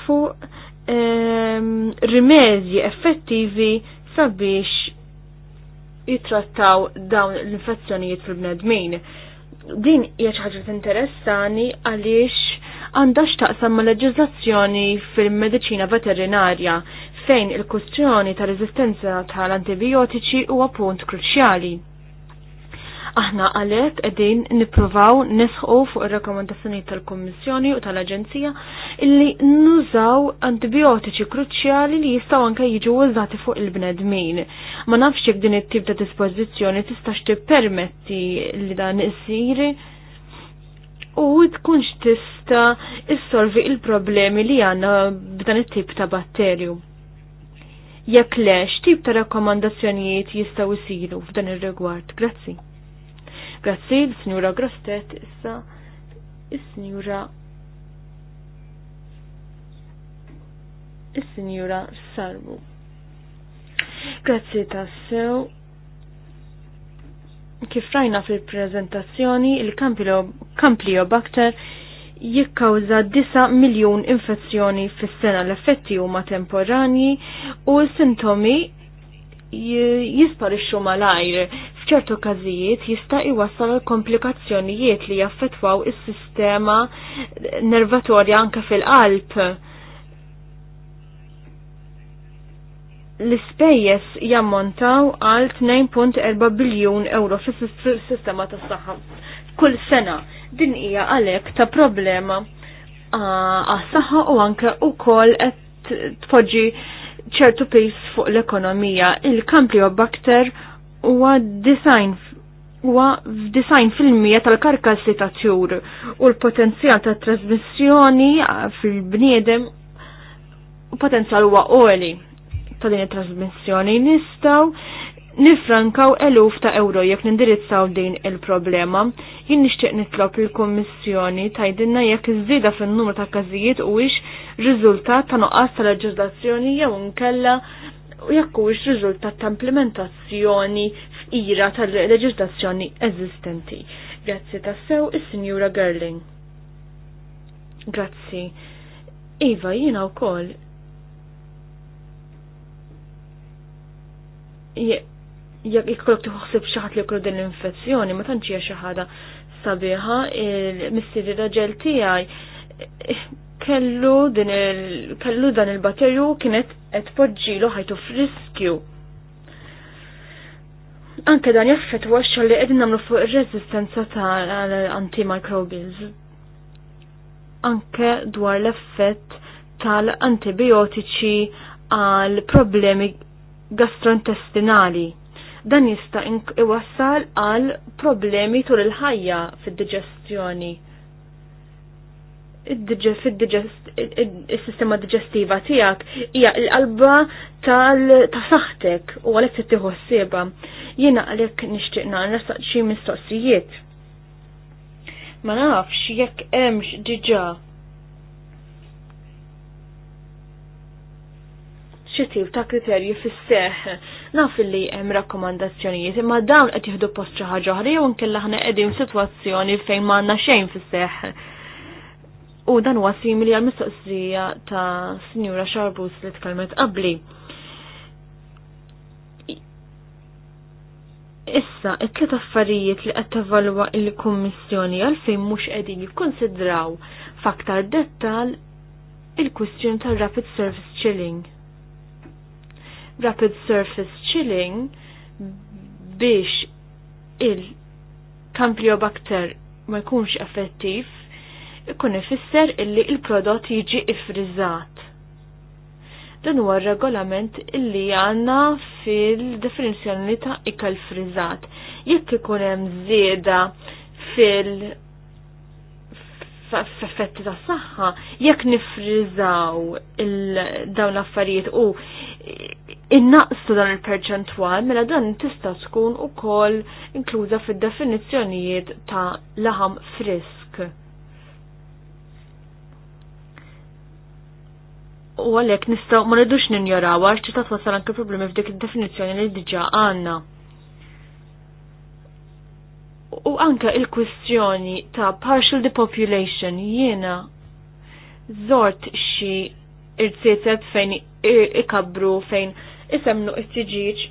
Speaker 4: fuq um, rimedji effettivi sabiex jitrattaw dawn l-infezzjonijiet fil-bnedmin din hija xi ħaġa interessani għaliex għandha x'taqsam ma' leġiżlazzjoni fil-mediċina veterinarja fejn il-kustjoni ta' reżistenza tal-antibiotiċi huwa punt kruċjali. Aħna għalhekk qegħdin nippruvaw nisħu fuq ir rekomendazzjoni tal-Kummissjoni u tal-Aġenzija illi nużaw antibiotiċi kruċjali li jistgħu anke jiġu użati fuq il-bnedmin. Ma nafx jekk din it-tip ta' dispożizzjoni tistax tippermetti li dan isir u tkunx tista' issolvi il-problemi li għandna b'dan it-tip ta' batterju jekk lex tip ta' rakkomandazzjonijiet jistgħu jsiru f'dan ir-rigward. Grazzi. Grazzi, signora Grostet, issa, signora signora sinjura Sarbu. Grazzi tassew. Kif rajna fil-prezentazzjoni, il Bakter jikkawza 9 miljun infezzjoni fis-sena l-effetti huma temporani u s-sintomi ixxu malajr. F'ċertu każijiet jista' iwassal komplikazzjonijiet li jaffettwaw is-sistema nervatorja anke fil-qalb. L-ispejjeż jammontaw għal 2.4 biljun euro fis-sistema tas-saħħa kull sena. Din hija għalhekk ta' problema għas-saħħa u anke ukoll qed tpoġġi ċertu pejs fuq l-ekonomija. Il-Campylobacter huwa design huwa f'design fil-mija tal-karkassi ta' tjur u l-potenzjal ta' trasmissjoni fil-bniedem u potenzjal huwa għoli ta' din it-trasmissjoni nistaw nifrankaw eluf ta' euro jekk nindirizzaw din il-problema. Jien nixtieq nitlob il-Kummissjoni tajdinna jekk iż-żieda fin-numru ta' każijiet huwiex riżultat ta' nuqqas ta' leġislazzjoni jew nkella jekk huwiex riżultat ta' implementazzjoni f'ira tal leġislazzjoni eżistenti. Grazzi tassew is-Sinjura Gerling. Grazzi. Iva, jiena wkoll. Yeah jekk ikollok tħossib xi ħadd li jkollu din l-infezzjoni ma tantx hija xi ħaġa sabiħa il-missieri raġel tiegħi eh, kellu din kellu dan il-batterju kienet qed poġġilu ħajtu f'riskju. Anke dan waxxa li qegħdin nagħmlu fuq ir-reżistenza tal-antimicrobials. Anke dwar l-effett tal-antibiotiċi għal problemi gastrointestinali dan jista' iwassal għal problemi tul il-ħajja fid-diġestjoni. Is-sistema diġestiva tiegħek hija l-qalba ta' saħtek u għalhekk trid tieħu ħsiebha. Jiena għalhekk nixtieq nagħlaq xi mistoqsijiet. Ma nafx jekk hemmx diġà xi tip ta' kriterji fis-seħ Naf li hemm rakkomandazzjonijiet imma dawn qed jieħdu post xi ħaġa oħra jew inkella aħna qegħdin sitwazzjoni fejn m'għandna xejn fis-seħħ. U dan huwa simili għal mistoqsija ta' Sinjura Xarbus li tkellmet qabli. Issa, it tliet affarijiet li qed tavalwa il-Kummissjoni għalfejn mhux qegħdin jikkonsidraw f'aktar dettal il-kwistjoni tar-rapid service chilling rapid surface chilling biex il-Campylobacter ma jkunx effettiv ikun ifisser illi il-prodott jiġi ifrizzat. Dan huwa regolament illi għandna fil-definizzjoni ta' ikel frizzat. Jekk ikun hemm żieda fil- f'effetti ta' saħħa jekk nifriżaw dawn l-affarijiet u innaqsu dan il-perċentwal mela dan tista' tkun ukoll inkluża fid-definizzjonijiet ta' laħam frisk. U għalhekk nistgħu ma rridux ninjoraw għax ta' twasal anke problemi f'dik id-definizzjoni li diġà għandna. U anka il-kwistjoni ta' partial depopulation jiena zort xi irtsietet fejn ikabru fejn isemnu it-tiġiġ.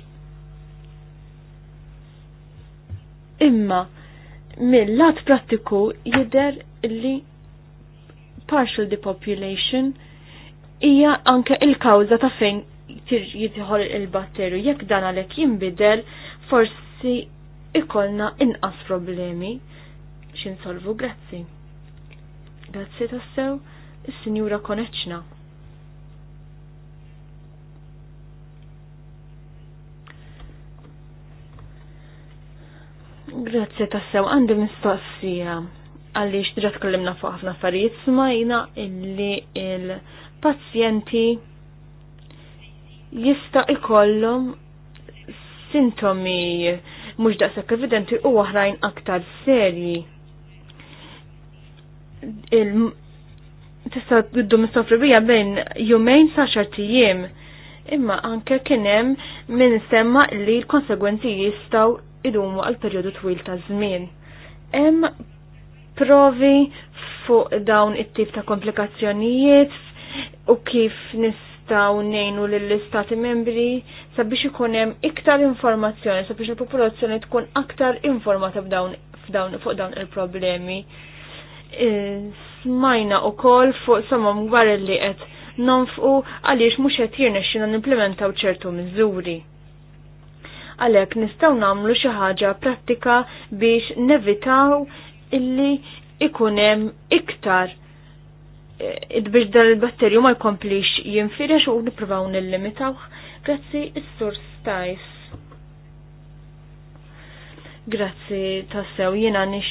Speaker 4: Imma mill-lat prattiku jider li partial depopulation hija anke il-kawża ta' fejn jitħol il-batterju. Jekk dan għalhekk jinbidel, forsi ikollna inqas problemi x'insolvu grazzi. Grazzi tassew is-Sinjura Koneċna. Grazzi tassew għandi mistoqsija għalli xtiġa tkellimna fuq ħafna affarijiet smajna illi il-pazjenti jista' ikollhom sintomi mhux daqshekk evidenti u oħrajn aktar serji. Tista' ddum is bija bejn jumejn sa xartijiem imma anke kien hemm min semma li l-konsegwenzi jistgħu idumu għal perjodu twil ta' żmien. Hemm provi fuq dawn it-tip ta' komplikazzjonijiet u kif nis nistaw nejnu lill-istati membri sabiex ikunem iktar informazzjoni, sabiex il-popolazzjoni tkun aktar informata f'dawn fuq dawn il-problemi. E, smajna u kol fuq samam gbar li qed nonfqu għaliex mhux qed jirnexxina nimplementaw ċertu miżuri. Għalhekk nistgħu nagħmlu xi ħaġa prattika biex nevitaw illi ikunem iktar id bix dal-batterju ma jkomplix jinfirex u niprovaw nil-limitaw. Grazzi s sur stajs. Grazzi tassew jiena nir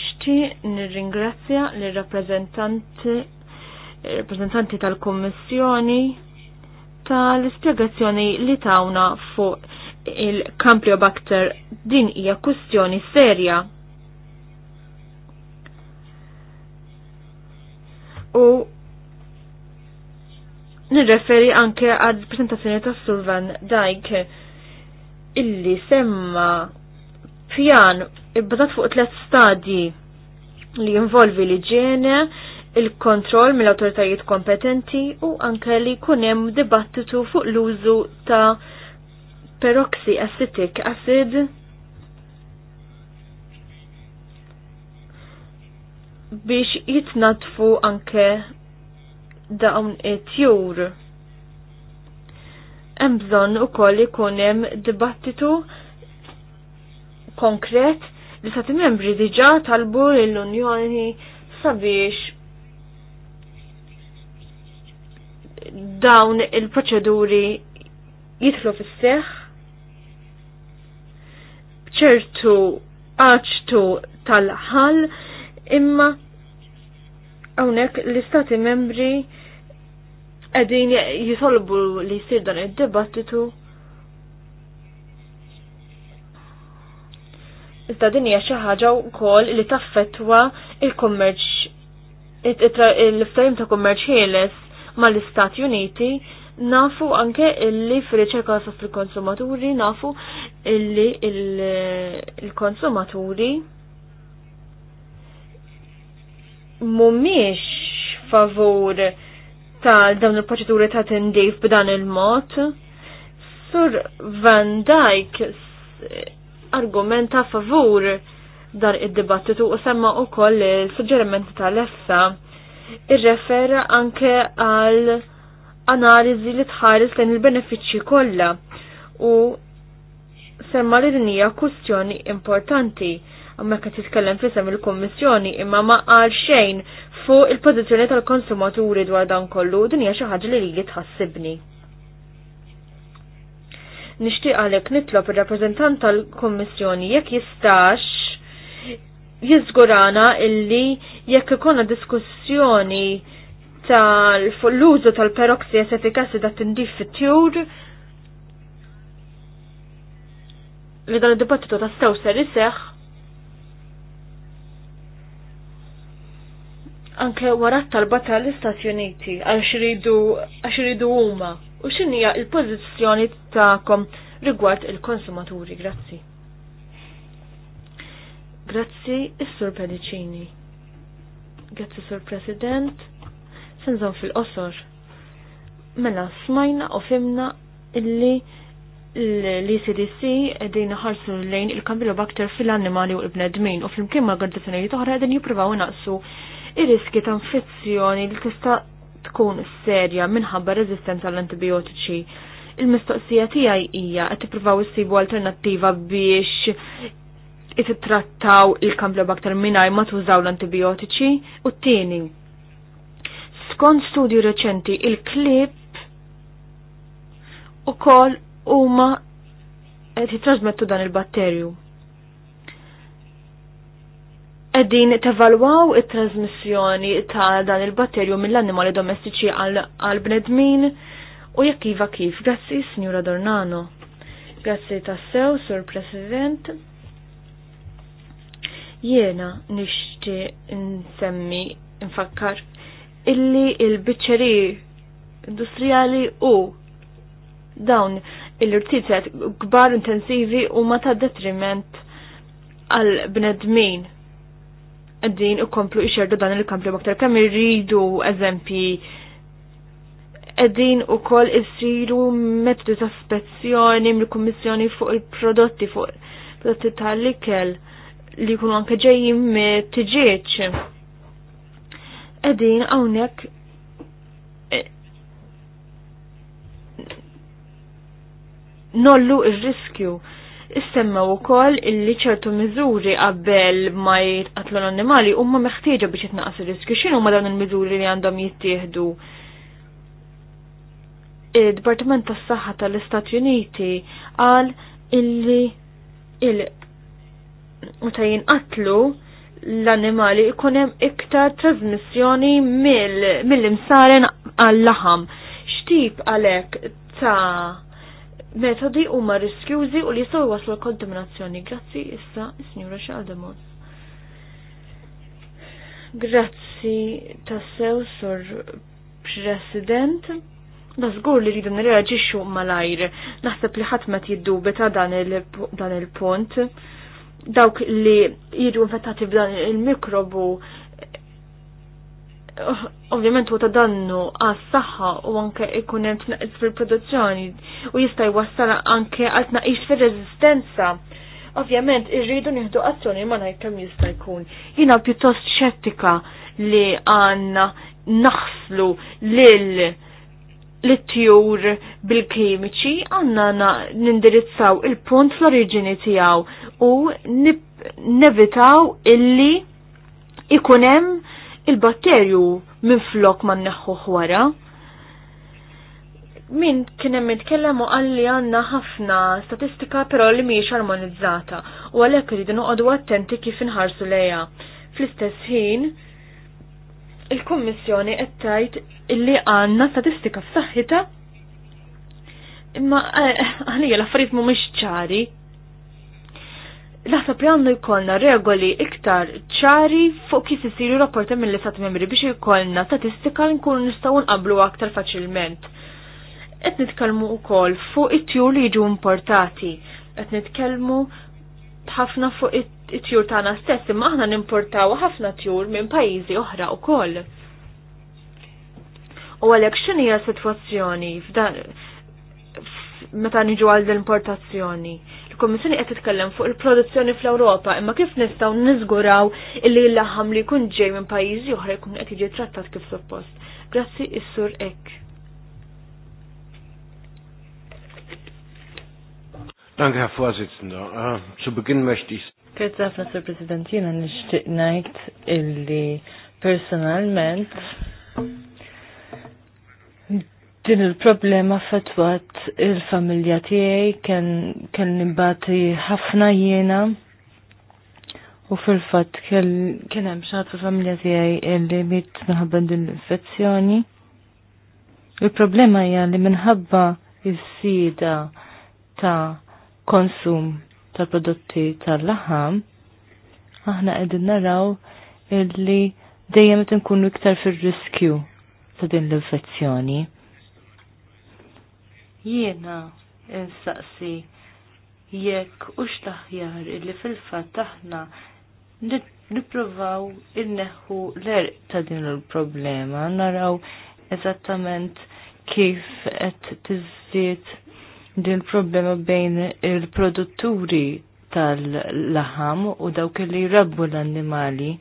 Speaker 4: nirringrazzja l-rappresentanti rappresentanti tal-Kommissjoni tal-ispjegazzjoni li tawna fuq il-Campylobacter din hija kwestjoni serja. U nirreferi anke għad presentazzjoni ta' Sullivan Dajk illi semma pjan ibbażat fuq tliet stadji li jinvolvi l ġene il-kontroll mill-autoritajiet kompetenti u anke li kunem dibattitu fuq l-użu ta' peroxy acetic acid biex jitnatfu anke dawn it-tjur. Hemm bżonn ukoll ikun hemm dibattitu konkret li sa membri diġà talbu l-Unjoni sabiex dawn il-proċeduri jitlu fis-seħħ b'ċertu għaċtu tal-ħal imma hawnhekk l-istati membri għedin jisolbu li jisir dan id-dibattitu. Iżda din hija xi ħaġa wkoll li taffettwa il-kummerċ il-ftajim ta' kummerċ ħieles mal-Istati Uniti nafu anke illi fil-riċerka fil-konsumaturi nafu illi il-konsumaturi mumiex favur ta' dawn il-proċeduri ta' tendif b'dan il-mod. Sur Van Dijk argumenta favur dar id-dibattitu u semma u koll il-sugġerimenti tal-essa irrefera anke għal analizi li tħares lejn il-benefiċċji kollha u semma li din hija kwestjoni importanti għamma qed jitkellem fisem il-Kummissjoni imma ma qal xejn fuq il-pożizzjoni tal-konsumaturi dwar dan kollu din hija xi ħaġa li li tħassibni Nixtieq għalhekk nitlob ir rappreżentant tal kummissjoni jekk jistax jiżgurana illi jekk ikonna diskussjoni tal-użu l tal-peroxi effikassi da tindif fit-tjur li dan id-dibattitu ta' staw ser iseħħ anke wara talba tal-Istati Uniti għax iridu huma u x'inhija l-pożizzjoni tagħkom rigward il-konsumaturi. Grazzi. Grazzi is-Sur Pedicini. Grazzi Sur President. Sinżon fil-qosor. Mela smajna u fimna illi l-ECDC edin ħarsu lejn il-kambilobakter fil-annimali u l-bnedmin u fil-mkimma ma' li oħra edin jipprivaw naqsu ir-riski ta' infezzjoni li tista' tkun serja minħabba reżistenza għall antibiotiċi Il-mistoqsija tiegħi hija qed tippruvaw issibu alternattiva biex it-trattaw il-Campylobacter mingħajr ma tużaw l-antibiotiċi u t-tieni. Skont studju reċenti il-klib ukoll huma qed jitrażmettu dan il-batterju qegħdin tevalwaw it-trasmissjoni ta' dan il-batterju mill-annimali domestiċi għal bnedmin u jekk iva kif. Grazzi, Signora Dornano. Grazzi tassew, Sur President. Jiena nixti nsemmi nfakkar illi il bicċeri industrijali u dawn il-irtizet kbar intensivi u ma ta' detriment għal bnedmin għeddin komplu iċerdu dan il-kampju baktar kemm irridu eżempji għeddin u kol isiru metodi ta' spezzjoni mil kummissjoni fuq il-prodotti fuq prodotti tal-ikel li jkunu anke ġejjin mit tġieċ Qegħdin hawnhekk e, nollu il riskju Issemma u koll illi ċertu miżuri qabel ma jitqatlu l-annimali ma meħtieġa biex jitnaqsu il-riskju. Xinu ma dawn il-miżuri li għandhom jittieħdu? Il-Departiment tas saħħa tal-Istati Uniti għal illi il meta jinqatlu l-annimali ikunem iktar trasmissjoni mill-imsaren għall-laħam. Xtip għalek ta' metodi huma riskjużi u li jistgħu waslu l-kontaminazzjoni. Grazzi issa is-Sinjura Xaldemos. Grazzi tassew sur President. Da żgur li rridu nirreaġixxu malajr. Naħseb li ħadd meta jiddubita dan il-punt. dawk li jiġu infettati b'dan il-mikrobu ovvjament u ta' dannu għas-saħħa u anke ikunem hemm fil-produzzjoni u jista' jwassal anke għal tnaqqis fir-reżistenza. Ovvjament irridu nieħdu azzjoni ma ngħid kemm jista' jkun. Jiena pjuttost xettika li għandna naħslu lil l-tjur bil-kimiċi għanna nindirizzaw il-punt fl-oriġini tijaw u nevitaw illi ikunem il-batterju minn flok ma neħħuħ wara. Min kien hemm nitkellem u qal li għandna ħafna statistika però li mhijiex armonizzata u għalhekk iridu noqogħdu attenti kif inħarsu lejha. Fl-istess ħin il-Kummissjoni qed tgħid illi għandna statistika f'saħħitha imma eh, għalija l-affarijiet mhumiex ċari Laħsa li għandu jkollna regoli iktar ċari fuq kif isiru rapporti mill sat membri biex jkollna statistika li nkunu nistgħu nqablu aktar faċilment. Qed nitkellmu wkoll fuq it-tjur li jiġu importati, qed nitkellmu ħafna fuq it-tjur tagħna stess, imma aħna nimportaw ħafna tjur minn pajjiżi oħra wkoll. U għalhekk x'inhi hija sitwazzjoni f'dan meta niġu għal l-importazzjoni? il komissjoni qed titkellem fuq il-produzzjoni fl-Ewropa, imma kif nistgħu niżguraw illi l-laħam li jkun ġej minn pajjiżi oħra jkun qed jiġi trattat kif suppost. Grazzi is-sur Ek.
Speaker 1: Danke, Herr Vorsitzender. Uh, zu Beginn
Speaker 2: möchte ich...
Speaker 3: Grazie ħafna, Sir President, jena nishtiq najt illi personalment din il-problema fatwat il-familja tiegħi kien kien ħafna jiena u fil-fatt kien hemm xagħat fil-familja tiegħi li miet minħabba din l-infezzjoni. Il-problema hija li minħabba s-sida ta' konsum tal-prodotti tal-laħam aħna qegħdin naraw illi dejjem qed inkunu iktar fir-riskju ta' din l-infezzjoni jiena insaqsi jekk u xtaħjar illi fil-fat taħna niprovaw inneħu l-erq ta' din il-problema, naraw eżattament kif qed tiżdied din il-problema bejn il-produtturi tal-laħam u dawk li rabbu l-annimali.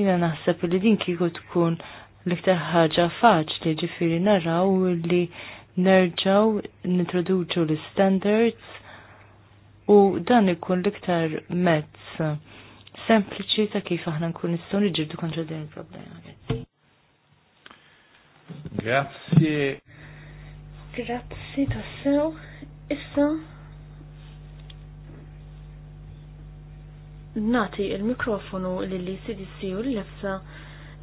Speaker 3: Jina naħseb li din kieku tkun l-iktar ħaġa faċli ġifiri naraw li nerġaw nintroduċu l-standards u dan ikun l-iktar mezz sempliċi ta' kif aħna nkun nistgħu niġġieldu kontra din il-problema.
Speaker 1: Grazzi.
Speaker 4: Grazzi tassew. Issa nati il-mikrofonu li cdc u l-lefsa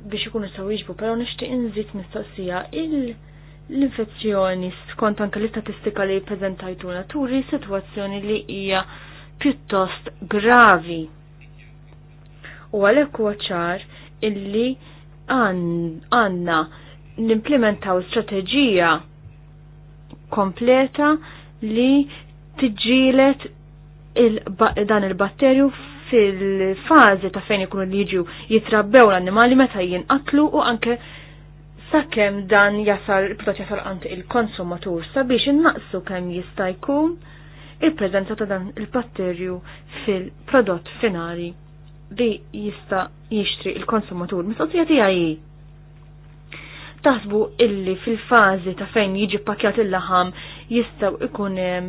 Speaker 4: biex ikunu saw jiġbu, pero nixtieq inżid mistoqsija l-infezzjoni skont anke l-istatistika li preżentajtuna turi sitwazzjoni li hija pjuttost gravi. U għalhekk huwa ċar illi għandna nimplementaw strateġija kompleta li tiġġielet il dan il-batterju fil-fazi ta' fejn ikunu liġu jiġu jitrabbew l-annimali meta jinqatlu u anke sakemm dan jasal il-prodott jasal għand il-konsumatur sabiex innaqsu kemm jista' jkun il-preżenza ta' dan il-batterju fil-prodott finali li jista' jixtri il-konsumatur. Mistoqsija tiegħi taħsbu illi fil-fażi ta' fejn jiġi pakjat il-laħam jistgħu ikun hemm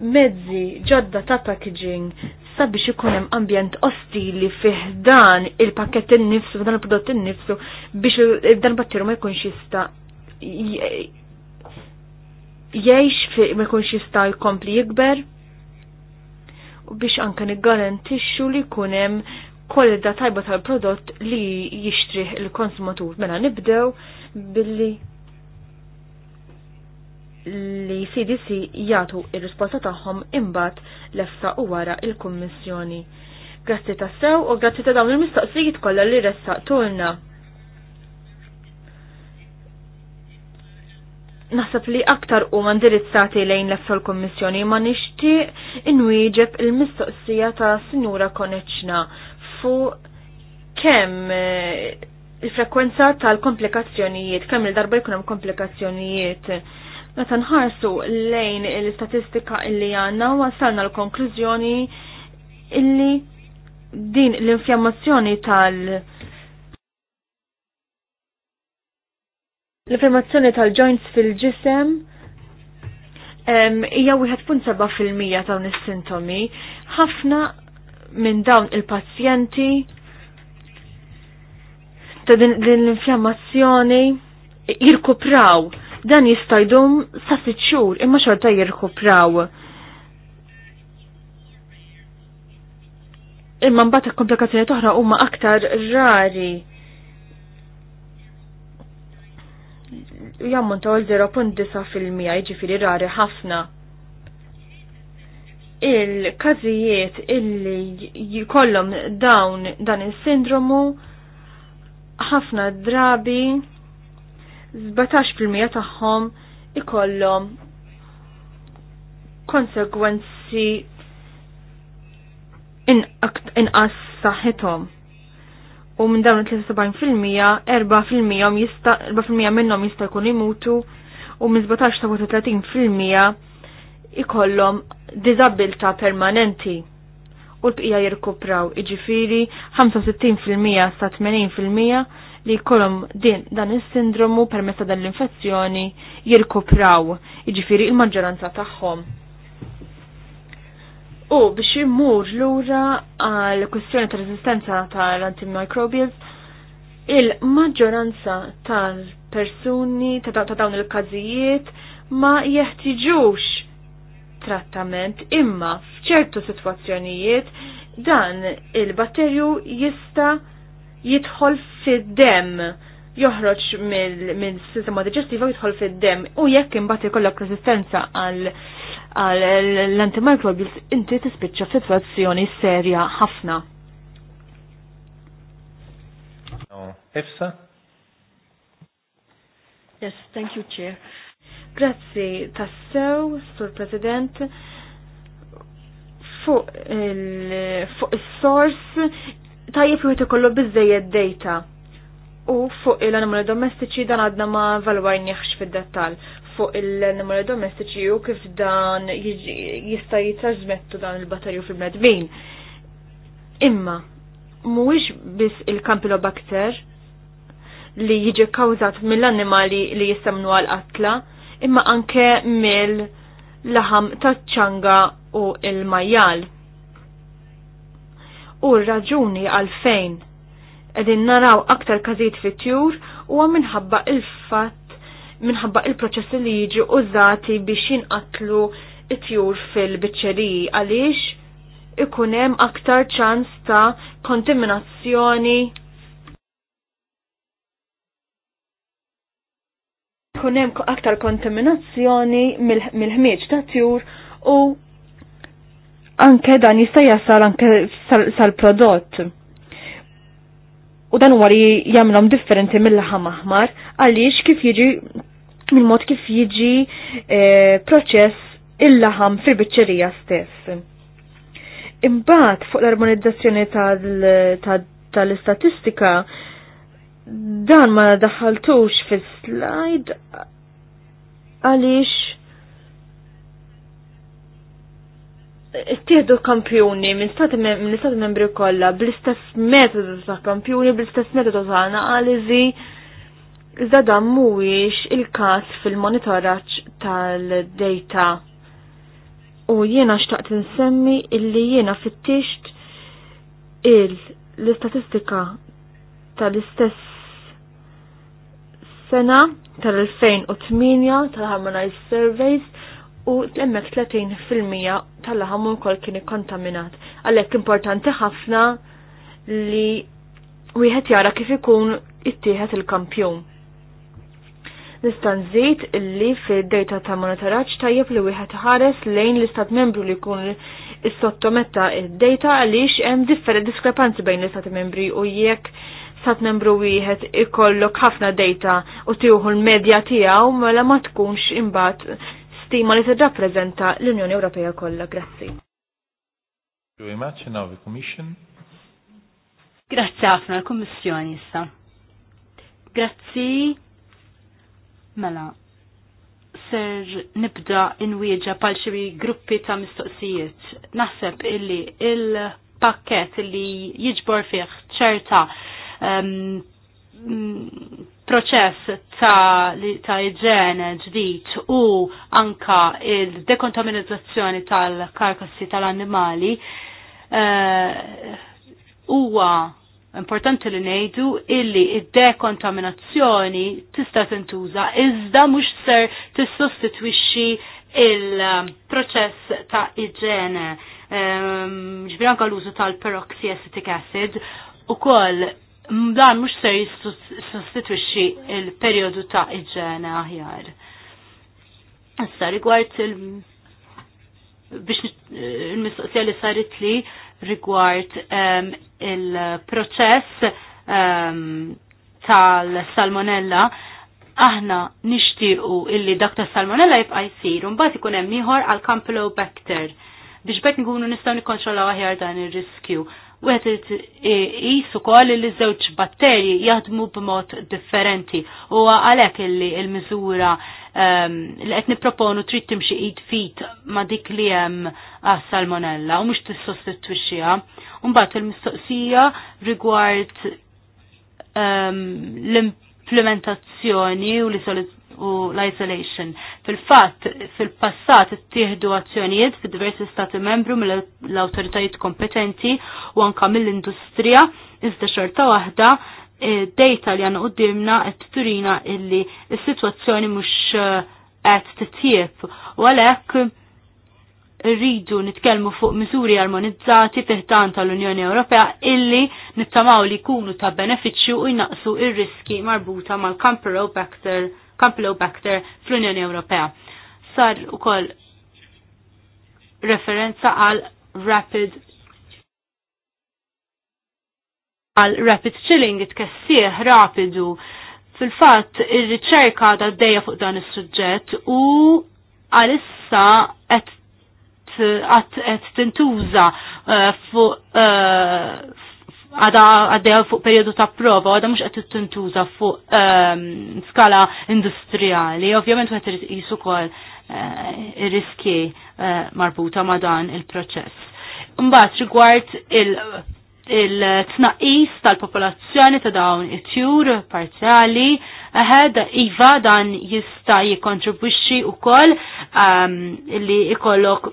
Speaker 4: mezzi ġodda ta' packaging sabiex ikun hemm ambjent ostili fih dan il-pakket innifsu, dan il-prodott innifsu biex dan battiru ma jkunx jista' jgħix ma jkunx jista' jkompli jikber u biex anke niggarantixxu li jkun hemm kwalità tajba tal-prodott li jixtrih il-konsumatur. Mela nibdew billi li CDC jagħtu il risposta tagħhom imbagħad lefsa u wara il-Kummissjoni. Grazzi ta' sew u grazzi ta' dawn il-mistoqsijiet kollha li ressaqtulna. Naħseb li aktar u mandirizzati lejn l lefsa l-Kommissjoni ma nixtieq inwieġeb il-mistoqsija ta' Sinjura Koneċna fuq kemm eh, il-frekwenza tal-komplikazzjonijiet, kemm il-darba jkun hemm komplikazzjonijiet. Meta nħarsu lejn l-istatistika illi għandna wasalna l-konklużjoni illi din l-infjammazzjoni tal- l infjammazzjoni tal-joints fil-ġisem hija wieħed punt seba' fil-mija dawn is-sintomi. Ħafna minn dawn il-pazjenti ta' din l-infjammazzjoni jirkupraw dan jista' jdum sa sitt xhur imma xorta jirkupraw. Imma mbagħad komplikazzjoni oħra huma aktar rari. jammontaw taħol 09 fil-mija ġifiri rari ħafna. Il-kazijiet illi jikollom dawn dan il-sindromu ħafna drabi 17% tagħhom ikollhom konsegwenzi inqas saħħithom. U minn dawn il-73% 4% jista' 4% minnhom jista' jkun imutu u minn 17 ta' 30% ikollhom diżabilità permanenti u l-bqija jirkupraw, iġifiri 65% sa 80% li kolom din dan is-sindromu permessa dan l-infezzjoni jirkupraw, jiġifieri il-maġġoranza tagħhom. U biex l lura għal kwestjoni ta' resistenza tal-antimicrobials, il-maġġoranza tal-persuni ta' dawn il-każijiet ma jeħtiġux trattament imma f'ċertu sitwazzjonijiet dan il-batterju jista' jidħol fid-dem joħroġ mill-sistema digestiva jidħol fid-dem u jekk imbagħad ikollok resistenza għal l-antimicrobials inti tispiċċa f'sitwazzjoni serja ħafna. Efsa? Yes, thank you, Chair. Grazzi tassew, Sur President fuq il-sors tajjeb juħet ikollu bizzejed data. U fuq il-animali domestiċi dan għadna ma valwarnieħx fid-dettal fuq il-animali domestiċi u kif dan jista' jitrażmettu dan il-batterju fil-medmin. Imma, mhuwiex biss il bakter li jiġi kkawżat mill-annimali li jistamnu għal-qatla, imma anke mill-laħam taċ-ċanga u il-majjal u r-raġuni għalfejn edin naraw aktar kazit fit-tjur u minħabba il-fat minħabba il-proċessi li jiġu użati biex jinqatlu it-tjur fil-biċċeriji għaliex ikunem aktar ċans ta' kontaminazzjoni ikunem aktar kontaminazzjoni mill-ħmieġ ta' tjur u anke dan jista' jasal anke sal-prodott. u dan huwa li jagħmlhom differenti mill-laħam aħmar għaliex kif jiġi mill-mod kif jiġi e, proċess il-laħam fil-biċċerija stess. Imbagħad fuq l-armonizzazzjoni tal-istatistika dan ma daħaltux fis-slide għaliex Tieħdu kampjuni minn stati minn stati membri kollha bl-istess metodu ta' kampjuni, bl-istess metodu ta' analiżi. Iżda dan mhuwiex il-każ fil-monitoraġġ tal-data. U jiena xtaqt insemmi illi jiena fittixt il-istatistika tal-istess sena tal-2008 tal-Harmonized Surveys u emmek 30% tal-laħam kol kien ikkontaminat. Għalhekk importanti ħafna li wieħed jara kif ikun ittieħed il-kampjun. Nista' nżid illi fid-data ta' monitoraġġ tajjeb li wieħed ħares lejn l-istat membru li jkun is-sottometta id-data għaliex hemm different diskrepanzi bejn l-istat membri u jekk stat membru wieħed ikollok ħafna data u tieħu l-medja tiegħu mela ma tkunx imbagħad stima li tirrappreżenta l-Unjoni
Speaker 2: Ewropea kollha. Grazzi. Grazzi ħafna l-Kummissjoni issa. Grazzi. Mela, ser nibda inwieġa pal xi gruppi ta' mistoqsijiet. Naħseb illi il-pakket illi jiġbor fih ċerta um, proċess ta', ta iġene ġdid u anka il-dekontaminizzazzjoni tal-karkassi tal-annimali eh, huwa uh, importanti li ngħidu illi id-dekontaminazzjoni tista' tintuża iżda mhux ser tissostitwixxi il-proċess ta' iġene eh, ġbir um, anka l-użu tal-peroxyacetic acid u koll dan mhux ser jistostitwixxi il-perjodu ta' iġena aħjar. Issa rigward il biex il-mistoqsija li sarit li rigward il-proċess tal-salmonella aħna nixtiequ illi dak ta' salmonella jibqa' jsir mbagħad ikun hemm ieħor għal Campylobacter biex bekk nkunu nistgħu nikkontrollaw aħjar dan ir-riskju u għet jis ukoll li żewġ batterji jaħdmu b'mod differenti u għalhekk li l-miżura ehm, li qed nipproponu trid xie id fit ma' dik li hemm għas-salmonella u mhux tissostitwixxiha. bat il-mistoqsija rigward ehm, l-implementazzjoni u li u l-isolation. Fil-fatt, fil-passat tieħdu azzjonijiet fi diversi stati membru mill-autoritajiet kompetenti u anka mill-industrija, iżda xorta waħda eh, data li għanna dimna qed turina illi s-sitwazzjoni mhux eh, qed titjieb u għalhekk rridu nitkellmu fuq miżuri armonizzati fiħtan tal-Unjoni Ewropea illi nittamaw li jkunu ta' benefiċċju u jnaqsu ir-riski marbuta mal-Camp Row Campylobacter fl-Unjoni Ewropea. Sar ukoll referenza għal rapid għal rapid chilling it-kessieħ rapidu fil-fatt ir-riċerka ta' dejja fuq dan is-suġġett u għalissa qed tintuża eh, fuq eh, għada għaddeja fuq periodu ta' prova, għada mux għed tintuża fuq ehm, skala industrijali, ovvjament għed jisu kol eh, riski eh, marbuta ma' dan il-proċess. Mbagħad rigward il- tnaqis tal-popolazzjoni ta' dawn it-tjur parzjali, ħed iva dan jista' jikontribuċi wkoll kol ehm, li ikollok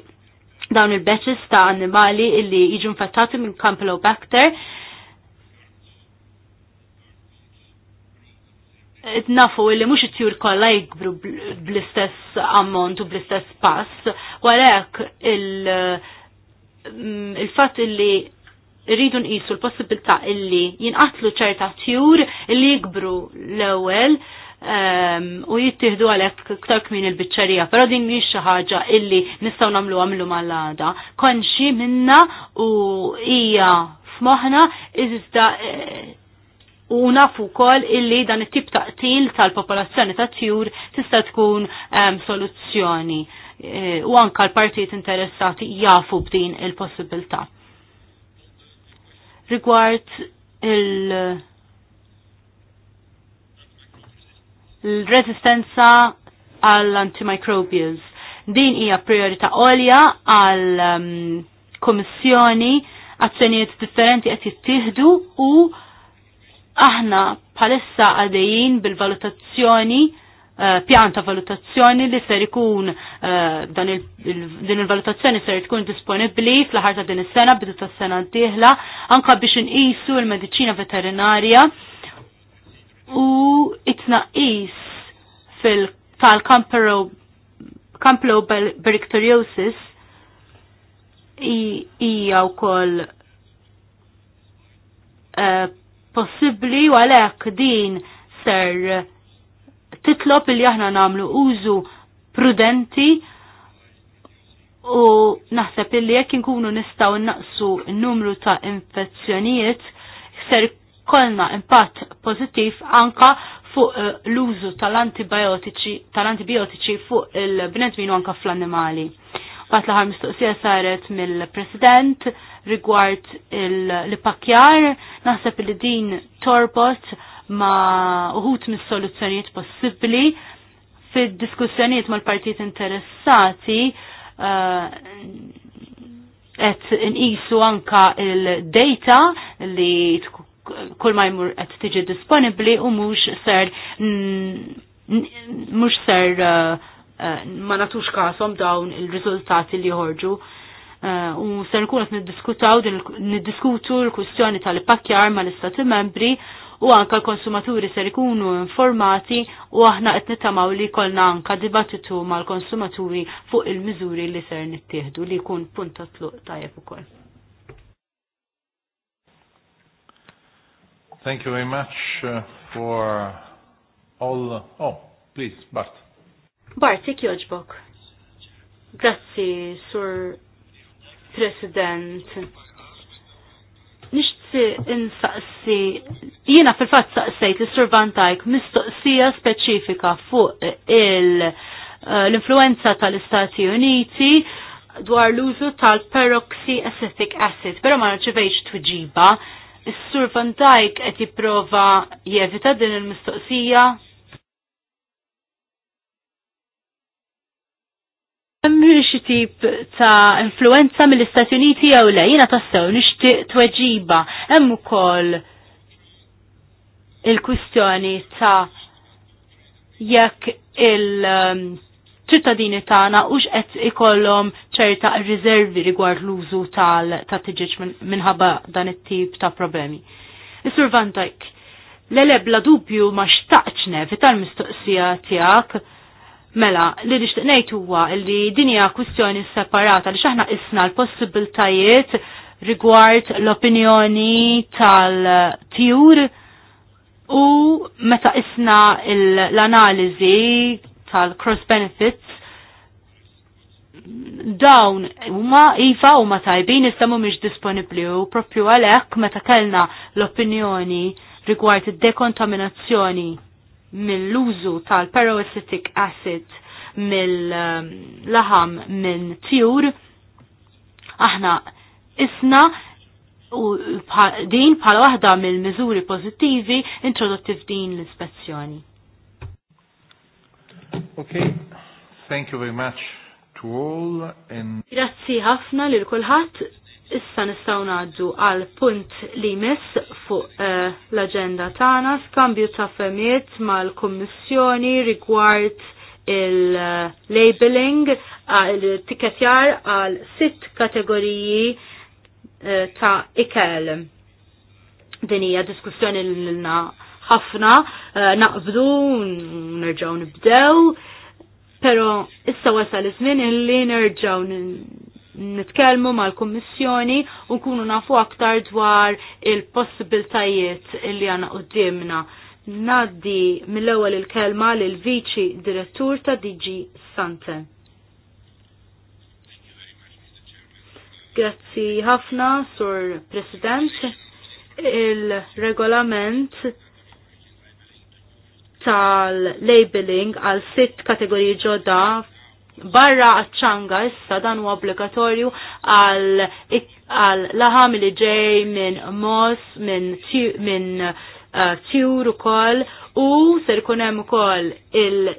Speaker 2: dawn il-beċis ta' animali illi jiġu infettati minn Campylobacter nafu illi mux it-tjur kolla jikbru bl-istess ammont u bl-istess pass, għalek il-fat il mm, illi rridu nqisu l-possibilità illi jinqatlu ċerta tjur illi jikbru l-ewel um, ehm, u jittihdu għalek ktar kmin il-bicċerija, pero din mhix xi ħaġa illi nistgħu namlu għamlu mal-għada. Konxi minna u hija f'moħħna iżda eh, u nafu kol illi dan it-tip taqtil tal-popolazzjoni ta' tjur tista' tkun soluzzjoni e, u anka l-partijiet interessati jafu b'din il-possibilità. Rigward il- l-resistenza għall-antimicrobials. Din hija priorità għolja għall-Komissjoni azzjonijiet differenti qed jittieħdu u Aħna palessa għadejjien bil-valutazzjoni eh, pjanta valutazzjoni li ser ikun eh, din il-valutazzjoni ser ikun disponibli fl-ħar ta' din is-sena bidu ta' sena d-dieħla anka biex inqisu l-mediċina veterinarja u qis fil tal-campylobacteriosis hija wkoll eh, possibbli u għalhekk din ser titlob li aħna nagħmlu użu prudenti u naħseb illi jekk inkunu nistgħu naqsu n-numru ta' infezzjonijiet ser kolna impatt pożittiv anka fuq eh, l-użu tal-antibiotiċi tal-antibiotiċi fuq il-bnedmin u anka fl-annimali. Bat laħar mistoqsija saret mill-President rigward l-pakjar, naħseb li din torbot ma uħut mis-soluzzjonijiet possibbli fid-diskussjonijiet mal-partijiet interessati qed uh, inqisu anka il-data li kull ma jmur qed tiġi disponibbli u mhux ser mhux ser uh, Eh, ma natux kasom dawn il-riżultati li joħorġu. Eh, u ser nkun qed niddiskutaw niddiskutu l-kwistjoni tal ma mal-istati membri u anka l-konsumaturi ser ikunu informati u aħna qed nittamaw li kolna anka dibattitu mal-konsumaturi fuq il-miżuri li ser nittieħdu li jkun punta tluq tajjeb ukoll.
Speaker 1: Thank you very much uh, for all. Oh, please, Bart.
Speaker 2: Bartik joġbok. Grazzi, Sur President. Nixtsi insaqsi, jiena fil-fat saqsejt l-Sur Van mistoqsija speċifika fuq eh, l-influenza tal-Istati Uniti dwar l-użu tal-peroxy acetic acid, pero ma rċivejx tuġiba. Is-Sur Van Dijk qed jipprova jevita din il-mistoqsija hemm tip ta' influenza mill-Istati Uniti jew le, jiena tassew nixtieq tweġiba. Hemm ukoll il-kwistjoni ta' jekk il-ċittadini um, tagħna hux qed ikollhom ċerta riservi rigward l-użu tal-tiġiġ minħabba dan it-tip ta' problemi. Is-Sur Van Dijk, l-eleb la dubju ma xtaqċ nevi tal-mistoqsija tiegħek Mela, li nixtieq ngħid huwa li din hija kwistjoni separata li x'aħna isna l-possibiltajiet rigward l-opinjoni tal-tjur u meta isna l-analiżi tal-cross benefits dawn huma iva huma tajbin issa mhumiex disponibbli u propju għalhekk meta kellna l-opinjoni rigward id-dekontaminazzjoni mill-użu tal peroacetic acid mill-laħam minn tjur, aħna isna u din bħala waħda mill-miżuri pozittivi introdotti f'din l-ispezzjoni.
Speaker 1: Okay, thank you very much to all and
Speaker 2: Grazzi ħafna lil kulħadd Issa nistaw naddu għal punt li mis fuq uh, l-agenda tagħna skambju ta' femiet mal-Kummissjoni rigward il-labeling, eh, il-tikketjar għal sitt kategoriji uh, ta' ikel. Din hija diskussjoni l-na ħafna, uh, naqbdu, nerġgħu nibdew, pero issa wasal iż-żmien li nerġgħu nitkellmu mal-Kummissjoni u nkunu nafu aktar dwar il-possibiltajiet li għana qoddimna. Naddi mill-ewwel il-kelma l viċi direttur ta' DG Sante. Grazzi ħafna, Sur President. Il-regolament tal-labeling għal sitt kategoriji ġodda barra għat-ċanga issa dan huwa obbligatorju għal laħam li ġej minn mos, minn tjur uh, ukoll u ser ikun hemm ukoll il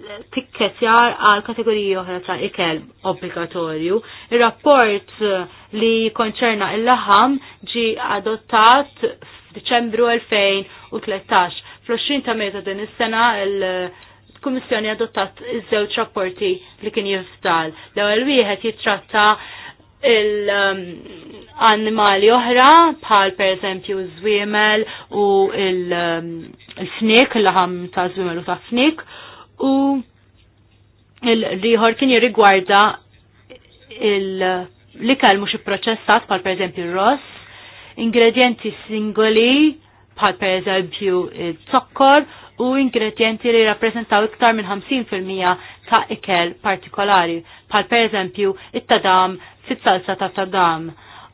Speaker 2: jar għal kategoriji oħra ta' ikel obbligatorju. Ir-rapport uh, li konċerna il-laħam ġi adottat f'Diċembru 2013. Fl-20 ta' meta din is-sena il- kummissjoni adottat iż-żewġ rapporti li kien jiftal. L-ewwel wieħed jitratta il-annimali um, oħra bħal pereżempju żwiemel u l um, snik il-laħam ta' żwiemel u ta' snik u l-ieħor kien jirrigwarda li likel mhux ipproċessat bħal pereżempju ross, ingredienti singoli bħal pereżempju eżempju il-zokkor u ingredienti li rappresentaw iktar minn 50% ta' ikel partikolari, pal per eżempju it-tadam fit-salsa ta' tadam.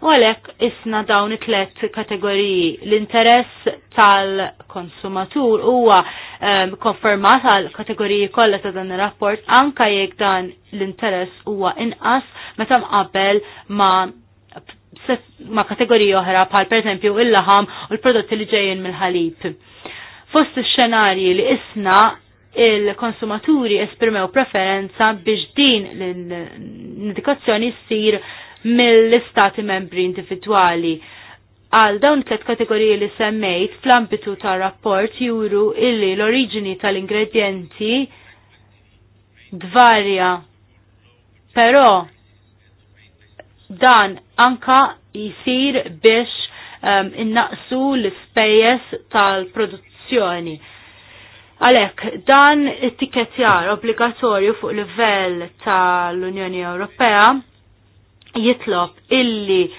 Speaker 2: U għalek isna dawn it-tlet kategoriji. L-interess tal-konsumatur huwa um, konfermat għal kategoriji kollha ta' dan ir-rapport anka jekk dan l-interess huwa inqas meta mqabel ma' ma kategoriji oħra per pereżempju il-laħam u l-prodotti li ġejjin mill-ħalib Fost ix-xenarji li isna il-konsumaturi esprimew preferenza biex din l-indikazzjoni ssir mill-istati membri individwali. Għal dawn tliet kategoriji li semmejt fl-ambitu tar rapport juru illi l-oriġini tal-ingredienti dvarja. Però dan anka jisir biex um, innaqsu l spejes tal-produzzjoni l-informazzjoni. dan it-tikettjar obbligatorju fuq livell tal-Unjoni Ewropea jitlob illi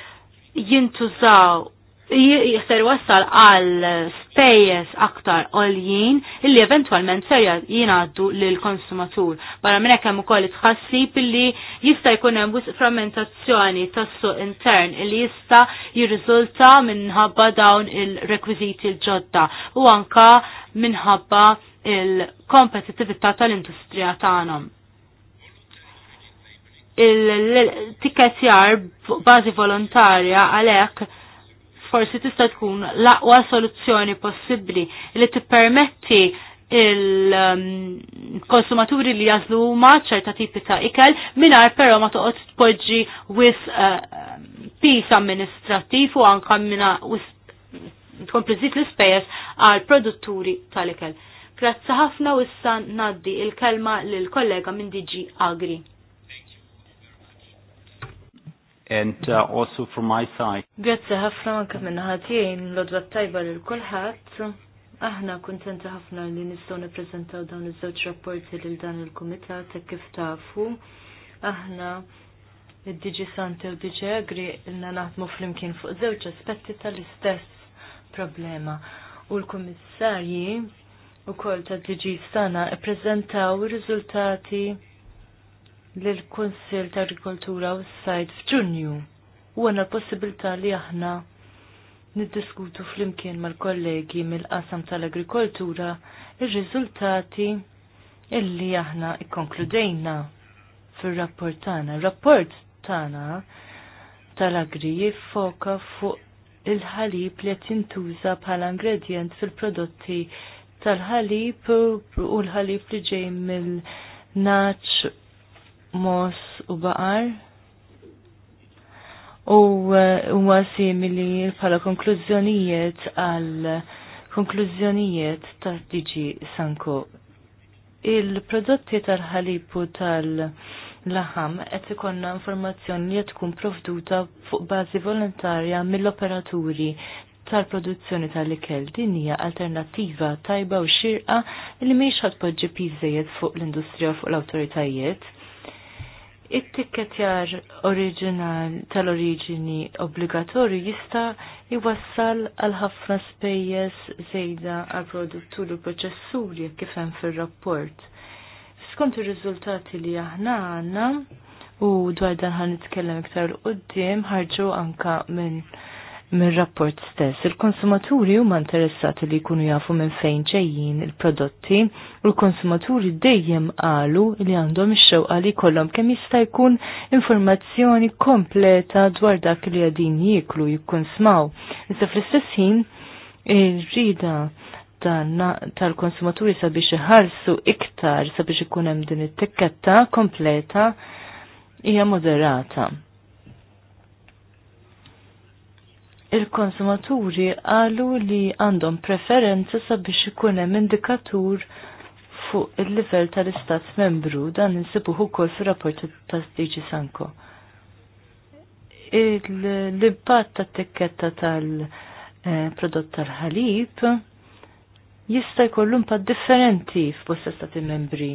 Speaker 2: jintużaw jister wassal għal spejjes aktar għoljien illi eventualment ser jingħaddu lil konsumatur. Barra minn hekk hemm ukoll tħassib illi jista' jkun hemm frammentazzjoni tas-suq intern illi jista' jirriżulta minħabba dawn il-rekwiżiti l-ġodda u anka minħabba il-kompetittività tal-industrija tagħhom il-tikketjar bażi volontarja għalhekk forsi tista' tkun l-aqwa soluzzjoni possibbli li tippermetti il-konsumaturi um, li jazlu ma ċerta tipi ta' ikel minar pero ma toqgħod tpoġġi wis uh, pis amministrattiv u anka minna tkompliżit l-ispejjeż għal produtturi tal-ikel. Grazzi ħafna u issa naddi il-kelma lil kollega minn DG Agri
Speaker 1: and uh, also from my side.
Speaker 3: Grazzi ħafna anke minn ħatijin l-odwa tajba lil kulħadd. Aħna kuntenta ħafna li nistgħu nippreżentaw dawn iż-żewġ rapporti lil dan il-kumitat hekk kif tafu. Aħna id-Diġi Sante u Diġi Agri ilna naħdmu flimkien fuq żewġ aspetti tal-istess problema. U l-kummissarji u kol ta' Diġi Sana ippreżentaw riżultati l-Konsil ta' Agrikoltura u s-Sajd f'Ġunju u għanna l-possibilità li aħna niddiskutu fl-imkien mal-kollegi mill-qasam tal-Agrikoltura il-riżultati illi aħna ikkonkludejna fil-rapport tagħna. Rapport tagħna tal-agri jiffoka fuq il-ħalib li qed jintuża bħala ingredient fil-prodotti tal-ħalib u l-ħalib li ġej mill-naċ mos u baqar. U eh, huwa simili bħala konklużjonijiet għal konklużjonijiet ta' Diġi Sanko. Il-prodotti tal-ħalibu tal-, ħalipu tal laħam qed ikollna informazzjoni li tkun provduta fuq bażi volontarja mill-operaturi tal-produzzjoni tal-ikel din hija alternattiva tajba u xirqa li mhix ħadpoġġi piżejjed fuq l-industrija fuq l-awtoritajiet it-tikketjar oriġinal tal-oriġini obbligatorju jista' jwassal għal ħafna spejjeż żejda għal produttur u proċessuri kif hemm fir-rapport. Skont ir-riżultati li aħna għandna u dwar dan ħan nitkellem iktar qudiem ħarġu anka minn mir-rapport stess. Il-konsumaturi huma interessati li jkunu jafu minn fejn ġejjin il-prodotti u l-konsumaturi dejjem qalu li għandhom ix-xewqa li kollhom kemm jista' jkun informazzjoni kompleta dwar dak li għadin jieklu jkun smaw. Issa fl-istess ħin ir-rida tal-konsumaturi sabiex iħarsu iktar sabiex ikun hemm din it-tikketta kompleta hija moderata. il-konsumaturi għalu li għandhom preferenza sabiex ikun hemm indikatur fuq il-livell tal-istat membru dan insibuh ukoll fir-rapport tas-Diġi Sanko. L-impatt tat-tikketta tal-prodott eh, tal-ħalib jista' jkollu impatt differenti f'bosta stati membri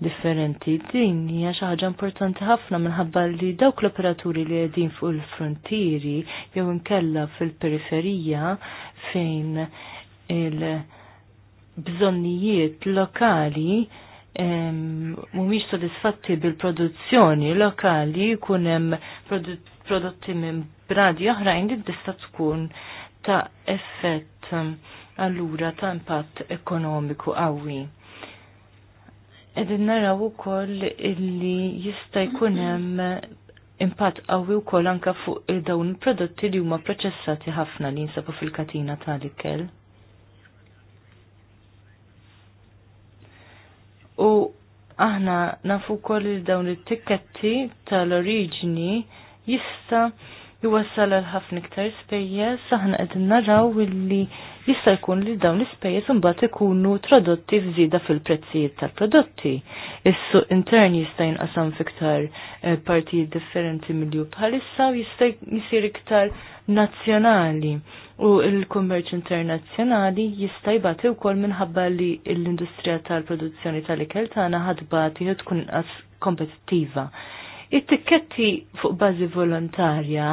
Speaker 3: differenti. Din hija xi ħaġa importanti ħafna minħabba li dawk l-operaturi li qegħdin fuq il-frontieri jew inkella fil-periferija fejn il-bżonnijiet lokali mhumiex sodisfatti bil-produzzjoni lokali jkun hemm prodotti minn bradi oħrajn li tista' tkun ta' effett allura ta' impatt ekonomiku qawwi. Edin naraw ukoll illi jista' jkun hemm impatt qawwi wkoll anke fuq dawn il-prodotti li huma proċessati ħafna li jinsabu fil-katina tal-ikel. U aħna nafu wkoll li dawn it-tikketti tal-oriġini jista' jwassal għal ħafna iktar spejjeż aħna qed naraw illi jista' jkun li dawn l-ispejjeż imbagħad ikunu tradotti f'żieda fil-prezzijiet tal-prodotti. Is-suq intern jista' jinqasam f'iktar eh, partijiet differenti milju bħalissa u jista' jsir iktar nazzjonali u l-kummerċ internazzjonali jista' jbagħti wkoll minħabba li l-industrija tal-produzzjoni tal-ikel tagħna ħadbati tkun kompetittiva. It-tikketti fuq bażi volontarja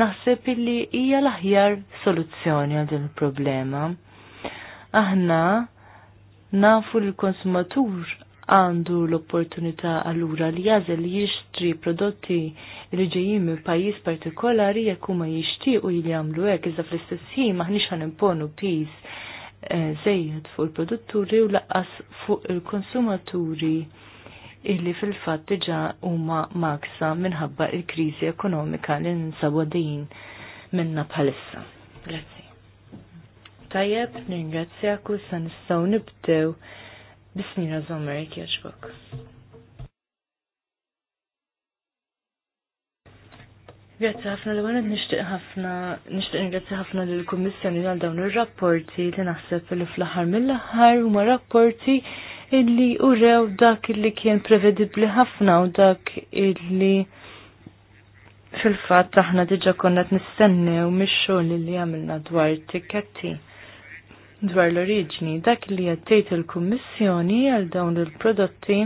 Speaker 3: naħseb illi hija l-aħjar soluzzjoni għal din il-problema. Aħna nafu li l-konsumatur għandu l-opportunità allura li jażel li jixtri prodotti li ġejjin minn pajjiż partikolari jekk huma jixtiequ li jagħmlu hekk iżda fl-istess ħin maħniex ħanimponu piż eh, zejjed fuq il-produtturi u laqqas fuq il-konsumaturi illi fil-fatt diġa huma maksa minħabba il-kriżi ekonomika li nsabu din minna bħalissa. Grazzi. Tajjeb, ningrazzjak u sa nistgħu nibdew bismina Zomer jogħġbok. Grazzi ħafna l għanet nishtiq ħafna, nishtiq ingrazzi ħafna l kummissjoni għal dawn il-rapporti li naħseb li fl-ħar mill-ħar huma rapporti illi urew dak illi kien prevedibli ħafna u dak illi fil-fat aħna diġa konna t-nistennew mix-xogħol li għamilna dwar t tikketti dwar l-oriġni dak illi għattejt il-kummissjoni għal dawn il-prodotti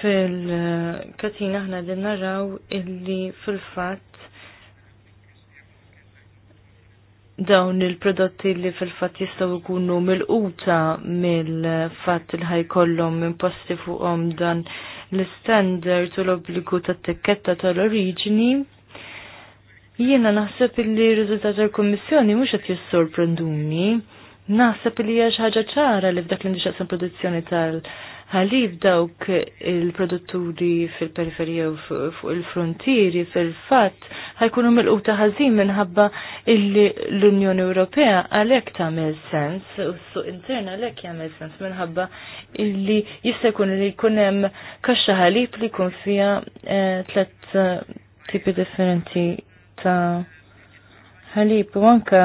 Speaker 3: fil-katina aħna din naraw illi fil-fat dawn il-prodotti li fil-fat jistaw ikunu mil quta mill-fat il-ħajkollhom imposti fuqhom dan l-standard u l-obbligu tat-tikketta tal-oriġini. Jiena naħseb li r-riżultat tal-Kummissjoni mhux qed jissorprenduni. Naħseb li hija xi ħaġa ċara li f'dak l-indixaqsam produzzjoni tal-. -produzzjoni tal ħalib dawk il-produtturi fil-periferija u fuq il-frontieri fil-fatt ħajkunu mill-quta ħażin minħabba illi l-Unjoni Ewropea għalhekk tagħmel sens u s-suq intern għalhekk jagħmel sens minħabba illi jista' jkun li jkun hemm kaxxa ħalib li jkun fiha eh, tliet eh, tipi differenti ta' ħalib u anke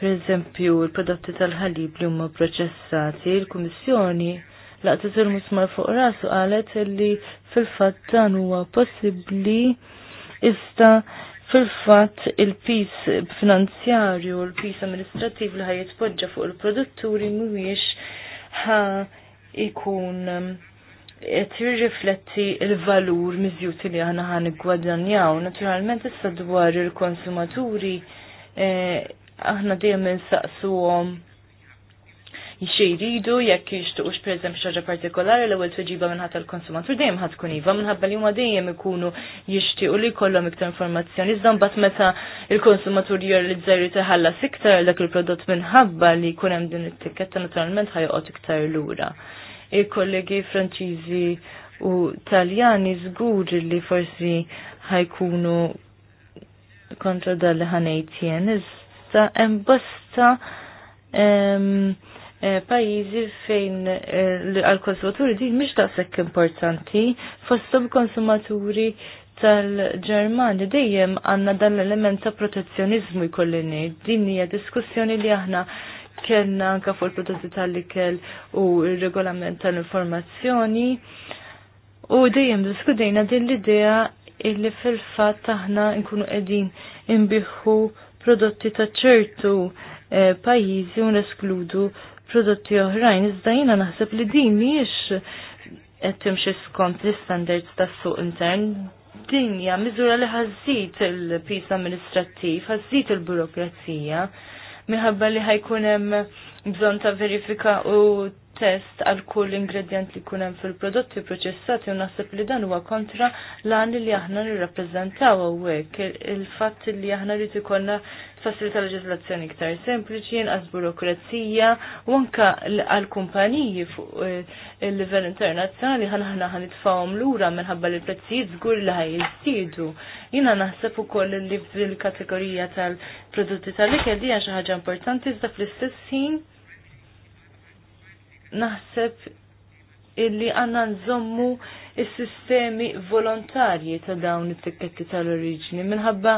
Speaker 3: per eżempju, il-prodotti tal-ħalib li huma proċessati, il-Kummissjoni laqtet il-musmar fuq rasu qalet li fil-fatt dan huwa possibbli iżda fil-fatt il-pis finanzjarju u l-pis amministrativ li ħajitpoġġa fuq il-produtturi mhuwiex ħa ikun um, qed jirrifletti l-valur miżjuti li aħna ħan gwadanjaw. Naturalment issa dwar il-konsumaturi eh, aħna dejjem insaqsuhom xie jridu, jekk jishtuqx per eżempju xaġa partikolari l ewwel tweġiba minnħat tal-konsumatur dejjem ħad tkun iva, minħabba li huma dejjem ikunu jixtiequ li jkollhom iktar informazzjoni, iżda mbagħad meta il-konsumatur jirrealizza jrid iħallas iktar dak il-prodott minħabba li jkun hemm din it-tikketta naturalment ħajqgħod iktar lura. Il-kollegi Franċiżi u Taljani żgur li forsi ħajkunu kontra dalli ħanejt jien, iżda hemm Eh, pajizi fejn eh, għal-konsumaturi din ta' sekk importanti fosthom konsumaturi tal-Ġermani dejjem għandna dan l-element ta' protezzjonizmu jkolli ngħid. Din hija diskussjoni li aħna kellna anke fuq il-prodotti tal-ikel u r-regolament tal-informazzjoni. U dejjem diskutejna din l-idea illi fil-fatt aħna nkunu qegħdin imbiħu prodotti ta' ċertu eh, pajjiżi u neskludu prodotti oħrajn, iżda jina naħseb li din mhijiex qed timxi skont l-istandards tas-suq intern. Din hija miżura li ħażid il-pis amministrattiv, ħażid il-burokrazija, minħabba li ħajkun hemm bżonn ta' verifika u test għal kull ingredient li kunem fil-prodotti proċessati u nasib li dan huwa kontra l-għan li aħna nirrappreżentaw għawek. Il-fatt li aħna li tikonna fasilita leġislazzjoni iktar sempliċi, inqas burokrazija u anka għal kumpaniji fuq eh, il-livell internazzjonali ħan aħna ħan itfawhom lura minħabba li prezzijiet żgur li ħajjistidu. Jiena naħseb ukoll li fil-kategorija tal-prodotti tal-ikel di xi ħaġa importanti iżda fl-istess ħin naħseb illi għanna nżommu il-sistemi volontarji ta' dawn it-tikketti tal-oriġini minħabba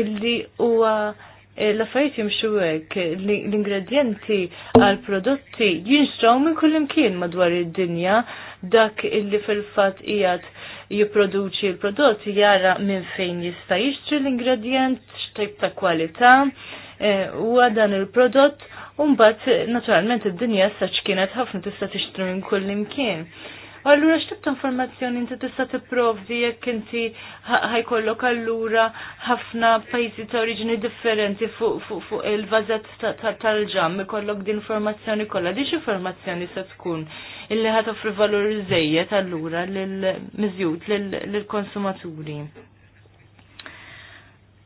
Speaker 3: illi huwa eh, l-affarijiet jimxu hekk l-ingredienti għal prodotti jinxtraw minn kull imkien madwar id-dinja dak illi fil-fatt qiegħed jipproduċi l-prodott jara minn fejn jista' jixtri l-ingredient, x'tip ta' kwalità, eh, huwa dan il-prodott Umbat, naturalment, id-dinja saċ kienet ħafna tista tixtru minn kull imkien. Allura x'tib informazzjoni inti tista' tipprovdi jekk inti ħajkollok allura ħafna pajjiżi ta' oriġini differenti fuq il-vażett tal-ġamm ikollok din informazzjoni kollha. Dix informazzjoni se tkun illi ħat offri valur żejjed allura l miżjud lill-konsumaturi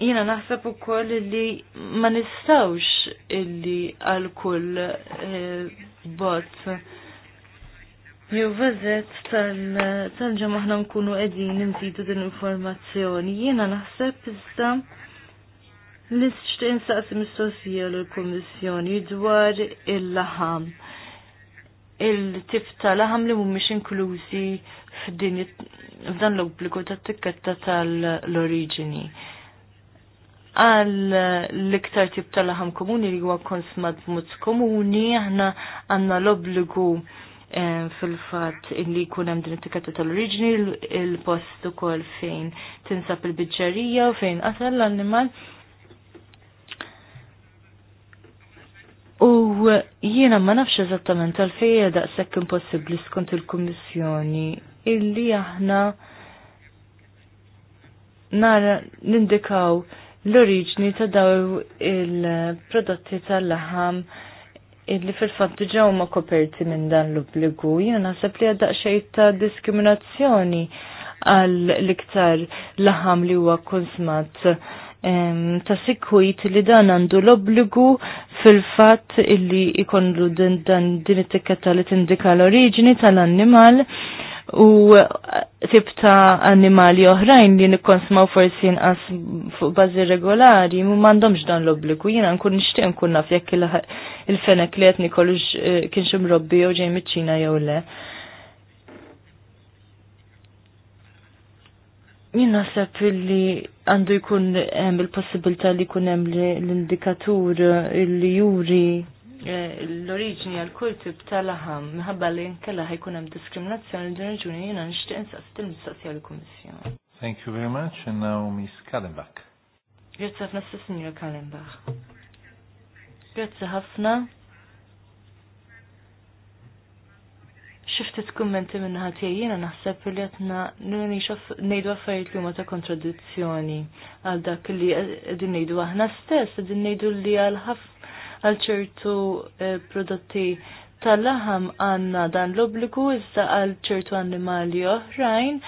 Speaker 3: jina naħseb ukoll li ma nistawx illi għal kull eh, bot jew viżet tal-ġem aħna nkunu qegħdin nżidu din informazzjoni. Jiena naħseb iżda li xtieq insaqsi mistoqsija lill-Kummissjoni dwar il-laħam il tif tal laħam li mhumiex inklużi f'din f'dan l-obbligu tat-tikketta tal-oriġini għal l-iktar tip tal-ħam komuni li huwa konsmat mut komuni, aħna għanna l-obligu eh, fil-fat li jkun hemm din it-tiketta tal-oriġini il-post ukoll fejn tinsab il-biċċerija u fejn qasal l-annimal. U jiena ma nafx eżattament għalfejn daqshekk impossibbli skont il-Kummissjoni illi aħna nara nindikaw l-oriġni ta' daw il-prodotti tal-laħam illi fil-fatt ġew huma koperti minn dan l-obbligu. Jiena naħseb li għadda xejn ta' diskriminazzjoni għal l-iktar laħam li huwa konsmat ta' sikwit li dan għandu l-obbligu fil-fatt illi ikonlu din din it-tikketta li tindika l-oriġini tal-annimal u uh, tip ta' animali oħrajn li nikkonsmaw forsi nqas fuq bażi regolari mu m'għandhomx dan l-obbligu. Jiena nkun nixtieq nkun naf jekk il-fenek li qed nikolux eh, kienx imrobbi jew ġej miċ-Ċina jew le. Jien naħseb li għandu jkun hemm il-possibilità li jkun hemm l-indikatur eh, li juri l-oriġini għal kull tip tal-ħam minħabba li nkella ħajkun hemm diskriminazzjoni din raġuni jiena nixtieq insaqs il-mistoqsija l-Kummissjoni.
Speaker 1: Thank you very much and now Miss Kallenbach.
Speaker 3: Grazie ħafna s-signor Kallenbach. Grazie ħafna. xiftit kummenti minna jina naħseb li għatna nejdu għaffariet li huma ta' kontradizzjoni għal dak li għedin nejdu għahna stess, għedin nejdu li għal ħafna għal ċertu eh, prodotti tal-laħam għanna dan l-obbligu issa għal ċertu annimali oħrajn.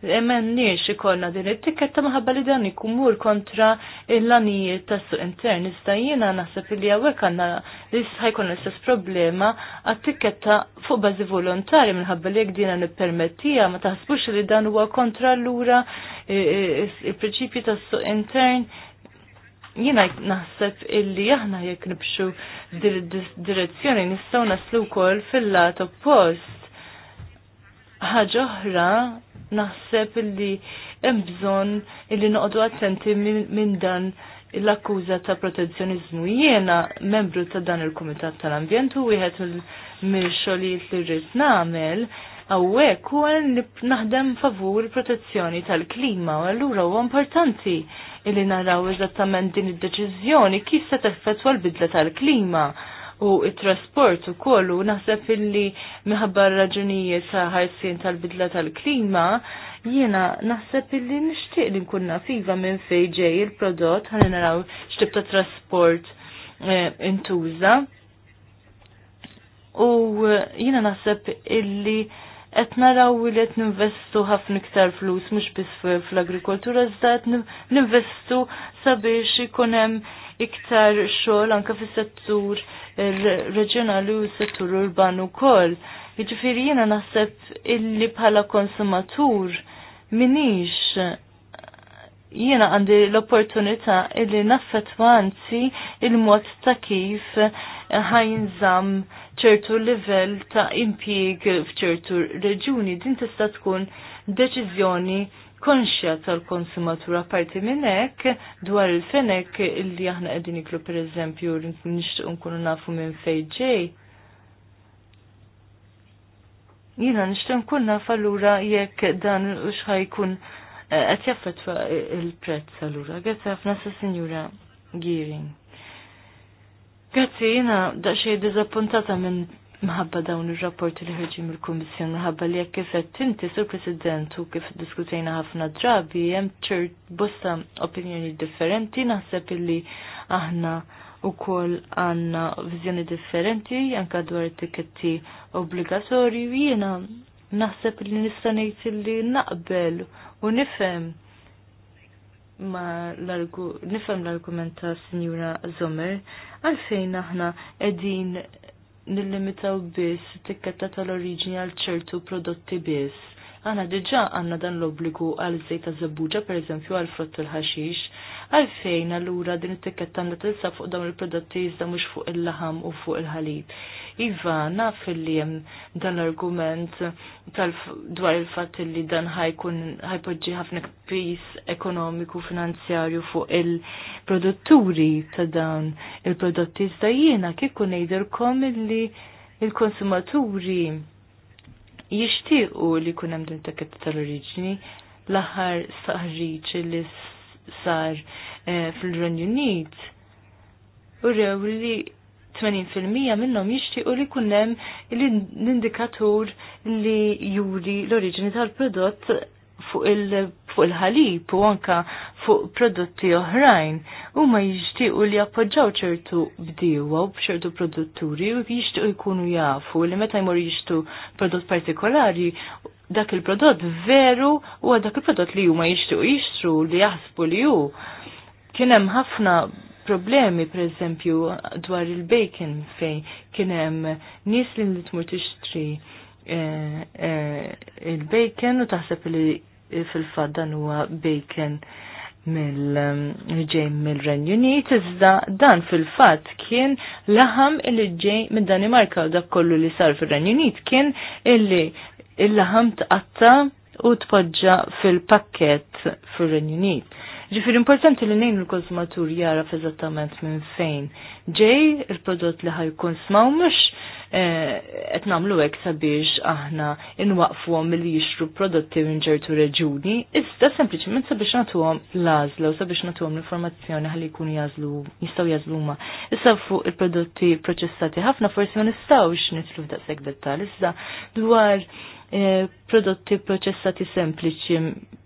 Speaker 3: nix ikollna din it-tikketta maħabba li dan ikumur kontra il-lanijiet tas suq intern. Iżda jiena naħseb li hawnhekk għandna li ħajkun l-istess problema għat-tikketta fuq bażi volontari minħabba li jekk dina nippermettija ma taħsbux li dan huwa kontra lura eh, eh, il-prinċipju tas suq intern Jiena naħseb illi aħna jekk nibxu direzzjoni nistgħu naslu wkoll fil-lat oppost. Ħaġa oħra naħseb illi hemm bżonn illi noqogħdu attenti minn dan l-akkuża ta' protezzjonizmu. Jiena membru ta' dan il-Kumitat tal-Ambjent u wieħed mill-xogħlijiet li rrid nagħmel għawek u li naħdem favur protezzjoni tal-klima u għallura u importanti illi naraw eżattament din id-deċiżjoni kif se teffettwa l-bidla tal-klima u it-trasport u kollu naħseb illi minħabba raġunijiet ta' ħarsien tal-bidla tal-klima jiena naħseb illi nixtieq li nkun nafiva minn fejn ġej il-prodott ħalli naraw x'tib ta' trasport eh, intuża. U eh, jiena naħseb illi qed naraw li qed ninvestu ħafna iktar flus mhux biss fl-agrikoltura iżda qed ninvestu sabiex ikun hemm iktar xogħol anke fis-settur reġjonali u s-settur urban ukoll. Jiġifieri jiena naħseb illi bħala konsumatur minix jiena għandi l-opportunità illi naffettwa anzi il-mod ta' kif ħajnżam ċertu livell ta' impjieg f'ċertu reġuni. Din tista' tkun deċiżjoni konxja tal-konsumatur apparti minn hekk dwar il-fenek li aħna qegħdin iklu pereżempju nixtieq nkunu nafu minn fejn ġej. Jiena nixtieq nkun naf allura jekk dan x'ħajkun eh, qed jaffettwa il-prezz allura. Grazzi ħafna sa' Sinjura Giring. Grazzi, jina daċxie dizappuntata minn Mħabba dawn il-rapporti li ħarġin mill-Kummissjoni mħabba li jekk kifet inti sur President u kif diskutejna ħafna drabi hemm ċer bosta opinjoni differenti naħseb illi aħna wkoll għandna viżjoni differenti anke dwar it-tiketti obbligatorji jiena naħseb li nista' ngħid illi naqbel u nifhem ma l-argu nifhem l-argument ta' Zomer Għalfejn aħna edin nillimitaw biss tikketta tal-oriġini għal ċertu prodotti biss. Għana diġa għanna dan l-obbligu għal zejt ta' per eżempju, għal frott il-ħaxix, għalfejn allura din it-tikketta għandha tilsa fuq dawn il-prodotti iżda mhux fuq il-laħam u fuq il-ħalib. Iva, naf li jem dan l-argument dwar il-fat li dan ħajkun ħajpoġġi ħafna pis ekonomiku finanzjarju fuq il-produtturi ta' dan il-prodotti iżda jiena kieku ngħidilkom li il-konsumaturi jixtiequ li jkun hemm din taketta tal-oriġini l-aħħar saħriġ li sar eh, fil-Renju Unit u rew li 80% minnhom jixtiequ li jkun hemm l-indikatur li juri l origini tal-prodott fuq il- fuq il-ħalib u anka fuq prodotti oħrajn u ma jixtiequ li appoġġaw ċertu bdiewa u bċertu produtturi u jixtiequ jkunu jafu li meta jmur jishtu prodott partikolari dak il-prodott veru u dak il-prodott li huma jixtru jixtru li jaħsbu li hu. Kien hemm ħafna problemi pereżempju dwar il-bacon fejn kien hemm nies li tmur tixtri eh, eh, il-bacon u taħseb li fil-fatt dan huwa bacon mill-ġej eh, mill-Renju Unit, iżda dan fil-fatt kien laħam il-ġej mid-Danimarka u dak kollu li sar fil-Renju Unit kien illi il-laħam tqatta u tpoġġa fil-pakket fil-Renju Unit. Ġifir importanti li nejn il-konsumatur jara f'eżattament minn fejn ġej il-prodott li ħajkun smaw mux qed eh, nagħmlu hekk sabiex aħna inwaqfuhom milli jixtru prodotti minn ġertu reġuni, iżda sempliċement sabiex nagħtuhom l-għażla u sabiex nagħtuhom l-informazzjoni ħalli jkunu jażlu jistgħu jażluma. Issa fuq il-prodotti proċessati ħafna forsi ma nistgħux nitlu f'daqshekk dettal iżda dwar Eh, prodotti proċessati sempliċi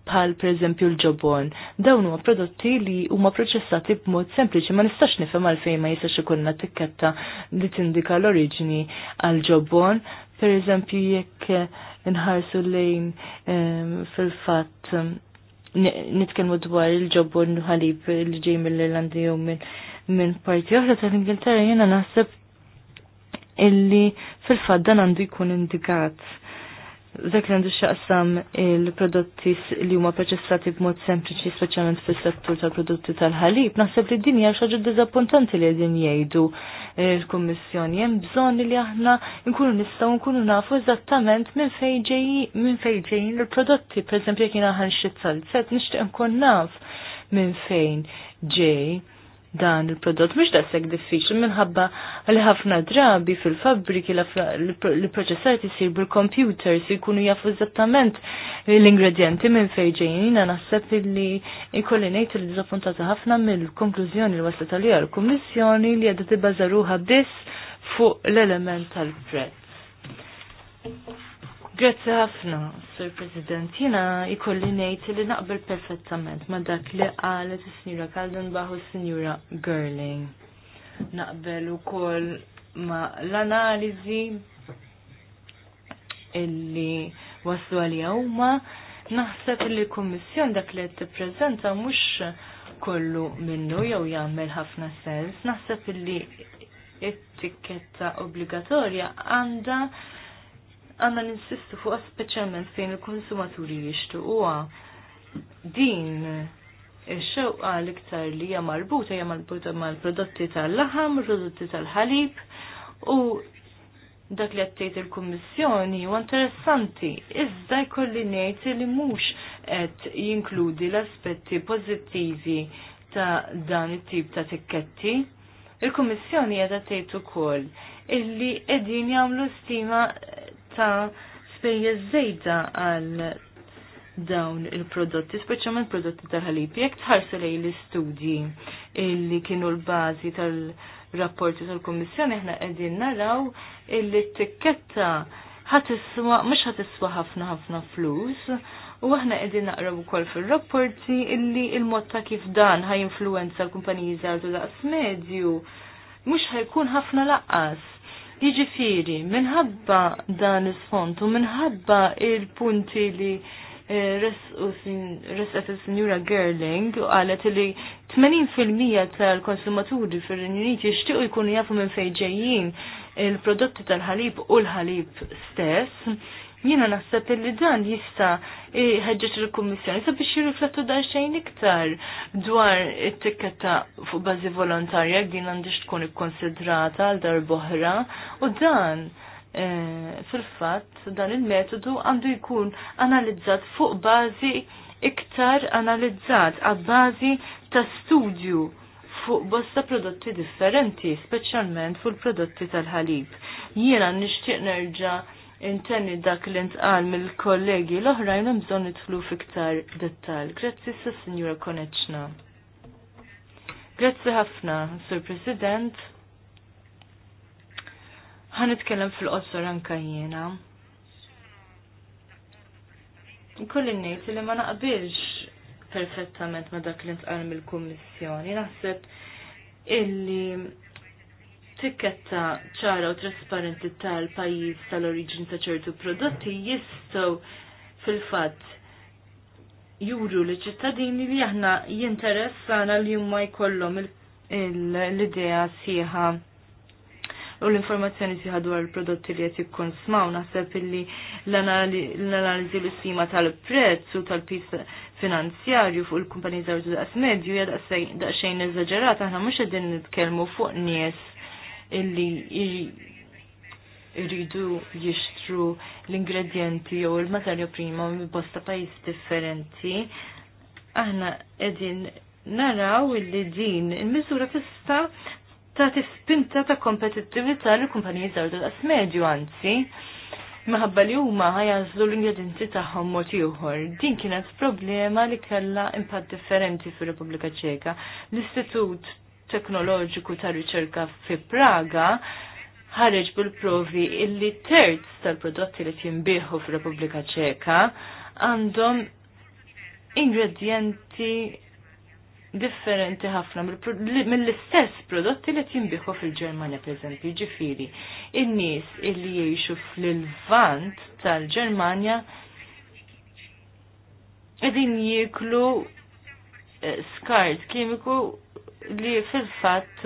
Speaker 3: bħal per eżempju l-ġobon. Dawn huma prodotti li huma proċessati b'mod sempliċi, ma nistax nifhem għalfejn ma jistax ikun tikketta li tindika l-oriġini għal ġobon. Per eżempju jekk eh, nħarsu lejn eh, fil-fatt nitkellmu dwar il-ġobon ħalib li ġej mill-Irlandi jew minn parti oħra tal-Ingilterra jiena naħseb illi fil-fatt dan għandu jkun indikat dak li għandu xaqsam il-prodotti li huma proċessati b'mod sempliċi speċjalment fis-settur tal-prodotti tal-ħalib, naħseb li d hija xi ħaġa diżappuntanti li qegħdin jgħidu l-Kummissjoni. Hemm bżonn li aħna nkunu nistgħu nkunu nafu eżattament minn fejn ġejjin il-prodotti. Pereżempju jekk jiena ħanxit sal-set nixtieq nkun naf minn fejn ġej dan il-prodott. Mux daqseg diffiċli minħabba li ħafna drabi fil-fabriki li proċessati sir bil-computers jkunu jafu eżattament l-ingredienti minn fejġejn. Jina naħseb li ikollinajt ngħid li dizappuntata ħafna mill-konklużjoni li waslet għalija l-Kummissjoni li għadha tibbażaruha biss fuq l-element tal-prezz. Grazzi ħafna, Sir President. Jina ikolli nejt li naqbel perfettament ma dak li għalet il-Sinjura Kaldenbach u s sinjura Girling Naqbel u koll ma l-analizi illi waslu għal huma naħseb li l dak li qed tippreżenta mhux kollu minnu jew jagħmel ħafna sens, naħseb illi it-tikketta obbligatorja għandha għanna ninsistu fuq speċjalment fejn il-konsumaturi jixtuquha. Din ix-xewqa l-iktar li hija marbuta hija marbuta mal-prodotti tal-laħam, prodotti tal-ħalib u dak li għattejt il-Kommissjoni u interessanti, iżda jkolli ngħid li mhux qed jinkludi l-aspetti pożittivi ta' dan it-tip ta' tikketti. Il-Kommissjoni qiegħda tgħid ukoll illi qegħdin jagħmlu stima ta' spejja zejda għal dawn il-prodotti, speċjalment prodotti tal-ħalib. Jekk tħarsu lejn l-istudji illi kienu l-bażi tal-rapporti tal-Kummissjoni aħna qegħdin naraw illi t-tikketta ħatiswa mhux ħatiswa ħafna ħafna flus. U aħna qegħdin naqraw ukoll fir-rapporti illi il-mod ta' kif dan ħajinfluwenza l-kumpaniji żgħar daqs medju mhux ħajkun ħafna laqqas Jiġifieri minħabba dan is-font u minħabba il-punti li eh, resqet il-Sinjura Gerling u qalet li 80% tal-konsumaturi fir-Renju Uniti jixtiequ jkunu jafu minn fejn ġejjin il-prodotti tal-ħalib u l-ħalib stess Jiena naħseb li dan jista' ħeġġeġ il-Kummissjoni sabiex jirriflettu dan xejn iktar dwar it-tikketta fuq bażi volontarja din għandix tkun ikkonsidrata għal dar boħra, u dan eh, fil-fatt dan il-metodu għandu jkun analizzat fuq bażi iktar analizzat bazi ta' studju fuq bosta prodotti differenti, specialment fuq prodotti tal-ħalib. Jiena nishtiq nerġa' intenni dak li ntqal mill-kollegi l-oħrajn hemm bżonn nidħlu fiktar dettal. Grazzi sa Sinjura Koneċna. Grazzi ħafna, Sur President. Ħan nitkellem fil-qosor anka jiena. Kulli ngħid li ma naqbilx perfettament ma dak li ntqal mill-Kummissjoni. Naħseb illi tikketta ċara u trasparenti tal-pajjiż tal-oriġin ta' ċertu prodotti jistgħu fil-fatt juru li ċittadini li aħna jinteressana li huma jkollhom l-idea siħa u l-informazzjoni siħa dwar il-prodotti li qed jikkonsmaw naħseb li l-analiżi l sima tal-prezz u tal-pis finanzjarju fuq il-kumpaniji żewġ daqs medju hija daqsxejn eżaġerat aħna mhux qegħdin nitkellmu fuq nies illi irridu jixtru l-ingredienti jew il-materja prima minn bosta pajjiż differenti, aħna qegħdin naraw illi din il-miżura tista' ta' tispinta ta' kompetittività l kumpaniji żgħar ta' medju anzi minħabba li huma ħajażlu l-ingredienti tagħhom mod ieħor. Din kienet problema li kellha impatt differenti fir-Repubblika Ċeka. L-Istitut teknoloġiku ta' riċerka fi Praga ħareġ bil-provi illi terz tal-prodotti li jimbieħu fi repubblika Ċeka għandhom ingredienti differenti ħafna mill-istess prodotti li jimbieħu fil-Ġermanja, per eżempju, ġifiri. In-nies illi jiexu fil-vant tal-Ġermanja edin jiklu eh, skart kimiku li fil-fatt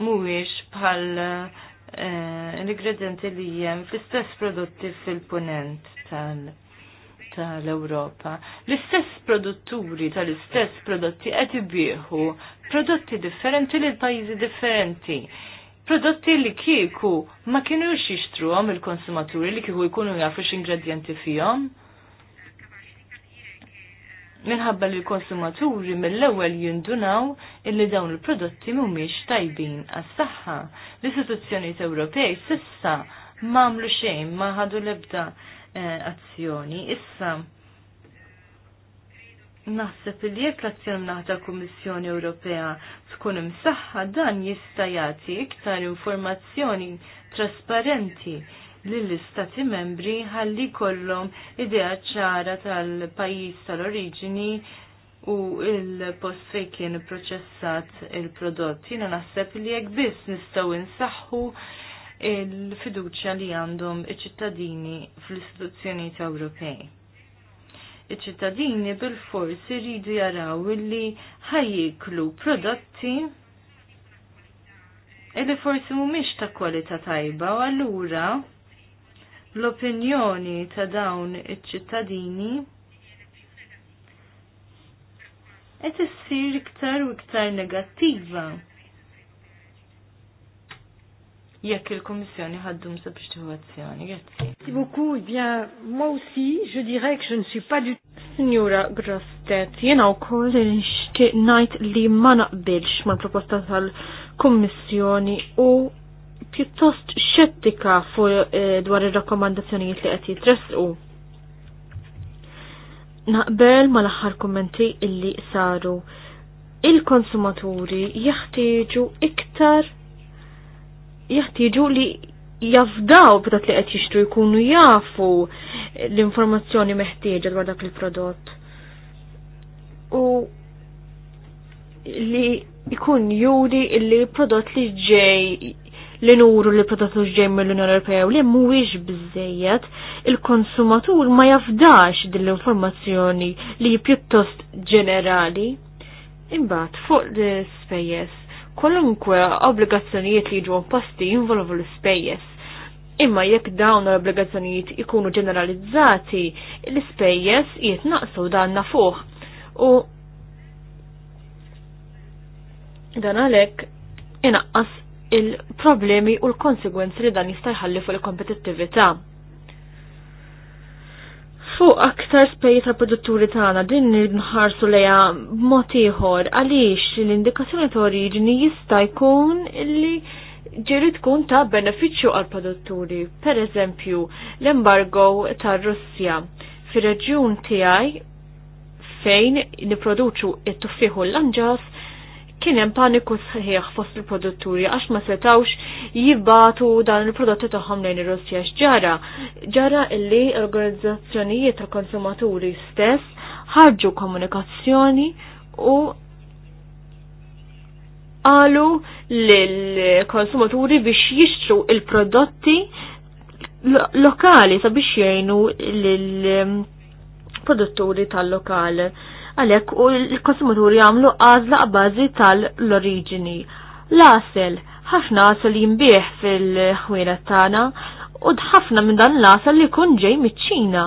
Speaker 3: mhuwiex bħal l-ingredienti eh, li jem fl-istess prodotti fil-ponent tal-Europa. L-istess produtturi tal-istess prodotti qed ibieħu prodotti differenti lil pajjiżi differenti. Prodotti li kieku ma kienux jixtruhom il-konsumaturi li kieku jkunu jafu x-ingredienti fihom minħabba li l-konsumaturi mill-ewwel jindunaw illi dawn il-prodotti mhumiex tajbin għas-saħħa. L-istituzzjonijiet Ewropej s'issa m'għamlu xejn ma ħadu l-ebda eh, azzjoni. Issa naħseb li jekk l-azzjoni naħta Kummissjoni Ewropea tkun imsaħħa dan jista' jagħti iktar informazzjoni trasparenti lill-istati membri ħalli kollhom idea ċara tal-pajjiż tal-oriġini u il-post fej kien proċessat il-prodott. Jiena naħseb li jekk biss nistgħu insaħħu il-fiduċja li għandhom iċ-ċittadini fl-istituzzjonijiet Ewropej. Iċ-ċittadini bil-fors iridu jaraw li ħajjiklu prodotti illi forsi mhumiex ta' kwalità tajba u allura l-opinjoni ta' dawn iċ-ċittadini qed issir iktar u iktar negattiva. Jekk il-Kummissjoni ħaddum biex tieħu azzjoni, grazzi.
Speaker 4: beaucoup, eh bien moi aussi, je dirais que je ne suis pas du Signora Grostet, jena u koll nixtieq ngħid li ma naqbilx mal proposta tal-Kummissjoni u pjuttost xettika fuq eh, dwar ir-rakkomandazzjonijiet li qed jitresqu. Naqbel mal-aħħar kummenti illi saru il-konsumaturi jaħtieġu iktar jaħtieġu li jafdaw b'dak li qed jixtru jkunu jafu l-informazzjoni meħtieġa dwar dak il-prodott. U li jkun juri li prodott li ġej li nuru li prodott mhux l mill-Unjoni Ewropea u li mhuwiex biżejjed, il-konsumatur ma jafdax din l-informazzjoni li pjuttost ġenerali. Imbagħad fuq l-ispejjeż, kwalunkwe obbligazzjonijiet li jiġu imposti jinvolvu l-ispejjeż. Imma jekk dawn l-obbligazzjonijiet ikunu ġeneralizzati, l-ispejjeż jitnaqsu danna fuq. U dan għalhekk inaqqas il-problemi u l-konsegwenzi li dan jista' jħalli fuq il-kompetittività. Fuq aktar spej ta' produtturi tagħna din nħarsu lejha b'mod ieħor għaliex l-indikazzjoni ta' oriġini jista' jkun li ġiri tkun ta' benefiċċju għal produtturi, per eżempju l-embargo ta' Russja fir-reġjun tiegħi fejn niproduċu it-tuffieħu l-anġas kien hemm paniku sħiħ fost il-produtturi għax ma setawx jibbatu dan il-prodotti tagħhom lejn ir-Russja x'ġara. Ġara illi organizzazzjonijiet ta' konsumaturi stess ħarġu komunikazzjoni u qalu lill-konsumaturi biex jixtru il-prodotti lokali sabiex jgħinu lill-produtturi tal lokali għalhekk u l-konsumaturi għamlu għażla għabazi tal-oriġini. L-asel, ħafna asel jimbieħ fil-ħwienet tagħna u ħafna minn dan l-asel li jkun ġej miċ-Ċina.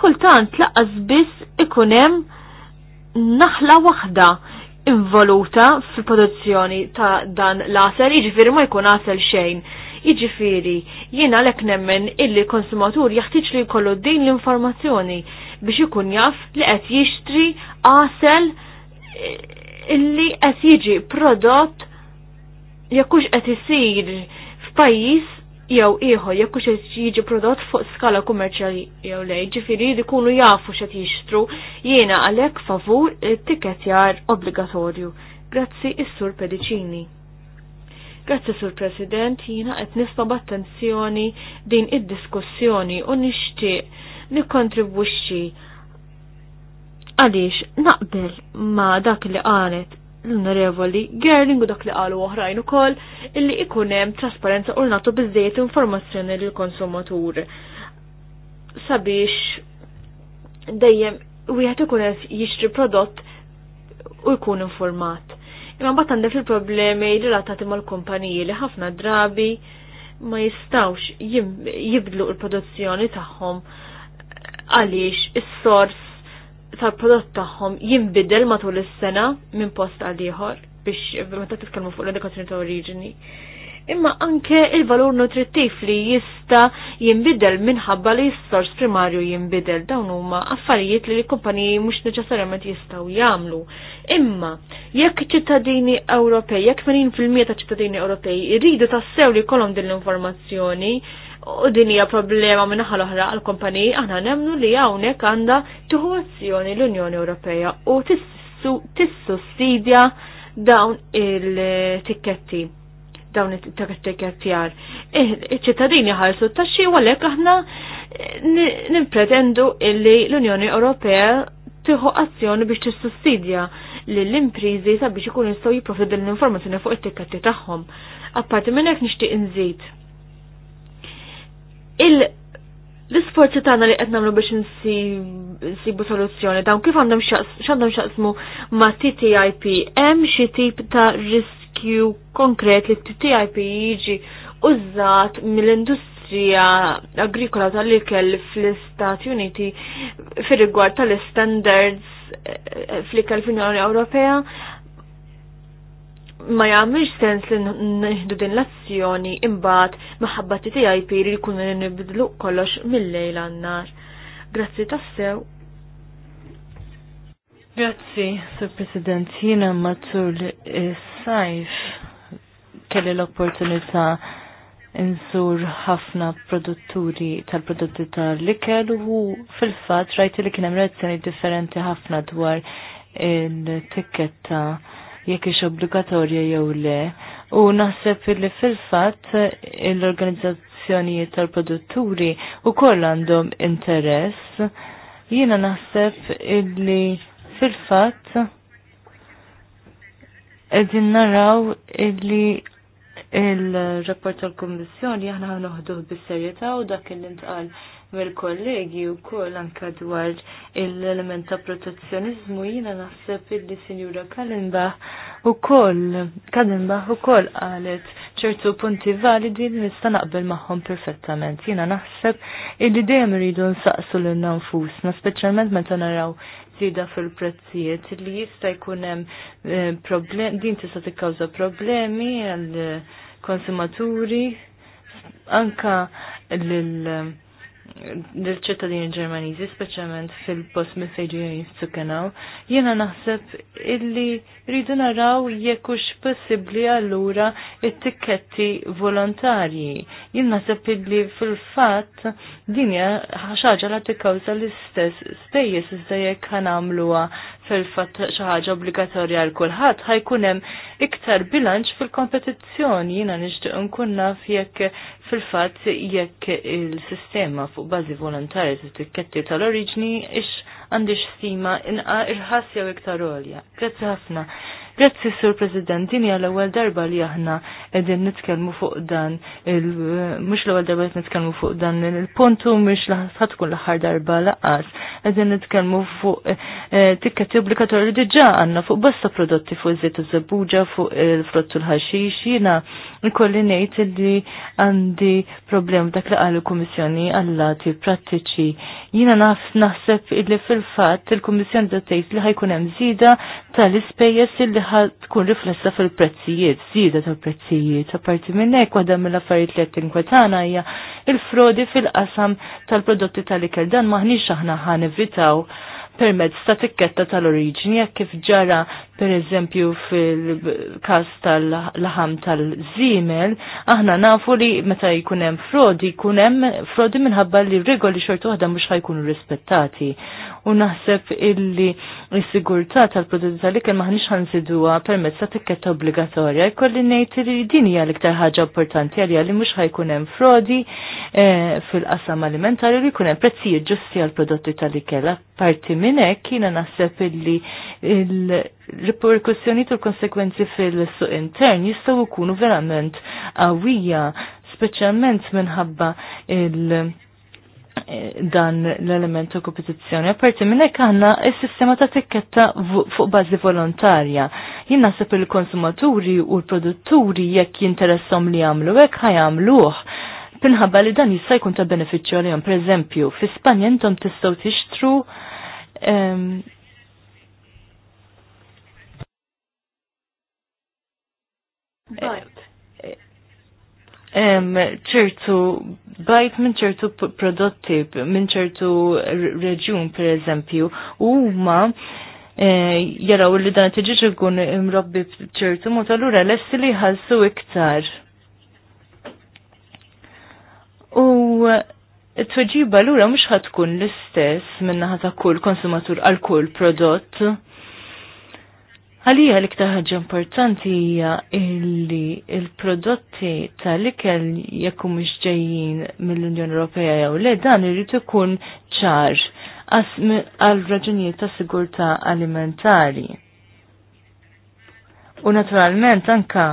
Speaker 4: Kultant laqqas biss ikun hemm naħla waħda involuta fil-produzzjoni ta' dan l-asel, jiġifieri ma jkun asel xejn. Jiġifieri, jiena lek nemmen illi konsumatur jaħtieġ li jkollu din l-informazzjoni biex ikun jaf li qed jixtri qasel
Speaker 3: eh,
Speaker 4: illi qed jiġi prodott jekkux qed isir f'pajjiż jew ieħor jekk hux jiġi prodott fuq skala kummerċjali jew lej, ġifieri jkunu jafu x'qed jixtru jiena għalhekk favur it-tikketjar obbligatorju. Grazzi is-Sur Pedicini. Grazzi Sur President, jiena qed nisma' b'attenzjoni din id-diskussjoni u nixtieq nikkontribwixxi għaliex naqbel ma' dak li qalet l-onorevoli Gerling u dak li qalu oħrajn ukoll illi ikun hemm trasparenza u nagħtu biżejjed informazzjoni lil konsumatur sabiex dejjem wieħed ikun qed jixtri prodott u jkun informat. Imma mbagħad għandek il-problemi relatati mal-kumpaniji li ħafna drabi ma jistawx jibdlu l-produzzjoni tagħhom għaliex is-sors tal-prodott tagħhom jinbidel matul is-sena minn post għal ieħor biex meta titkellmu fuq l-edukazzjoni ta' oriġini. Imma anke il-valur nutrittiv li jista' jinbidel minħabba li s-sors primarju jinbidel dawn huma affarijiet li l-kumpaniji mhux neċessarjament jistgħu jagħmlu. Imma jekk ċittadini Ewropej, jekk 80% ta' ċittadini Ewropej irridu tassew li jkollhom din l-informazzjoni, u din hija problema minnaħa l-oħra għal kumpaniji aħna nemnu li hawnhekk għandha tuħu azzjoni l-Unjoni Ewropea u tissussidja dawn il-tikketti dawn it-tikkettjar. Eh, iċ-ċittadini ħarsu t-taxxi u għalhekk aħna eh, nippretendu illi l-Unjoni Ewropea tieħu azzjoni biex tissussidja lill impriżi sabiex ikun jistgħu jipprovdu l-informazzjoni fuq it-tikketti tagħhom. Apparti minn hekk nixtieq inżid l-isforzi tagħna li qed nagħmlu biex nsibu soluzzjoni dawn kif għandhom x'għandhom xaqsmu ma' TTIP hemm xi tip ta' riskju konkret li TTIP jiġi użat mill-industrija agrikola tal-ikel fl-Istati Uniti fir-rigward tal-standards eh, fl-ikel fl-Unjoni Ewropea ma jagħmilx sens li nieħdu din l-azzjoni imbagħad maħabba tiegħi piri li kun nibdlu kollox mill-lejl għan-nar. Grazzi tassew.
Speaker 3: Grazzi, Sur President, jiena matul is-sajf kelli l-opportunità insur ħafna produtturi tal-prodotti tal-likel u fil-fat rajti li kien hemm differenti ħafna dwar il-tikketta jekk ix obbligatorja jew le. U naħseb li fil-fatt l-organizzazzjonijiet tal-produtturi u koll għandhom interess. Jiena naħseb illi fil-fatt edin naraw illi il-rapport tal-Kommissjoni aħna ħanoħduh bis serjeta u dak il-intqal mill-kollegi wkoll anke dwar l-element ta' protezzjonizmu jiena naħseb illi Sinjura Kalimba ukoll Kalimba ukoll qalet ċertu punti validi li nista' naqbel magħhom perfettament. Jina naħseb illi dejjem iridu nsaqsu l nfusna, speċjalment meta naraw żieda fil-prezzijiet li jista' jkun hemm eh, problem din tista' tikkawża problemi għal konsumaturi anka lil l-ċittadini ġermaniżi, speċjalment fil-post mifejġu jistukanaw, jena naħseb illi rridu naraw hux possibli allura it-tikketti volontarji. Jien naħseb illi fil-fatt dinja ħaġa la tikkawża l-istess spejjeż iżda jekk ħanamluha fil-fatt xi ħaġa obbligatorja għal kulħadd ħajkun hemm iktar bilanċ fil-kompetizzjoni jiena nixtieq nkun naf jekk fil-fatt jekk il-sistema fuq bażi volontarja tit-tikketti tal-oriġni ix għandix stima inqa irħas jew iktar għolja. Grazzi ħafna. Grazzi Sur President, dini għal l-ewwel darba li aħna qegħdin nitkellmu fuq dan il mhux l-ewwel darba li nitkellmu fuq dan il puntu u mhux ħadd tkun l-aħħar darba laqas. Qegħdin nitkellmu fuq eh, eh, tikketti obbligatorju diġà għandna fuq bosta prodotti fuq iż-żejt iż-żebbuġa, fuq il-frott u l-ħaxix, jiena nkolli ngħid li għandi problem dak li qal il-Kummissjoni għallati prattiċi. Jiena naħseb illi fil-fatt il-Kummissjoni da tgħid li ħajkun hemm żida tal-ispejjeż illi tkun riflessa fil-prezzijiet, zida ta' prezzijiet. Apparti parti minnek, waħda mill-affarijiet li qed tinkwetana hija il-frodi fil-qasam tal-prodotti tal-ikel dan maħniex aħna ħan evitaw permezz ta' tikketta tal-oriġini jekk kif ġara per eżempju fil-kas tal-laħam tal zimel aħna nafu li meta jkun hemm frodi jkun hemm frodi minħabba li regoli xorta waħda mhux ħajkunu rispettati u naħseb illi s-sigurtà tal-prodotti tal-ikel maħniex ħansiduha permezz ta' tikketta obbligatorja. Jkolli ngħid li din hija l-iktar ħaġa importanti għalija li mhux ħajkun hemm frodi eh, fil-qasam alimentari li jkun hemm prezzijiet ġusti għall prodotti tal-ikel. Parti minn hekk jiena naħseb illi il-riperkussjoni tul konsekwenzi fil-suq intern jistgħu jkunu verament għawija, speċjalment minħabba il- dan l-element ta' kompetizzjoni. Apparti minn hekk għandna s-sistema ta' tikketta fuq bażi volontarja. Jien naħseb il-konsumaturi u l-produtturi jekk jinteressom li jagħmlu hekk ħajamluh. Pinħabba li dan jista' jkun ta' benefiċċju għalihom. Pereżempju, fi Spanja intom tistgħu tixtru ehm, Right ċertu bajt minn ċertu prodotti minn ċertu reġjun per eżempju u huma eh, jaraw li dan t-ġiġ ikun imrobbi b'ċertu mod allura l-essi li jħallsu iktar. U t-tweġiba l-ura mux ħatkun l-istess minna ta' kull konsumatur għal kull prodott. Għalija l-iktar ħaġa importanti hija illi il-prodotti tal-ikel jekk mhux ġejjin mill-Unjoni Ewropea jew le dan irid ikun ċar għal raġunijiet ta' sigurtà alimentari. U naturalment anka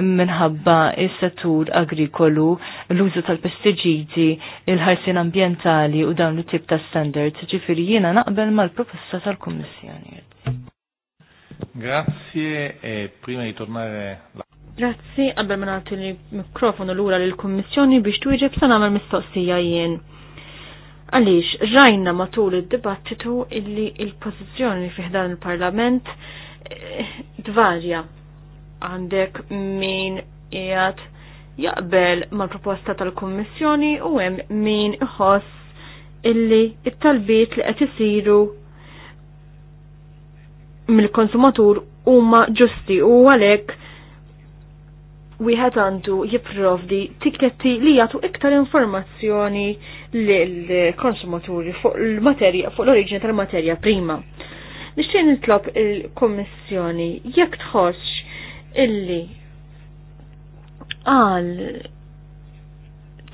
Speaker 3: minħabba is-settur agrikolu, l-użu tal-pestiġidi, il ħarsien ambientali u dawn it-tip ta' standards, ġifiri jiena naqbel mal-proposta tal-Kummissjoni.
Speaker 1: Grazie e prima di tornare la... Grazzi,
Speaker 4: qabel ma nagħti l-mikrofonu lura lill-Kummissjoni biex twieġeb se nagħmel mistoqsija jien. Għaliex, rajna matul id-dibattitu illi il-pożizzjoni fih dan il-Parlament dvarja. Eh, Għandek min qiegħed jaqbel mal-proposta tal-Kummissjoni u hemm min iħoss illi it-talbiet li qed isiru mill-konsumatur huma ġusti u għalhekk wieħed għandu jipprovdi tiketti li jagħtu iktar informazzjoni lill-konsumaturi fuq il-materja fuq l-oriġini tal-materja prima. Nixtieq nitlob il-Kommissjoni jekk tħossx illi għal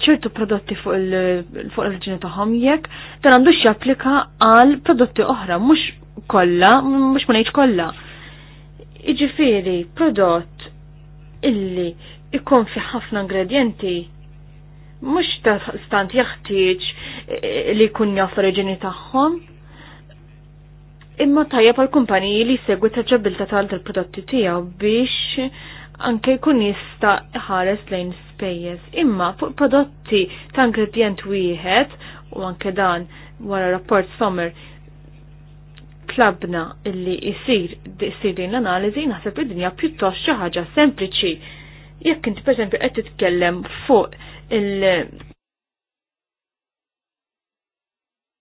Speaker 4: ċertu prodotti fuq l-oriġini tagħhom jekk dan għandu japplika għal prodotti oħra mhux kollha, mhux ma ngħidx kollha. Iġifieri prodott illi ikun fi ħafna ingredienti mhux ta' stant jaħtieġ eh, li jkun jaf reġini tagħhom. Imma tajja għal kumpaniji li segwi traċabilta tal-prodotti tiegħu biex anke jkun jista ħares lejn spejjeż. Imma fuq prodotti ta' ingredient wieħed u anke dan wara rapport summer tlabna illi jisir jisir din l-analiżi naħseb id-dinja pjuttost xi ħaġa sempliċi. Jekk inti pereżempju qed titkellem fuq il-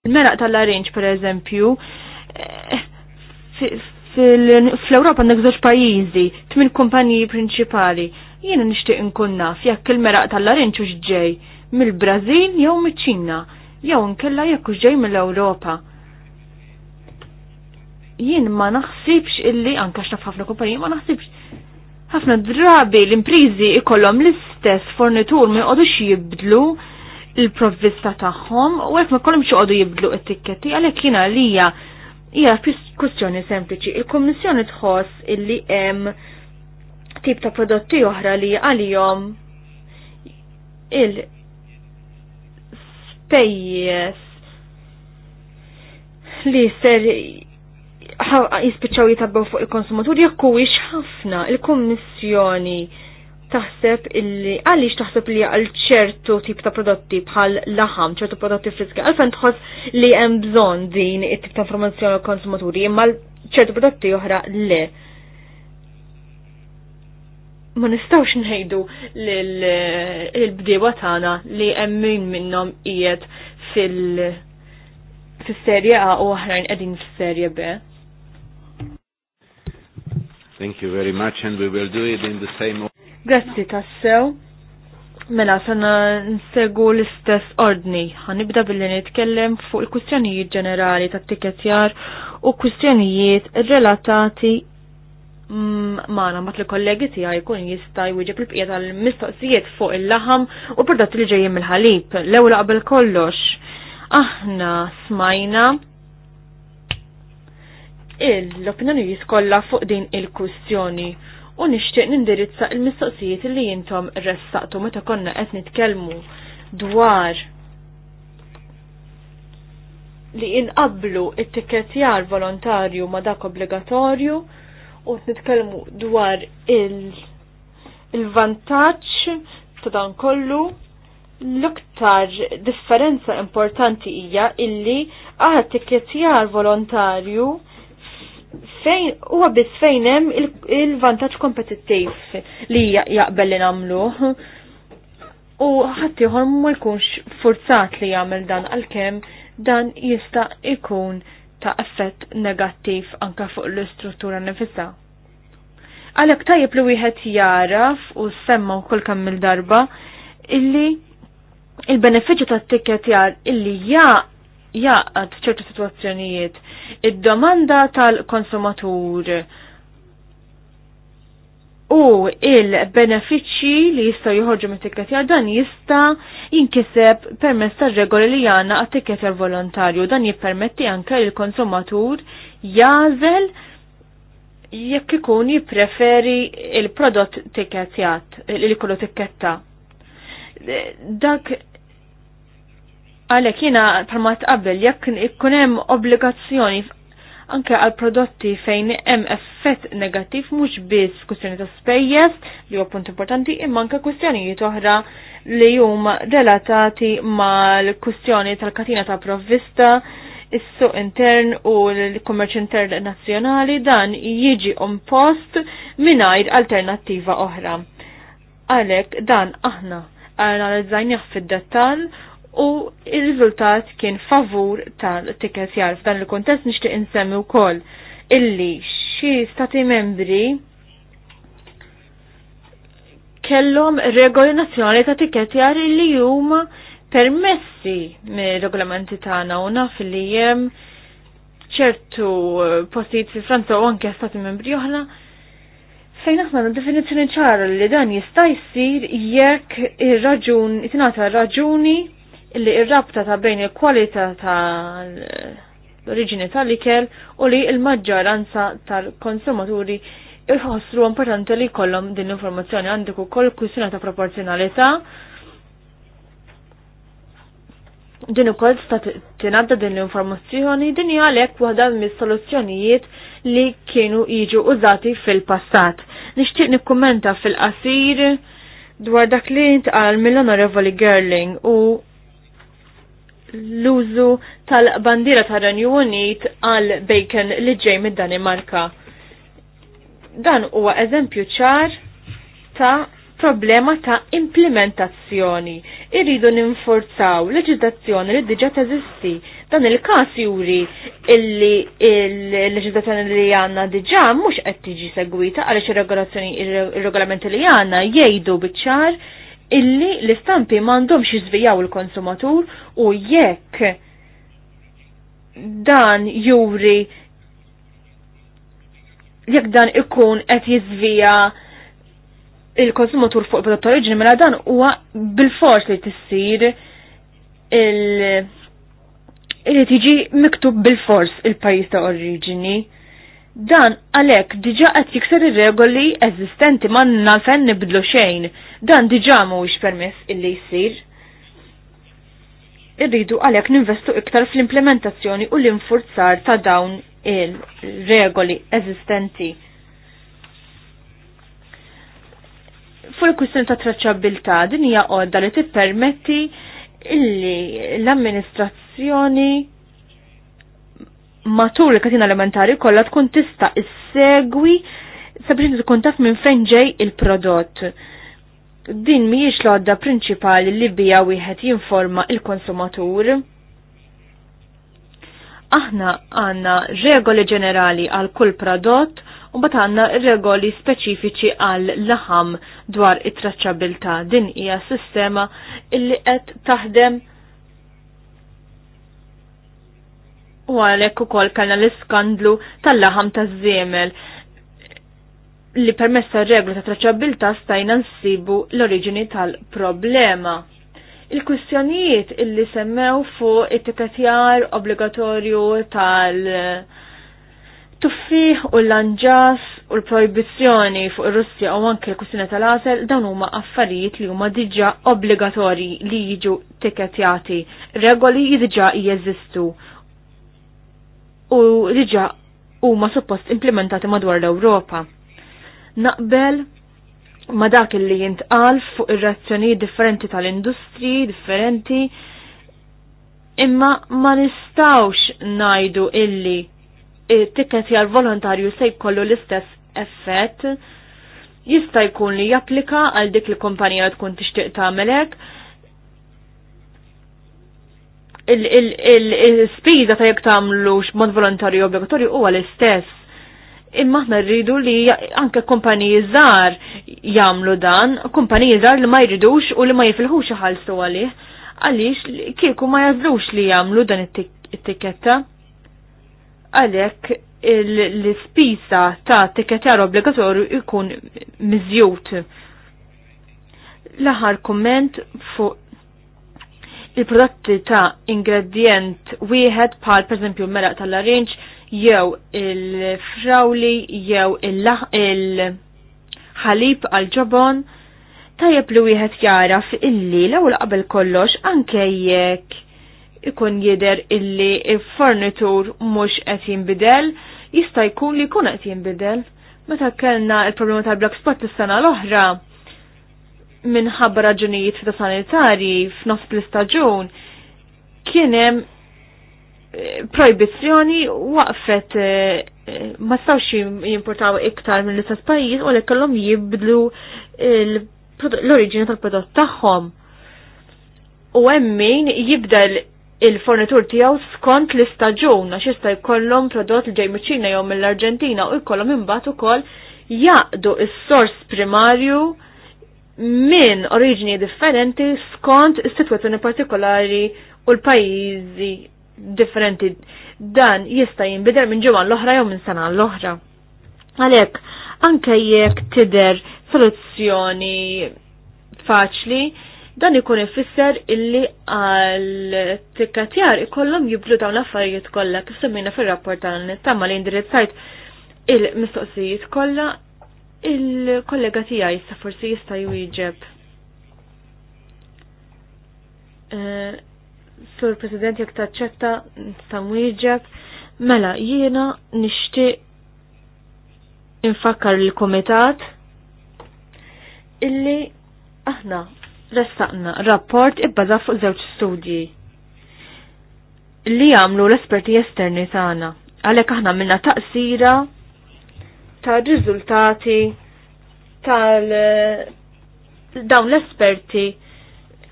Speaker 4: Il-meraq tal-arinġ, per eżempju, eh, fl-Europa għandek żewġ pajjiżi, tmin kumpaniji prinċipali. Jiena nixtieq inkun naf jekk il-meraq tal-arinġ hux ġej mill-Brażil jew miċ-Ċina, jew nkella jekk hux ġej mill-Ewropa jien ma naħsibx illi anka x'naf ħafna kumpaniji ma naħsibx ħafna drabi l-imprizi ikollhom l-istess fornitur ma jqogħdux jibdlu il-provvista tagħhom u hekk ma jkollhomx joqogħdu jibdlu t-tikketti għalhekk jiena għalija hija kwistjoni sempliċi. Il-Kummissjoni tħoss illi hemm tip ta' prodotti oħra li għalihom il spejjes li ser jispiċċaw jitabbaw fuq il-konsumaturi jekk huwiex ħafna il-Kummissjoni taħseb illi għaliex taħseb li għal ċertu tip ta' prodotti bħal laħam, ċertu prodotti friski, għalfejn tħoss li hemm bżonn din it-tip ta' informazzjoni għal konsumaturi, imma ċertu prodotti oħra le. Ma nistawx nħejdu l-bdiewa tagħna li hemm min minnhom qiegħed fil fis-serje A u oħrajn qegħdin fis-serje B.
Speaker 1: Thank you very much and we will do it in the same
Speaker 4: Grazzi tassew. Mela, sana nsegu l-istess ordni. Għanibda billi nitkellem fuq il-kustjonijiet ġenerali ta' tikketjar u kustjonijiet relatati mm, maħna mat l kollegi għaj jkun jistaj u il-bqija tal-mistoqsijiet fuq il-laħam u prodotti li ġejjin il ħalib L-ewla qabel kollox, aħna smajna l-opinjonijiet kollha fuq din il kustjoni u nixtieq nindirizza il-mistoqsijiet li jintom ressaqtu meta konna qed nitkellmu dwar li inqablu it-tikketjar volontarju ma dak obbligatorju u nitkellmu dwar il-vantaġġ il ta' dan kollu l-iktar differenza importanti hija illi għal tikketjar volontarju fejn huwa biss fejn hemm il-vantaġġ kompetittiv li jaqbel li nagħmlu. U ħadd ieħor ma jkunx forzat li jagħmel dan għalkemm dan jista' jkun ta' effett negattiv anka fuq l-istruttura nifisha. Għalhekk tajjeb li wieħed jaraf u semma wkoll kemm il-darba illi il-benefiċċju tat jar illi ja' jaqad ċertu situazzjonijiet id-domanda tal-konsumatur u il-benefiċċji li jistgħu joħorġu mit-tikketjar dan jista' jinkiseb permezz tar-regoli li għandna għat-tikketjar volontarju dan jippermetti anke il konsumatur jażel jekk ikun jippreferi il-prodott tikketjat li kollu tikketta. Dak Għalek jina permat qabel jekk ikun hemm obbligazzjoni anke għal prodotti fejn hemm effett negattiv mhux biss kwistjoni ta' spejjeż li huwa punt importanti imma anke kwistjonijiet oħra li huma relatati mal-kwistjoni tal-katina ta' provvista is-suq intern u l-kummerċ intern nazzjonali dan jiġi post mingħajr alternattiva oħra. Għalhekk dan aħna analizzajnieh fid-dettall u il-riżultat kien favur tal-ticket jar. F'dan il-kontest nixtieq insemmi wkoll illi xi stati membri kellhom regoli nazjonali ta' ticket jar illi huma permessi mir-regolamenti tagħna u naf li hemm ċertu eh, postijiet fi Franza u anke stati membri oħra fejn aħna definizzjoni ċara li dan jista' jsir jekk ir-raġun itinata raġuni li ir-rabta ta' bejn il-kwalità ta' l-oriġini tal-ikel u li il-maġġoranza tal-konsumaturi il-ħosru importanti li kollom din l-informazzjoni għandek ukoll kwistjoni ta' proporzjonalità. Din ukoll sta tingħadda din l-informazzjoni din hija għalhekk waħda mis-soluzzjonijiet li kienu jiġu użati fil-passat. Nixtieq nikkummenta fil-qasir dwar dak li intqal mill-Onorevoli Gerling u l-użu tal-bandira tar-Renju Unit għal bacon li ġej mid-Danimarka. Dan huwa eżempju ċar ta' problema ta' implementazzjoni. Irridu ninforzaw leġislazzjoni li diġa teżisti. Dan il-kas juri illi il-leġislazzjoni li għanna diġa mux qed tiġi segwita għaliex ir-regolamenti li għanna jgħidu biċ-ċar illi l-istampi mandomx jizvijaw il-konsumatur u jekk dan juri jekk dan ikun qed jizvija il-konsumatur fuq il-prodott oriġini mela dan huwa bil-fors li tissir il- li tiġi miktub bil-fors il-pajjiż ta' oriġini. Dan għalek diġa qed jikser ir-regoli eżistenti ma nalfen nibdlu xejn. Dan diġa mhuwiex permess illi jsir. Irridu għalek ninvestu iktar fl-implementazzjoni u l-infurzar ta' dawn il-regoli eżistenti. Fu l-kwistjoni ta' traċċabilità din hija għodda li tippermetti illi l-amministrazzjoni matul li katina elementari kollha tkun tista' issegwi sabiex tkun taf minn fejn ġej il-prodott. Din mhijiex l għadda prinċipali li bija wieħed jinforma il-konsumatur. Aħna għandna regoli ġenerali għal kull prodott u bat għanna regoli speċifiċi għal laħam dwar it traċabilta Din hija sistema illi qed taħdem u u ukoll kellna l-iskandlu tal-laħam taż-żiemel li permessa tar-reglu ta' traċabilta stajna nsibu l-oriġini tal-problema. Il-kwistjonijiet illi semmew fuq it tetjar obbligatorju tal-tuffi u l-anġas u l-proibizjoni fuq ir-Russja u anke l-kwistjoni tal azel dawn huma affarijiet li huma diġà obbligatorji li jiġu tikketjati. Regoli diġa' jeżistu u diġa huma suppost implementati madwar l-Ewropa. Naqbel ma dak li jintqal fuq ir-razzjonijiet differenti tal-industri, differenti, imma ma nistawx najdu illi it tiket jgħal volontarju se jkollu l-istess effett jista' jkun li japplika għal dik li kumpanija tkun tixtieq tagħmelek, il-spiża ta' jekk tagħmlu mod volontarju obbligatorju huwa l-istess. Imma aħna rridu li anke kumpaniji żgħar jagħmlu dan, kumpaniji żgħar li ma jridux u li ma jifilħux iħallsu għalih. Għaliex kieku ma jażlux li jagħmlu dan it-tiketta. Għalhekk l-ispisa ta' tikketjar obbligatorju ikun miżjut. L-aħħar komment fuq il-prodotti ta' ingredient wieħed bħal pereżempju meraq tal-arinċ jew il-frawli jew il-ħalib għal ġobon tajjeb li wieħed jaraf illi l-ewwel qabel kollox anke jekk ikun jidher illi il-fornitur mhux qed jinbidel jista' jkun li jkun qed jinbidel. Meta kellna il-problema tal-black spot is-sena l-oħra, minħabba raġunijiet fita sanitarji f'nofs l-istaġun kienem eh, projbizzjoni waqfet eh, ma stawx jimportaw iktar mill istess pajjiż u lek kellhom jibdlu l-oriġini tal-prodott tagħhom. U hemm min jibdel il-fornitur tiegħu skont l-istaġun għax jista' jkollhom prodott ġej miċ-Ċina jew mill-Arġentina u jkollhom imbagħad ukoll jaqdu is-sors primarju minn oriġini differenti skont is-sitwazzjoni partikolari u l-pajjiżi differenti. Dan jista' jinbidel minn ġewwa l-oħra jew minn sena l-oħra. Għalhekk anke jekk tidher soluzzjoni faċli, dan ikun ifisser illi għal tikkatjar ikollhom jibdlu dawn l-affarijiet kollha kif semmejna fir-rapport tal nittama li indirizzajt il-mistoqsijiet kollha Il-kollega tiegħi issa forsi jista' jwieġeb. Eh, Sur President jekk taċċetta nista' nwieġeb. Mela, jiena nixtieq infakkar il-komitat illi aħna restaqna rapport ibbażat fuq żewġ studji li għamlu l-esperti esterni tagħna. Għalhekk aħna minna taqsira ta' riżultati tal eh, dawn l-esperti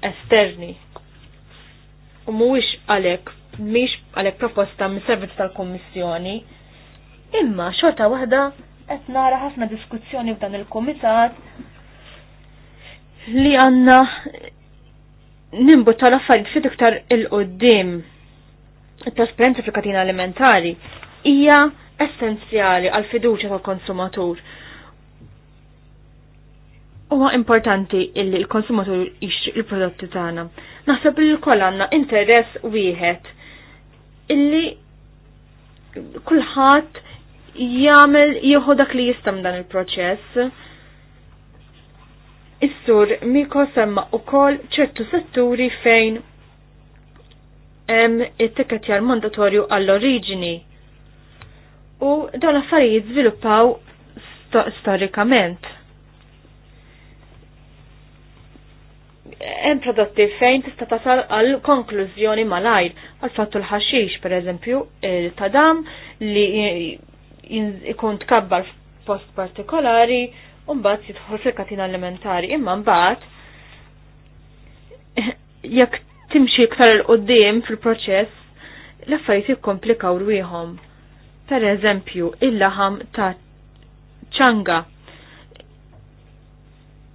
Speaker 4: esterni. U mhuwiex għalhekk mhix għalek proposta minn servizz tal kummissjoni imma xorta waħda qed nara ħafna diskussjoni f'dan il-Kumitat li għanna nimbu tal-affarijiet fit iktar il-qoddim it-trasparenza fil-katina alimentari hija essenzjali għal fiduċa tal konsumatur. Huwa importanti illi l-konsumatur jixtri il-prodotti tagħna. Naħseb li l-koll għandna interess wieħed illi kulħadd jagħmel jieħu dak li jistam dan il-proċess. Is-sur Miko semma wkoll ċertu setturi fejn hemm it-tikketjar mandatorju għall-oriġini u dawn l-affarijiet żviluppaw storikament. Hemm prodotti fejn tista' tasal għal konklużjoni malajr għal fattu l-ħaxix pereżempju ta' dam li ikun tkabbar f'post partikolari u mbagħad jidħol fil katin alimentari imma mbagħad jekk timxi iktar il-qoddim fil-proċess l-affarijiet jikkomplikaw rwieħom. Per eżempju, il-laħam ta' ċanga.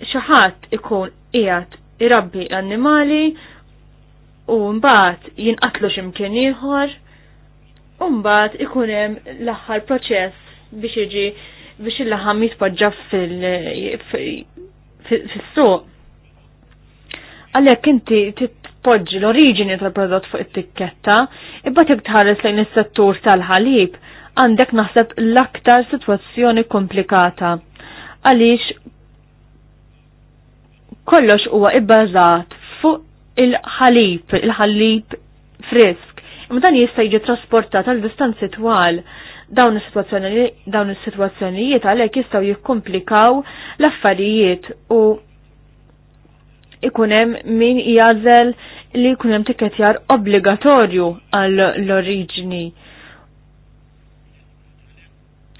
Speaker 4: Xaħat ikun qiegħed irabbi l-annimali u mbagħad jinqatlu x'imkien ieħor u mbagħad ikun hemm l-aħħar proċess biex iġi biex il-laħam jitpoġġa fis-suq. Għalhekk inti titpoġġi l-oriġini tal-prodott fuq it-tikketta, imbagħad jekk tħares lejn is-settur tal-ħalib, għandek naħseb l-aktar situazzjoni komplikata. Għaliex kollox huwa ibbażat fuq il-ħalib, il-ħalib frisk. Imma dan jista' jiġi trasportat għal distanzi twal dawn is-sitwazzjonijiet għalhekk jistgħu jikkomplikaw l-affarijiet u ikun hemm min jażel li jkun hemm tikketjar obbligatorju għall l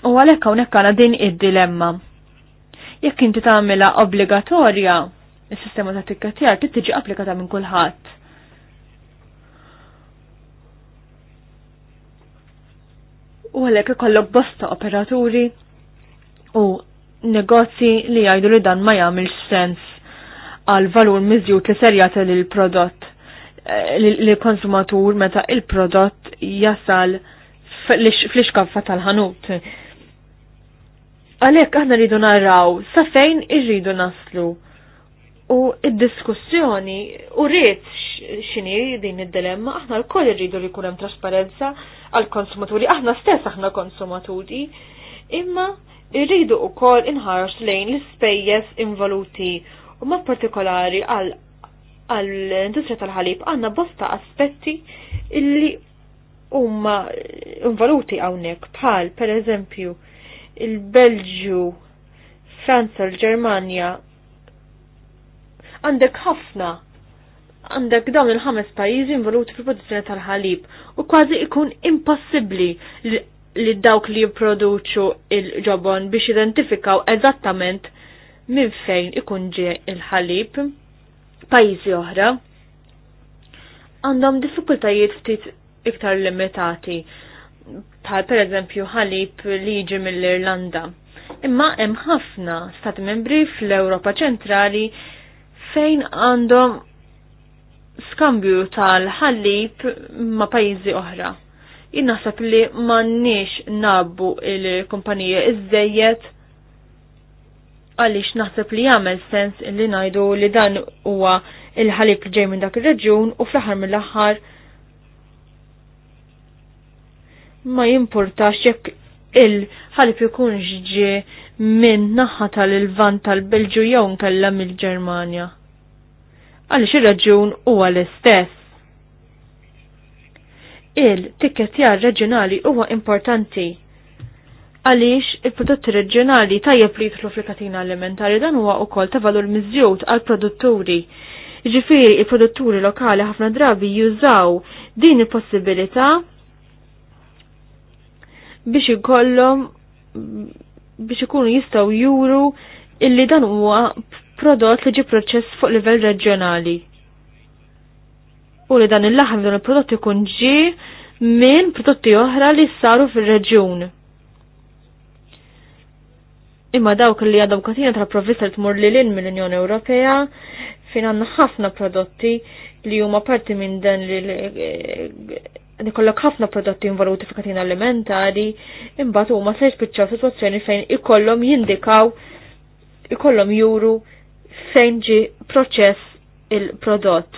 Speaker 4: U għalhekk hawnhekk għana din id-dilemma. Jekk inti tagħmilha obbligatorja, il sistema ta' tikkatjar trid tiġi applikata minn kulħadd. U għalhekk ikollok bosta operaturi u negozji li jgħidu li dan ma jagħmilx sens għal valur miżjut li serjata lil prodott li konsumatur meta il-prodott jasal fl-iskaffa tal-ħanut. Għalhekk aħna rridu naraw sa fejn irridu naslu. U id-diskussjoni u rrit xini din id-dilemma, aħna l-koll irridu li kunem trasparenza għal-konsumaturi, aħna stess aħna konsumaturi, imma irridu u koll inħarx lejn l-spejjes involuti u ma partikolari għal għall tal-ħalib għanna bosta aspetti illi huma involuti hawnhekk bħal per eżempju il-Belġu, Franza, l-Ġermanja, għandek ħafna għandek dawn il-ħames pajjiżi involuti fil-produzzjoni tal-ħalib u kważi ikun impossibbli li dawk li jipproduċu il-ġobon biex identifikaw eżattament minn fejn ikun ġie il-ħalib pajjiżi oħra għandhom diffikultajiet ftit iktar limitati tal per eżempju ħalib li jiġi mill-Irlanda. Imma hemm ħafna stati membri fl-Ewropa ċentrali fejn għandhom skambju tal-ħalib ma' pajjiżi oħra. Jien naħseb li m'għandniex nabbu il-kumpanija iżejjed għaliex naħseb li jagħmel sens li ngħidu li dan huwa il-ħalib ġej minn dak ir-reġjun u fl-aħħar mill-aħħar ma jimportax jekk il-ħalib jkun ġi minn naħa tal-Ilvan tal-Belġu jew nkella mill-Ġermanja. Għaliex ir-raġun huwa l-istess. Il-tikketjar reġjonali huwa importanti għaliex il-prodotti reġjonali tajjeb li jitlu fil-katina alimentari dan huwa wkoll ta' valur miżjud għall produtturi. Ġifieri il-produtturi lokali ħafna drabi jużaw din il-possibilità biex ikollhom biex ikunu jistgħu juru illi dan huwa prodott li ġi proċess fuq livell reġjonali. U li dan il-laħam dan il-prodott ikun ġi minn prodotti oħra li saru fil-reġjun. Imma dawk li għadhom katina tal-provvista li tmur li lin mill-Unjoni Ewropea fejn għandna ħafna prodotti li huma parti minn dan nikollok ħafna prodotti involuti fi katina alimentari, imbagħad huma se jispiċċaw sitwazzjoni fejn ikollhom jindikaw ikollhom juru fejn ġi proċess il-prodott.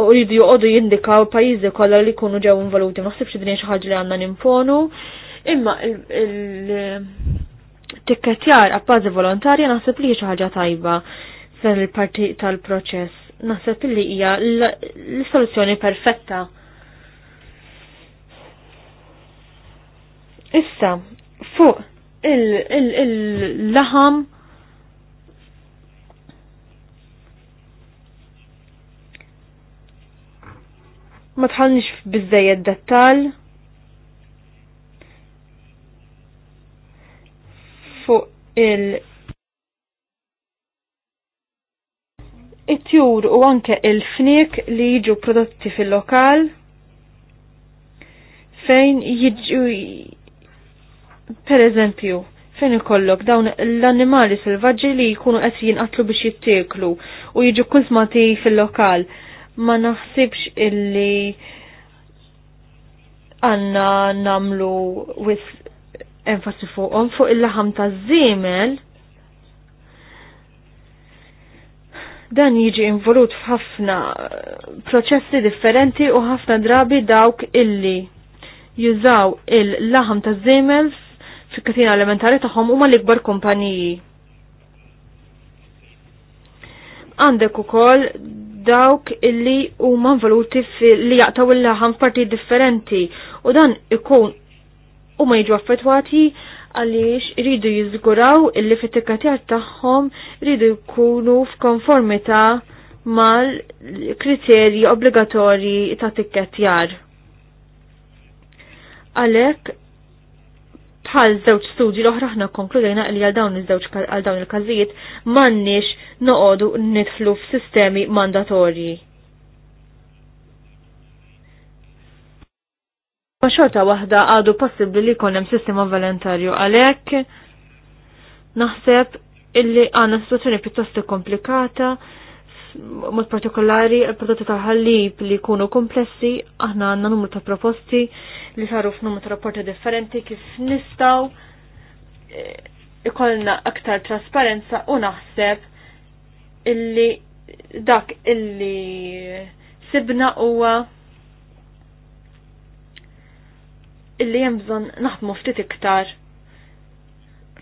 Speaker 4: U jridu joqogħdu jindikaw pajjiżi kollha li jkunu ġew involuti, ma ħsibx din xi ħaġa li għandna nimponu, imma il-tikketjar appażi volontarja naħseb li xi ħaġa tajba il parti tal-proċess naħseb li hija l-soluzzjoni perfetta. Issa, fuq il-laħam ma tħallniex bizzejjed dettal fuq il- it-tjur u anke il-fnik li jiġu prodotti fil-lokal fejn jiġu per eżempju fejn ikollok dawn l-annimali selvaġġi li jkunu qed jinqatlu biex jittieklu u jiġu kuzmati fil-lokal ma naħsibx illi għanna namlu with enfasi fuqhom fuq il-laħam taż-żiemel Dan jiġi involut f'ħafna eh, proċessi differenti u ħafna drabi dawk illi jużaw il-laħam ta' zemels fi katina elementari tagħhom huma l-ikbar kompaniji. Għandek ukoll dawk illi huma involuti li jaqtaw il-laħam f'parti differenti u dan ikun u ma jiġu affettwati għaliex iridu jiżguraw illi fit-tikkatjar tagħhom iridu jkunu f'konformità mal-kriterji obbligatorji ta' tikkatjar. Għalhekk bħal żewġ studji l-oħra ħna konkludejna li għal dawn iż-żewġ għal dawn il-każijiet m'għandniex noqogħdu nidħlu f'sistemi mandatorji. Ma xorta waħda għadu possibli li konem sistema volontarju għalek, naħseb illi għandna situazzjoni piuttost komplikata, mod partikolari il-prodotti ta' ħallib li jkunu komplessi, aħna għanna numru ta' proposti li saru f'numru ta' rapporti differenti kif nistaw, eh, ikollna aktar trasparenza u naħseb illi dak illi sibna huwa illi hemm bżonn naħmu ftit iktar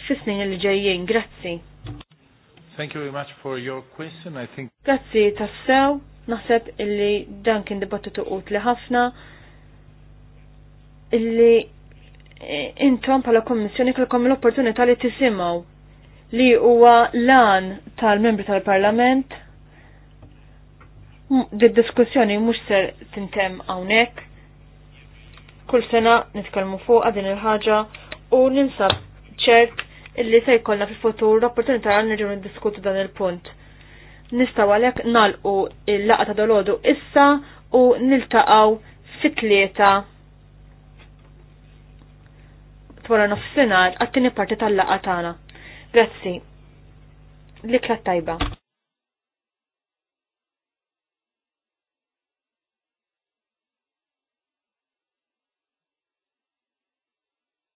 Speaker 4: fissnin snin li ġejjin. Grazzi.
Speaker 1: Thank you very much for your question. I think
Speaker 4: Grazzi tassew, naħseb illi dan kien dibattitu li ħafna illi e, intom pala kommissjoni kalkom l-opportunità li tisimgħu li huwa lan tal-membri tal-Parlament Di diskussjoni mhux ser tintem hawnhekk kull sena nitkellmu fuqa din il-ħaġa u ninsab ċert illi se jkollna fil-futur l-opportunità għal nirġu niddiskutu dan il-punt. Nistaw għalek nalqu il-laqa ta' dolodu issa u niltaqaw fit-tlieta twara nofsinhar għattini tieni parti tal-laqa tagħna. Grazzi. Likla tajba.